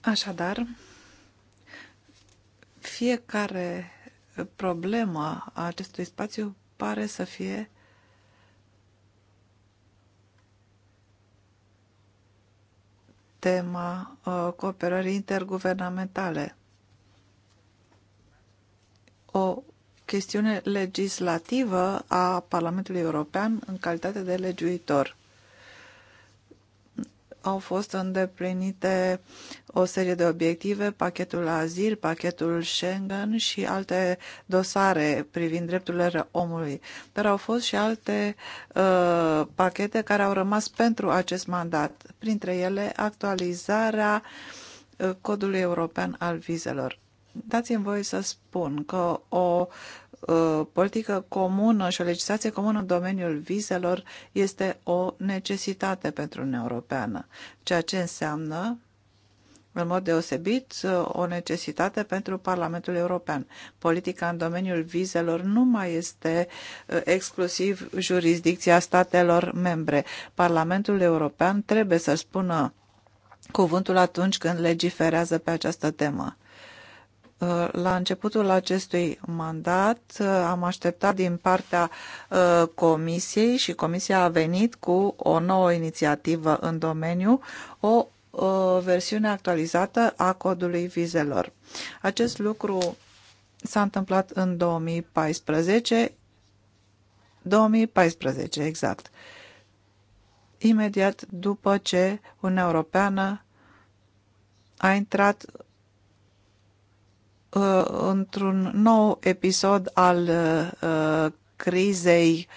Așadar, fiecare problemă a acestui spațiu pare să fie tema uh, cooperării interguvernamentale. O chestiune legislativă a Parlamentului European în calitate de legiuitor au fost îndeplinite o serie de obiective, pachetul azil, pachetul Schengen și alte dosare privind drepturile omului. Dar au fost și alte uh, pachete care au rămas pentru acest mandat, printre ele actualizarea uh, codului european al vizelor. Dați-mi voie să spun că o uh, Uh, politică comună și o legislație comună în domeniul vizelor este o necesitate pentru Uniunea Europeană, ceea ce înseamnă în mod deosebit uh, o necesitate pentru Parlamentul European. Politica în domeniul vizelor nu mai este uh, exclusiv jurisdicția statelor membre. Parlamentul European trebuie să spună cuvântul atunci când legiferează pe această temă. Uh, la începutul acestui mandat uh, am așteptat din partea uh, Comisiei și Comisia a venit cu o nouă inițiativă în domeniu, o versiune actualizată a codului vizelor. Acest lucru s-a întâmplat în 2014, 2014 exact, imediat după ce Uniunea Europeană a intrat Uh, într-un nou episod al uh, uh, crizei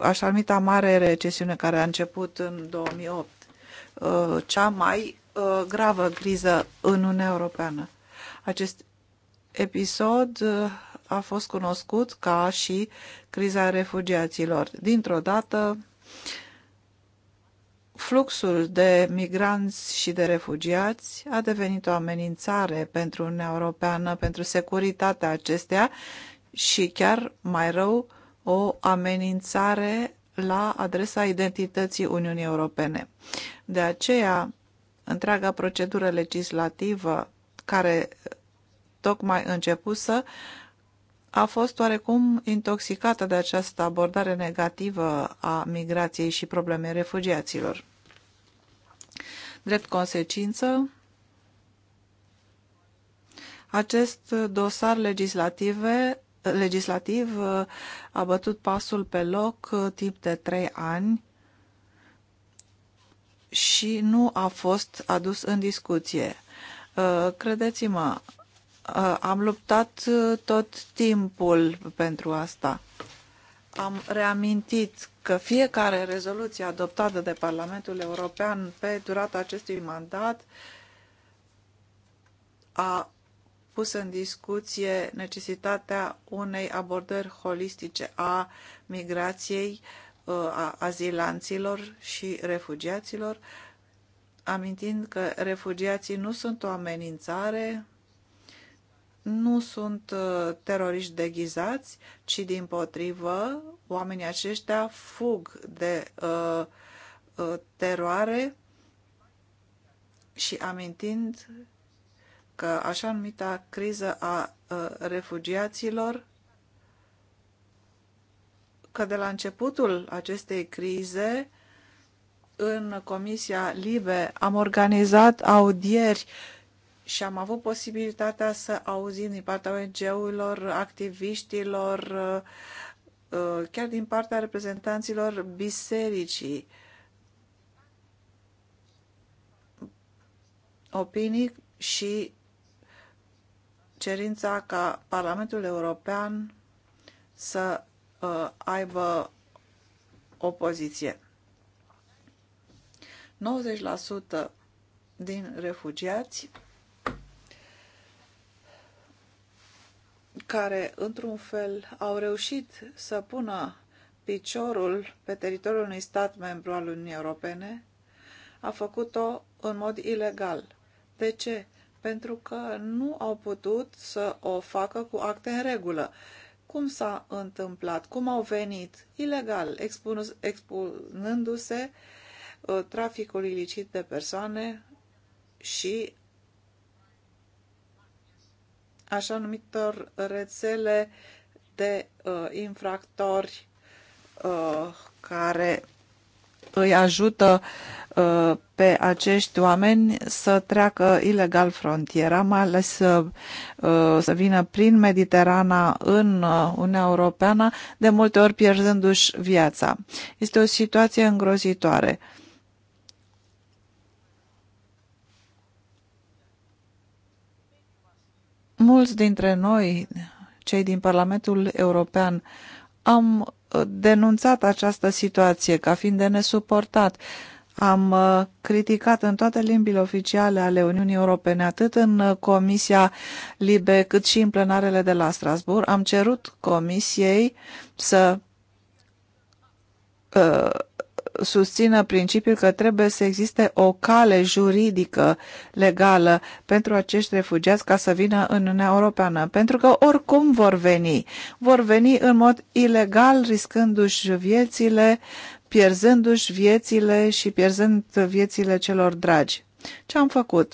așa numita mare recesiune care a început în 2008, cea mai gravă criză în Uniunea Europeană. Acest episod a fost cunoscut ca și criza refugiaților. Dintr-o dată, Fluxul de migranți și de refugiați a devenit o amenințare pentru Uniunea Europeană, pentru securitatea acesteia și chiar mai rău o amenințare la adresa identității Uniunii Europene. De aceea, întreaga procedură legislativă care tocmai începusă a fost oarecum intoxicată de această abordare negativă a migrației și problemei refugiaților. Drept consecință, acest dosar legislative, legislativ a bătut pasul pe loc timp de trei ani și nu a fost adus în discuție. Credeți-mă, Uh, am luptat uh, tot timpul pentru asta. Am reamintit că fiecare rezoluție adoptată de Parlamentul European pe durata acestui mandat a pus în discuție necesitatea unei abordări holistice a migrației, uh, a azilanților și refugiaților, amintind că refugiații nu sunt o amenințare, nu sunt uh, teroriști deghizați, ci din potrivă, oamenii aceștia fug de uh, uh, teroare și amintind că așa numita criză a uh, refugiaților, că de la începutul acestei crize, în Comisia Libe am organizat audieri uh, și am avut posibilitatea să auzim din partea ONG-urilor, activiștilor, uh, uh, chiar din partea reprezentanților bisericii, opinii și cerința ca Parlamentul European să uh, aibă o poziție. 90% din refugiați care, într-un fel, au reușit să pună piciorul pe teritoriul unui stat membru al Uniunii Europene, a făcut-o în mod ilegal. De ce? Pentru că nu au putut să o facă cu acte în regulă. Cum s-a întâmplat? Cum au venit? Ilegal, expunându-se uh, traficul ilicit de persoane și așa numitor rețele de uh, infractori uh, care îi ajută uh, pe acești oameni să treacă ilegal frontiera, mai ales uh, uh să vină prin Mediterana în uh, Uniunea Europeană, de multe ori pierzându-și viața. Este o situație îngrozitoare. Uh, Mulți dintre noi, cei din Parlamentul European, am uh, denunțat această situație ca fiind de nesuportat. Am uh, criticat în toate limbile oficiale ale Uniunii Europene, atât în uh, Comisia Libe, cât și în plenarele de la Strasbourg. Am cerut Comisiei să susțină principiul că trebuie să existe o cale juridică legală pentru acești refugiați ca să vină în Uniunea Europeană, pentru că oricum vor veni. Vor veni în mod ilegal, riscându-și viețile, pierzându-și viețile și pierzând viețile celor dragi. Ce am făcut?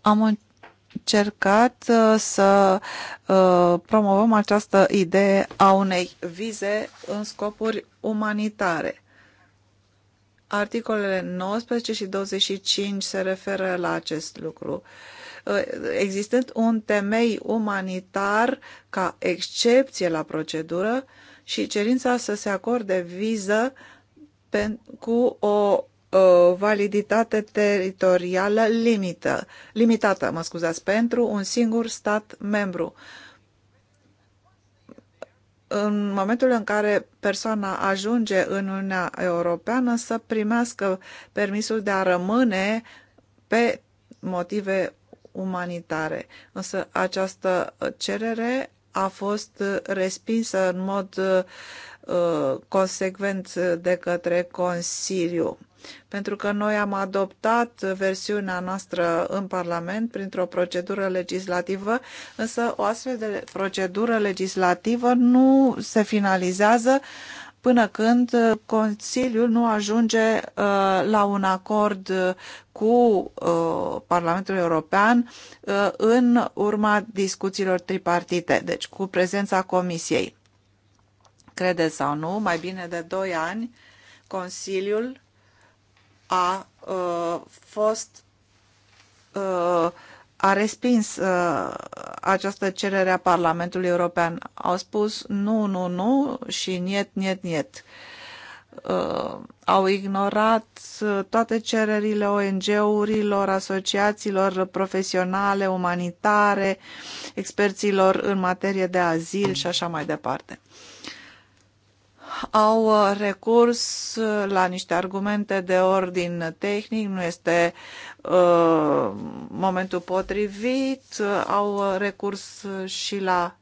Am încercat încercat uh, să uh, promovăm această idee a unei vize în scopuri umanitare. Articolele 19 și 25 se referă la acest lucru. Uh, existând un temei umanitar ca excepție la procedură și cerința să se acorde viză cu o validitate teritorială limită, limitată, mă scuzați, pentru un singur stat membru în momentul în care persoana ajunge în Uniunea Europeană să primească permisul de a rămâne pe motive umanitare. Însă această cerere a fost respinsă în mod uh, consecvent de către Consiliu pentru că noi am adoptat versiunea noastră în Parlament printr-o procedură legislativă, însă o astfel de procedură legislativă nu se finalizează până când Consiliul nu ajunge uh, la un acord uh, cu uh, Parlamentul European uh, în urma discuțiilor tripartite, deci cu prezența Comisiei. Credeți sau nu, mai bine de 2 ani, Consiliul a uh, fost uh, a respins uh, această cerere a Parlamentului European. Au spus nu, nu, nu și niet, niet, niet. Uh, au ignorat uh, toate cererile ONG-urilor, asociațiilor profesionale, umanitare, experților în materie de azil și așa mai departe au uh, recurs uh, la niște argumente de ordin tehnic, nu este uh, momentul potrivit, au recurs și la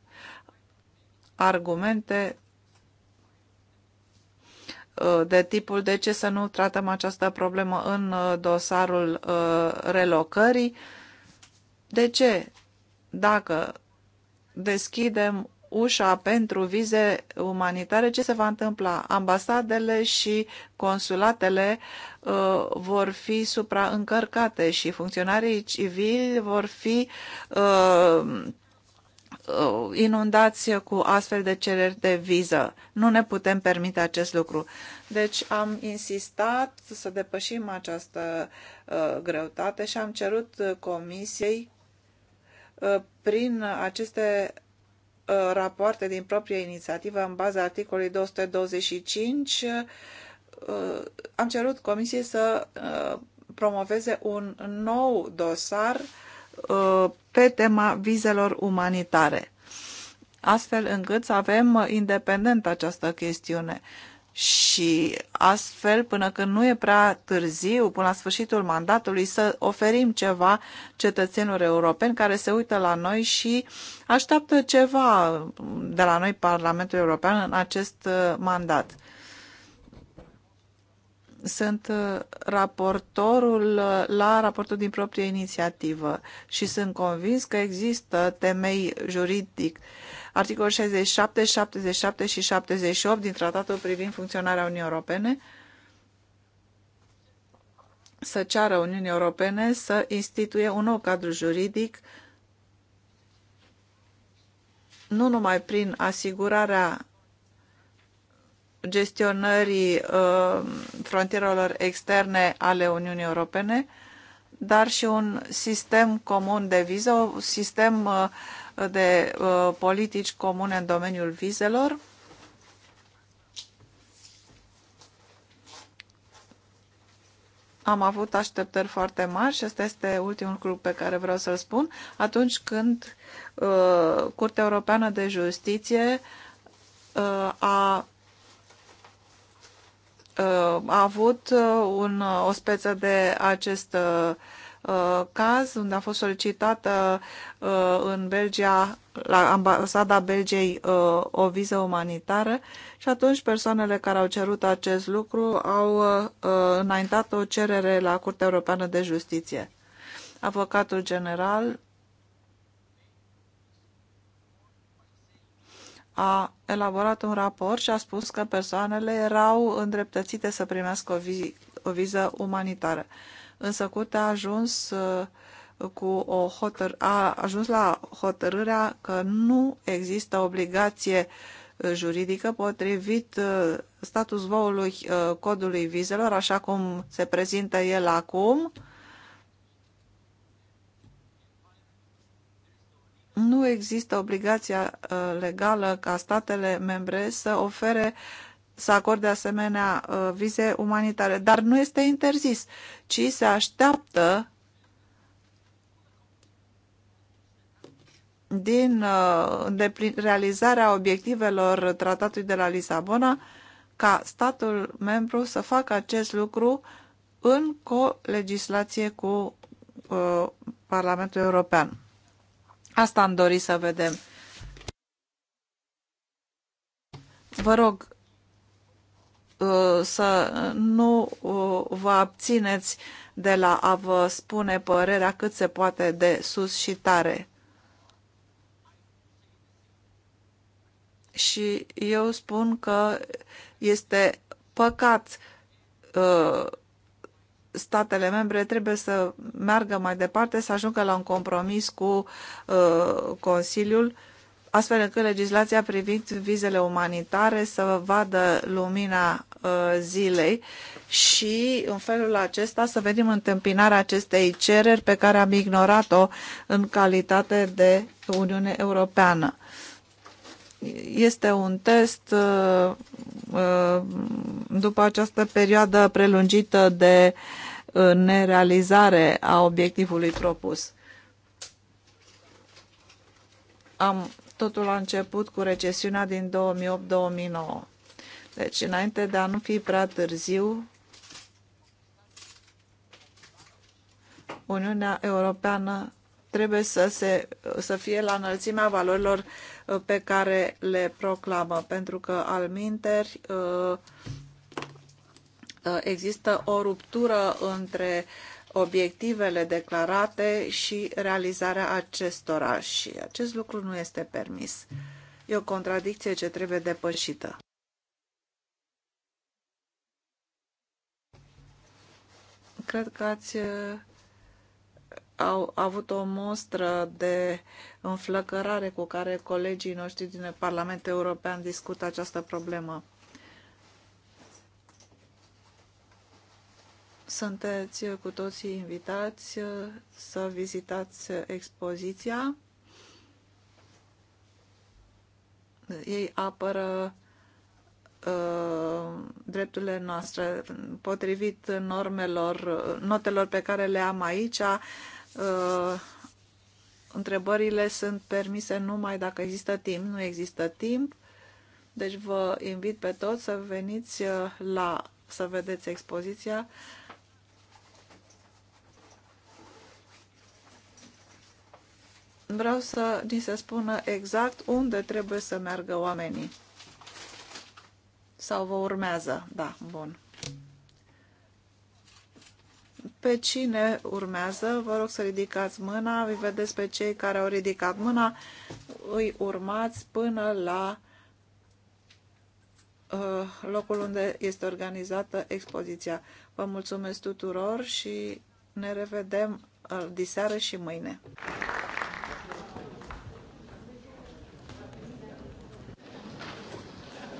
argumente de tipul de ce să nu tratăm această problemă în dosarul relocării. De ce? Dacă deschidem ușa pentru vize umanitare, ce se va întâmpla? Ambasadele și consulatele uh, vor fi supraîncărcate și funcționarii civili vor fi uh, uh, inundați cu astfel de cereri de viză. Nu ne putem permite acest lucru. Deci am insistat să depășim această uh, greutate și am cerut uh, comisiei uh, prin aceste Uh, rapoarte din proprie inițiativă în baza articolului 225, uh, am cerut comisiei să uh, promoveze un nou dosar pe tema vizelor umanitare, astfel încât să avem independent această chestiune și astfel, până când nu e prea târziu, până la sfârșitul mandatului, să oferim ceva cetățenilor europeni care se uită la noi și așteaptă ceva de la noi, Parlamentul European, în acest uh, mandat sunt uh, raportorul uh, la raportul din proprie inițiativă și sunt convins că există temei juridic. Articolul 67, 77 și 78 din Tratatul privind funcționarea Uniunii Europene să ceară Uniunii Europene să instituie un nou cadru juridic nu numai prin asigurarea gestionării uh, frontierelor externe ale Uniunii Europene, dar și un sistem comun de viză, un sistem uh, de uh, politici comune în domeniul vizelor. am avut așteptări foarte mari și ăsta este ultimul lucru pe care vreau să-l spun, atunci când uh, Curtea Europeană de Justiție uh, a Uh, a avut uh, un, uh, o speță de acest caz unde a fost solicitată în Belgia, la ambasada Belgiei, o viză umanitară și atunci persoanele care au cerut acest lucru au înaintat o cerere la Curtea Europeană de Justiție. Avocatul general a elaborat un raport și a spus că persoanele erau îndreptățite să primească o, vi o viză umanitară. Însă curtea a ajuns uh, cu o hotăr a ajuns la hotărârea că nu există obligație uh, juridică potrivit uh, status voului codului vizelor, așa cum se prezintă el acum, nu există obligația uh, legală ca statele membre să ofere să acorde asemenea uh, vize umanitare, dar nu este interzis, ci se așteaptă din uh, realizarea obiectivelor tratatului de la Lisabona ca statul membru să facă acest lucru în co-legislație cu uh, Parlamentul European. Asta am dorit să vedem. Vă rog uh, să nu uh, vă abțineți de la a vă spune părerea cât se poate de sus și tare. Și eu spun că este păcat uh, statele membre trebuie să meargă mai departe, să ajungă la un compromis cu uh, Consiliul, astfel încât legislația privind vizele umanitare să vadă lumina uh, zilei și în felul acesta să venim întâmpinarea acestei cereri pe care am ignorat-o în calitate de Uniune Europeană este un test uh, uh, după această perioadă prelungită de nerealizare a obiectivului propus. Am, totul a început cu recesiunea din 2008-2009. Deci, înainte de a nu fi prea târziu, Uniunea Europeană trebuie să, se, să fie la înălțimea valorilor uh, pe care le proclamă, pentru că al minteri uh, Uh, există o ruptură între obiectivele declarate și realizarea acestora și acest lucru nu este permis. E o contradicție ce trebuie depășită. Cred că ați uh, au avut o mostră de înflăcărare cu care colegii noștri din Parlamentul European discută această problemă. Sunteți cu toții invitați uh, să vizitați uh, expoziția. Ei apără uh, drepturile noastre potrivit normelor, notelor pe care le am aici. Întrebările sunt permise numai dacă există timp. Nu există timp, deci vă invit pe toți să veniți la să vedeți expoziția. vreau să ni se spună exact unde trebuie să meargă oamenii. Sau vă urmează. Da, bun. Pe cine urmează? Vă rog să ridicați mâna. Îi vedeți pe cei care au ridicat mâna. Îi urmați până la uh, locul unde este organizată expoziția. Vă mulțumesc tuturor și ne revedem uh, diseară și mâine.